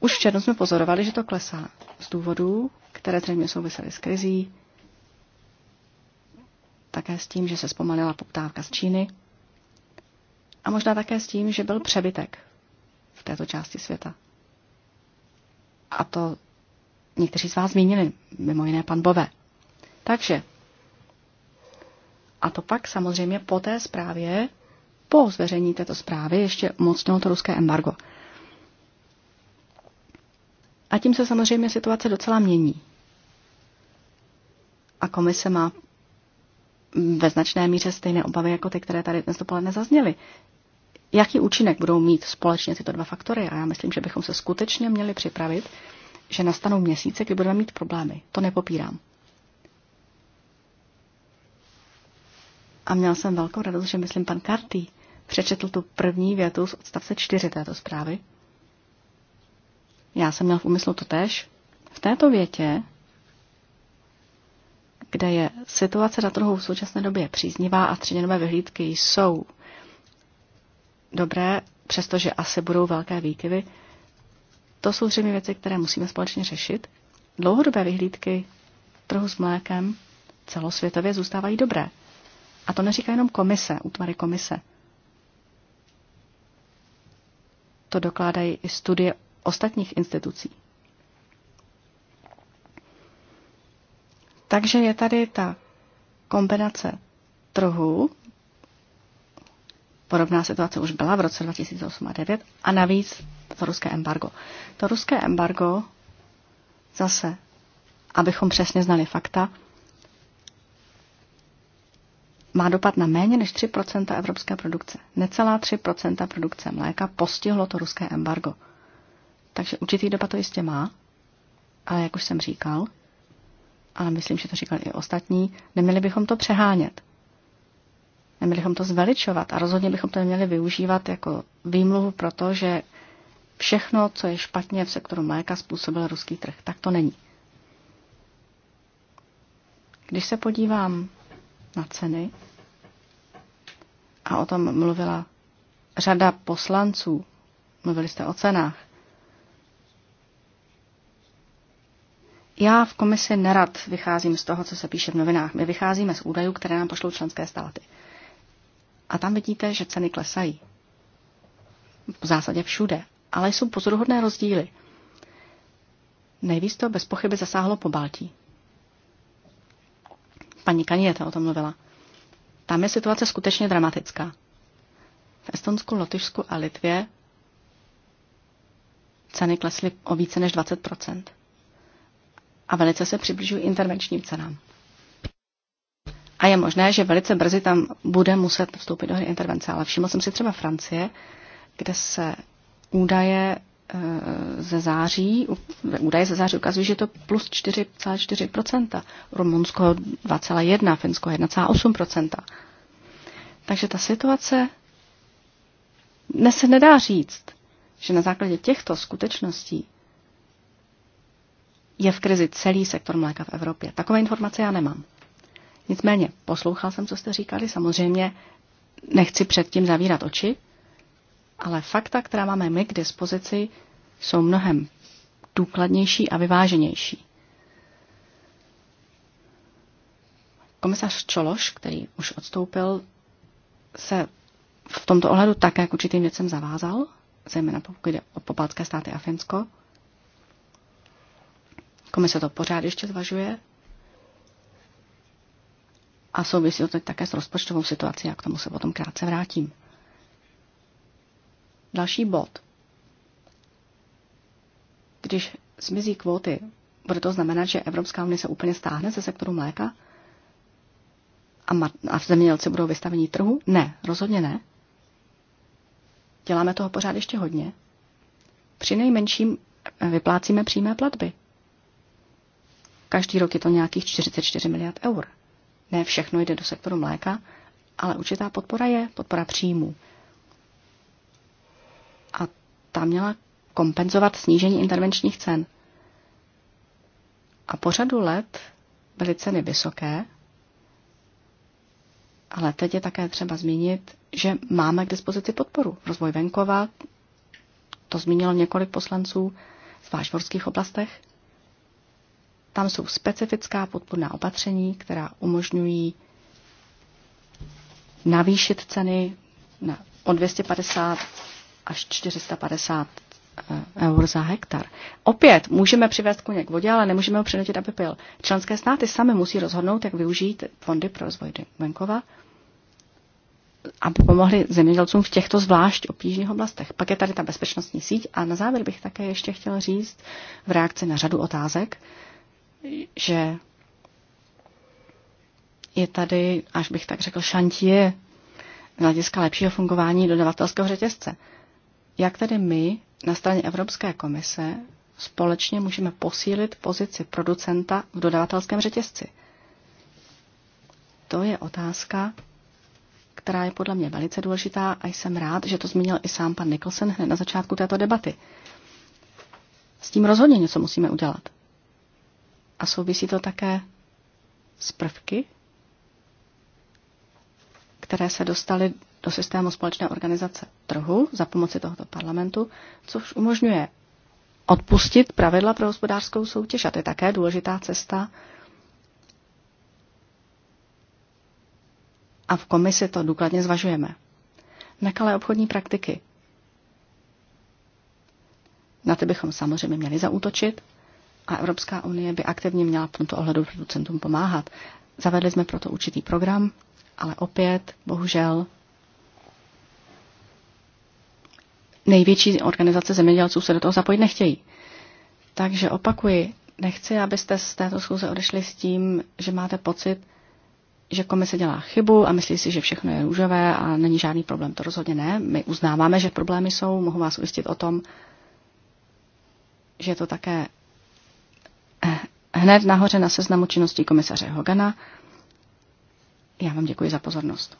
[SPEAKER 4] Už v jsme pozorovali, že to klesá z důvodů, které zřejmě souvisely s krizí, také s tím, že se zpomalila poptávka z Číny a možná také s tím, že byl přebytek v této části světa. A to někteří z vás zmínili, mimo jiné pan Bové. Takže, a to pak samozřejmě po té zprávě, po zveřejnění této zprávy, ještě mocnilo to ruské embargo. A tím se samozřejmě situace docela mění. A komise má ve značné míře stejné obavy jako ty, které tady dnes dopoledne zazněly. Jaký účinek budou mít společně tyto dva faktory? A já myslím, že bychom se skutečně měli připravit že nastanou měsíce, kdy budeme mít problémy. To nepopírám. A měl jsem velkou radost, že myslím pan Karty přečetl tu první větu z odstavce 4 této zprávy. Já jsem měl v úmyslu to tež. V této větě, kde je situace na trhu v současné době příznivá a střednědobé vyhlídky jsou dobré, přestože asi budou velké výkyvy, to jsou zřejmě věci, které musíme společně řešit. Dlouhodobé vyhlídky trhu s mlékem celosvětově zůstávají dobré. A to neříká jenom komise, útvary komise. To dokládají i studie ostatních institucí. Takže je tady ta kombinace trhu Podobná situace už byla v roce 2008 a 2009 a navíc to ruské embargo. To ruské embargo zase, abychom přesně znali fakta, má dopad na méně než 3 evropské produkce. Necelá 3 produkce mléka postihlo to ruské embargo. Takže určitý dopad to jistě má, ale jak už jsem říkal, ale myslím, že to říkal i ostatní, neměli bychom to přehánět. Neměli bychom to zveličovat a rozhodně bychom to neměli využívat jako výmluvu pro to, že všechno, co je špatně v sektoru mléka, způsobil ruský trh. Tak to není. Když se podívám na ceny, a o tom mluvila řada poslanců, mluvili jste o cenách, Já v komisi nerad vycházím z toho, co se píše v novinách. My vycházíme z údajů, které nám pošlou členské státy. A tam vidíte, že ceny klesají. V zásadě všude. Ale jsou pozoruhodné rozdíly. Nejvíc to bez pochyby zasáhlo po Baltí. Paní Kanieta o tom mluvila. Tam je situace skutečně dramatická. V Estonsku, Lotyšsku a Litvě ceny klesly o více než 20 A velice se přibližují intervenčním cenám a je možné, že velice brzy tam bude muset vstoupit do hry intervence. Ale všiml jsem si třeba Francie, kde se údaje eh, ze září, údaje ze září ukazují, že je to plus 4,4%, Rumunsko 2,1%, Finsko 1,8%. Takže ta situace dnes se nedá říct, že na základě těchto skutečností je v krizi celý sektor mléka v Evropě. Takové informace já nemám. Nicméně poslouchal jsem, co jste říkali. Samozřejmě nechci předtím zavírat oči, ale fakta, která máme my k dispozici, jsou mnohem důkladnější a vyváženější. Komisař Čološ, který už odstoupil, se v tomto ohledu také k určitým věcem zavázal, zejména pokud jde o pobaltské státy a Finsko. Komise to pořád ještě zvažuje, a souvisí to teď také s rozpočtovou situací, a k tomu se potom krátce vrátím. Další bod. Když zmizí kvóty, bude to znamenat, že Evropská unie se úplně stáhne ze sektoru mléka? A, a zemědělci budou vystaveni trhu? Ne, rozhodně ne. Děláme toho pořád ještě hodně. Při nejmenším eh, vyplácíme přímé platby. Každý rok je to nějakých 44 miliard eur. Ne všechno jde do sektoru mléka, ale určitá podpora je podpora příjmů. A ta měla kompenzovat snížení intervenčních cen. A po řadu let byly ceny vysoké, ale teď je také třeba zmínit, že máme k dispozici podporu. Rozvoj venkova, to zmínilo několik poslanců, zvlášť v horských oblastech. Tam jsou specifická podpůrná opatření, která umožňují navýšit ceny na, o 250 až 450 eh, eur za hektar. Opět můžeme přivést koně k vodě, ale nemůžeme ho přinutit, aby pil. Členské státy sami musí rozhodnout, jak využít fondy pro rozvoj venkova, aby pomohli zemědělcům v těchto zvlášť obtížných oblastech. Pak je tady ta bezpečnostní síť a na závěr bych také ještě chtěl říct v reakci na řadu otázek, že je tady, až bych tak řekl, šantie z hlediska lepšího fungování dodavatelského řetězce. Jak tedy my na straně Evropské komise společně můžeme posílit pozici producenta v dodavatelském řetězci? To je otázka, která je podle mě velice důležitá a jsem rád, že to zmínil i sám pan Nicholson hned na začátku této debaty. S tím rozhodně něco musíme udělat. A souvisí to také s prvky, které se dostaly do systému společné organizace trhu za pomoci tohoto parlamentu, což umožňuje odpustit pravidla pro hospodářskou soutěž. A to je také důležitá cesta. A v komisi to důkladně zvažujeme. Nekalé obchodní praktiky. Na ty bychom samozřejmě měli zaútočit, a Evropská unie by aktivně měla v tomto ohledu producentům pomáhat. Zavedli jsme proto určitý program, ale opět, bohužel, největší organizace zemědělců se do toho zapojit nechtějí. Takže opakuji, nechci, abyste z této schůze odešli s tím, že máte pocit, že komise dělá chybu a myslí si, že všechno je růžové a není žádný problém. To rozhodně ne. My uznáváme, že problémy jsou. Mohu vás ujistit o tom, že je to také hned nahoře na seznamu činností komisaře Hogana. Já vám děkuji za pozornost.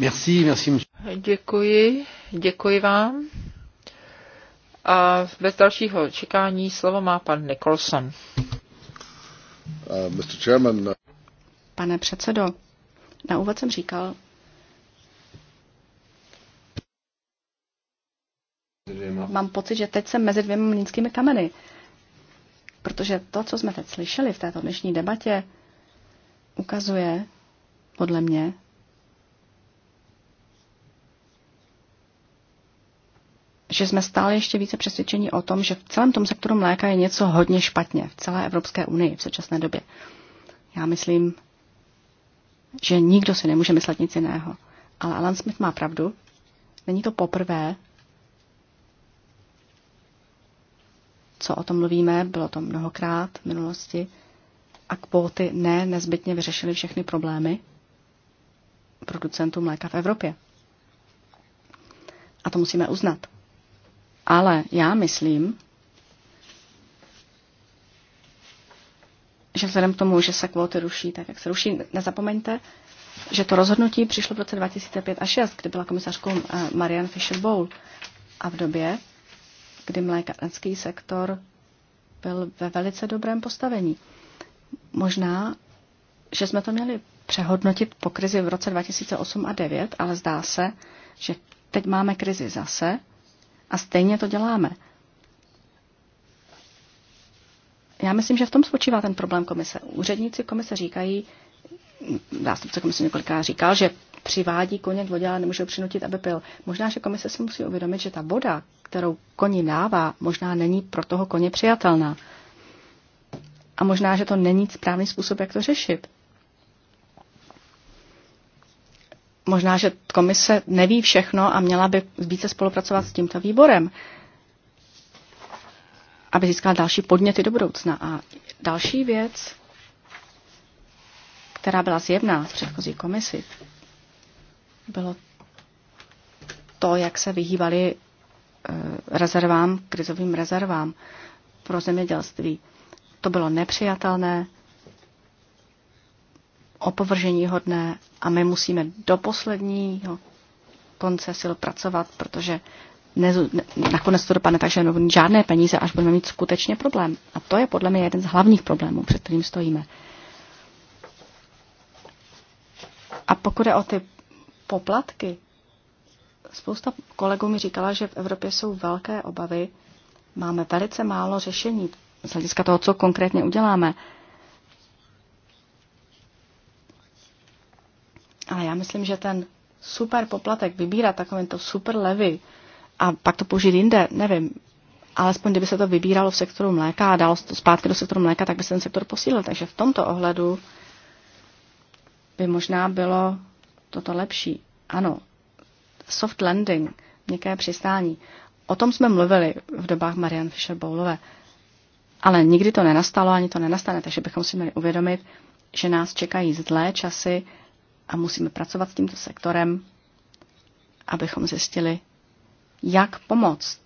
[SPEAKER 1] Merci, merci.
[SPEAKER 2] Děkuji, děkuji vám. A bez dalšího čekání slovo má pan Nicholson.
[SPEAKER 1] Uh, uh,
[SPEAKER 2] Pane předsedo, na úvod jsem říkal,
[SPEAKER 4] mám pocit, že teď jsem mezi dvěma mlínskými kameny. Protože to, co jsme teď slyšeli v této dnešní debatě, ukazuje, podle mě, že jsme stále ještě více přesvědčeni o tom, že v celém tom sektoru mléka je něco hodně špatně v celé Evropské unii v současné době. Já myslím, že nikdo si nemůže myslet nic jiného. Ale Alan Smith má pravdu. Není to poprvé, co o tom mluvíme, bylo to mnohokrát v minulosti, a kvóty ne nezbytně vyřešily všechny problémy producentů mléka v Evropě. A to musíme uznat. Ale já myslím, že vzhledem k tomu, že se kvóty ruší tak, jak se ruší, nezapomeňte, že to rozhodnutí přišlo v roce 2005 a 2006, kdy byla komisařkou eh, Marian Fisher Bowl a v době, kdy mlékarenský sektor byl ve velice dobrém postavení. Možná, že jsme to měli přehodnotit po krizi v roce 2008 a 2009, ale zdá se, že teď máme krizi zase a stejně to děláme. Já myslím, že v tom spočívá ten problém komise. Úředníci komise říkají, zástupce komise několikrát říkal, že přivádí koně k vodě, ale nemůže ho přinutit, aby pil. Možná, že komise si musí uvědomit, že ta voda, kterou koni dává, možná není pro toho koně přijatelná. A možná, že to není správný způsob, jak to řešit. Možná, že komise neví všechno a měla by více spolupracovat s tímto výborem, aby získala další podněty do budoucna. A další věc, která byla zjevná v předchozí komisi, bylo to, jak se vyhýbali eh, rezervám, krizovým rezervám pro zemědělství. To bylo nepřijatelné, opovržení hodné a my musíme do posledního konce sil pracovat, protože ne, ne, nakonec to dopadne tak, že žádné peníze, až budeme mít skutečně problém. A to je podle mě jeden z hlavních problémů, před kterým stojíme. A pokud je o ty poplatky. Spousta kolegů mi říkala, že v Evropě jsou velké obavy. Máme velice málo řešení z hlediska toho, co konkrétně uděláme. Ale já myslím, že ten super poplatek vybírat to super levy a pak to použít jinde, nevím, alespoň kdyby se to vybíralo v sektoru mléka a dalo to zpátky do sektoru mléka, tak by se ten sektor posílil. Takže v tomto ohledu by možná bylo toto lepší. Ano, soft landing, měkké přistání. O tom jsme mluvili v dobách Marian Fisher Bowlové. Ale nikdy to nenastalo, ani to nenastane, takže bychom si měli uvědomit, že nás čekají zlé časy a musíme pracovat s tímto sektorem, abychom zjistili, jak pomoct.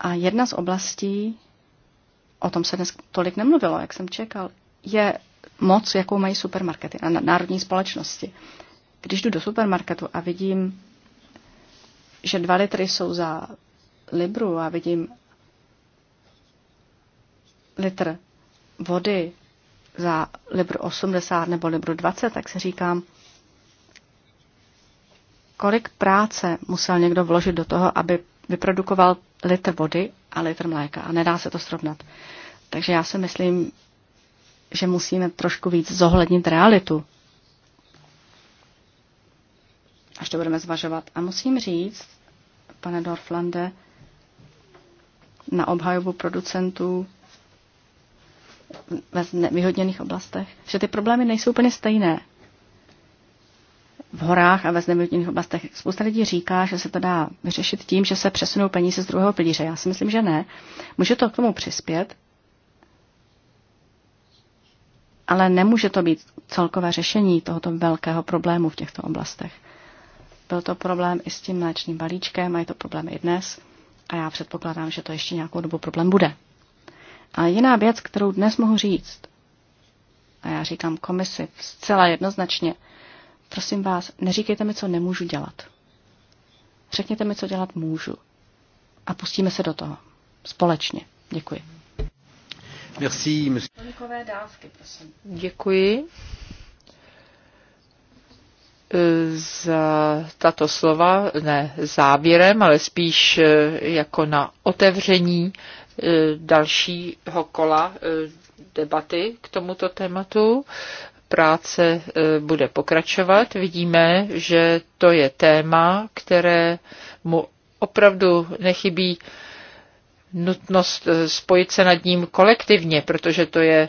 [SPEAKER 4] A jedna z oblastí, o tom se dnes tolik nemluvilo, jak jsem čekal, je moc, jakou mají supermarkety a národní společnosti. Když jdu do supermarketu a vidím, že dva litry jsou za libru a vidím litr vody za libru 80 nebo libru 20, tak si říkám, kolik práce musel někdo vložit do toho, aby vyprodukoval litr vody a litr mléka. A nedá se to srovnat. Takže já si myslím, že musíme trošku víc zohlednit realitu. Až to budeme zvažovat. A musím říct, pane Dorflande, na obhajobu producentů ve znevýhodněných oblastech, že ty problémy nejsou úplně stejné. V horách a ve znevýhodněných oblastech spousta lidí říká, že se to dá vyřešit tím, že se přesunou peníze z druhého pilíře. Já si myslím, že ne. Může to k tomu přispět, ale nemůže to být celkové řešení tohoto velkého problému v těchto oblastech. Byl to problém i s tím mléčným balíčkem a je to problém i dnes a já předpokládám, že to ještě nějakou dobu problém bude. A jiná věc, kterou dnes mohu říct, a já říkám komisi zcela jednoznačně, prosím vás, neříkejte mi, co nemůžu dělat. Řekněte mi, co dělat můžu. A pustíme se do toho. Společně. Děkuji.
[SPEAKER 1] Merci.
[SPEAKER 2] Děkuji e, za tato slova, ne závěrem, ale spíš e, jako na otevření e, dalšího kola debaty k tomuto tématu. Práce bude pokračovat. Vidíme, že to je téma, které mu opravdu nechybí nutnost eh, spojit se nad ním kolektivně, protože to je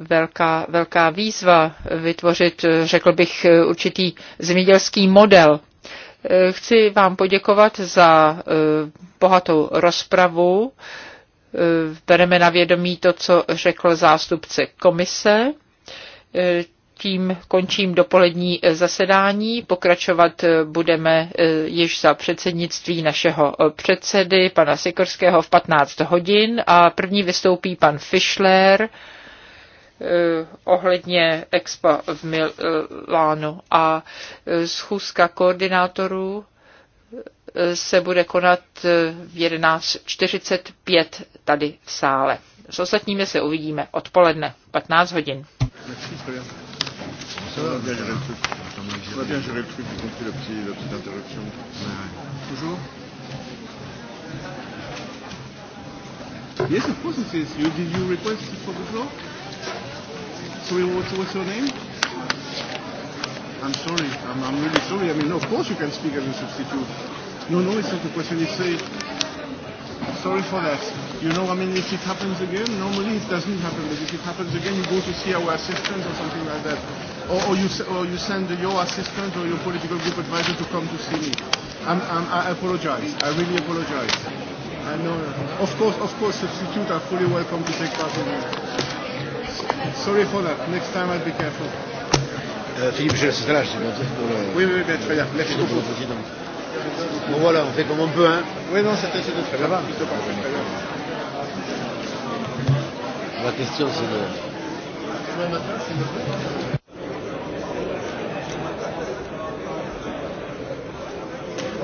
[SPEAKER 2] velká, velká výzva vytvořit, eh, řekl bych, eh, určitý zemědělský model. Chci vám poděkovat za bohatou rozpravu. Bereme na vědomí to, co řekl zástupce komise tím končím dopolední eh, zasedání. Pokračovat eh, budeme eh, již za předsednictví našeho předsedy, pana Sikorského, v 15 hodin a první vystoupí pan Fischler ohledně expo v Milánu a schůzka koordinátorů se bude konat v 11.45 tady v sále. S ostatními se uvidíme odpoledne, 15 hodin. Ça va bien gérer le
[SPEAKER 1] truc. On a bien géré le truc, y compris la petite, la petite interruption. Ouais, ouais. Toujours Yes, of course it is. You, did you request for the floor? Sorry, what's, what's your name? I'm sorry. I'm, I'm really sorry. I mean, of course you can speak as a substitute. No, no, it's not a question. It's a... Sorry for that. You know, I mean, if it happens again, normally it doesn't happen, but if it happens again, you go to see our assistants or something like that or, or, you, or you send your assistant or your political group advisor to come to see me. I'm, I'm, I apologize. I really apologize. I know. Of course, of course, substitute are fully welcome to take part in it. Sorry for that. Next time I'll be careful. Euh, Philippe, je laisse là, Oui, oui, bien, très bien. Merci beaucoup. Bon, voilà, on fait comme on peut, hein. Oui, non, c'était très bien. La question, c'est de... Demain matin, s'il vous plaît.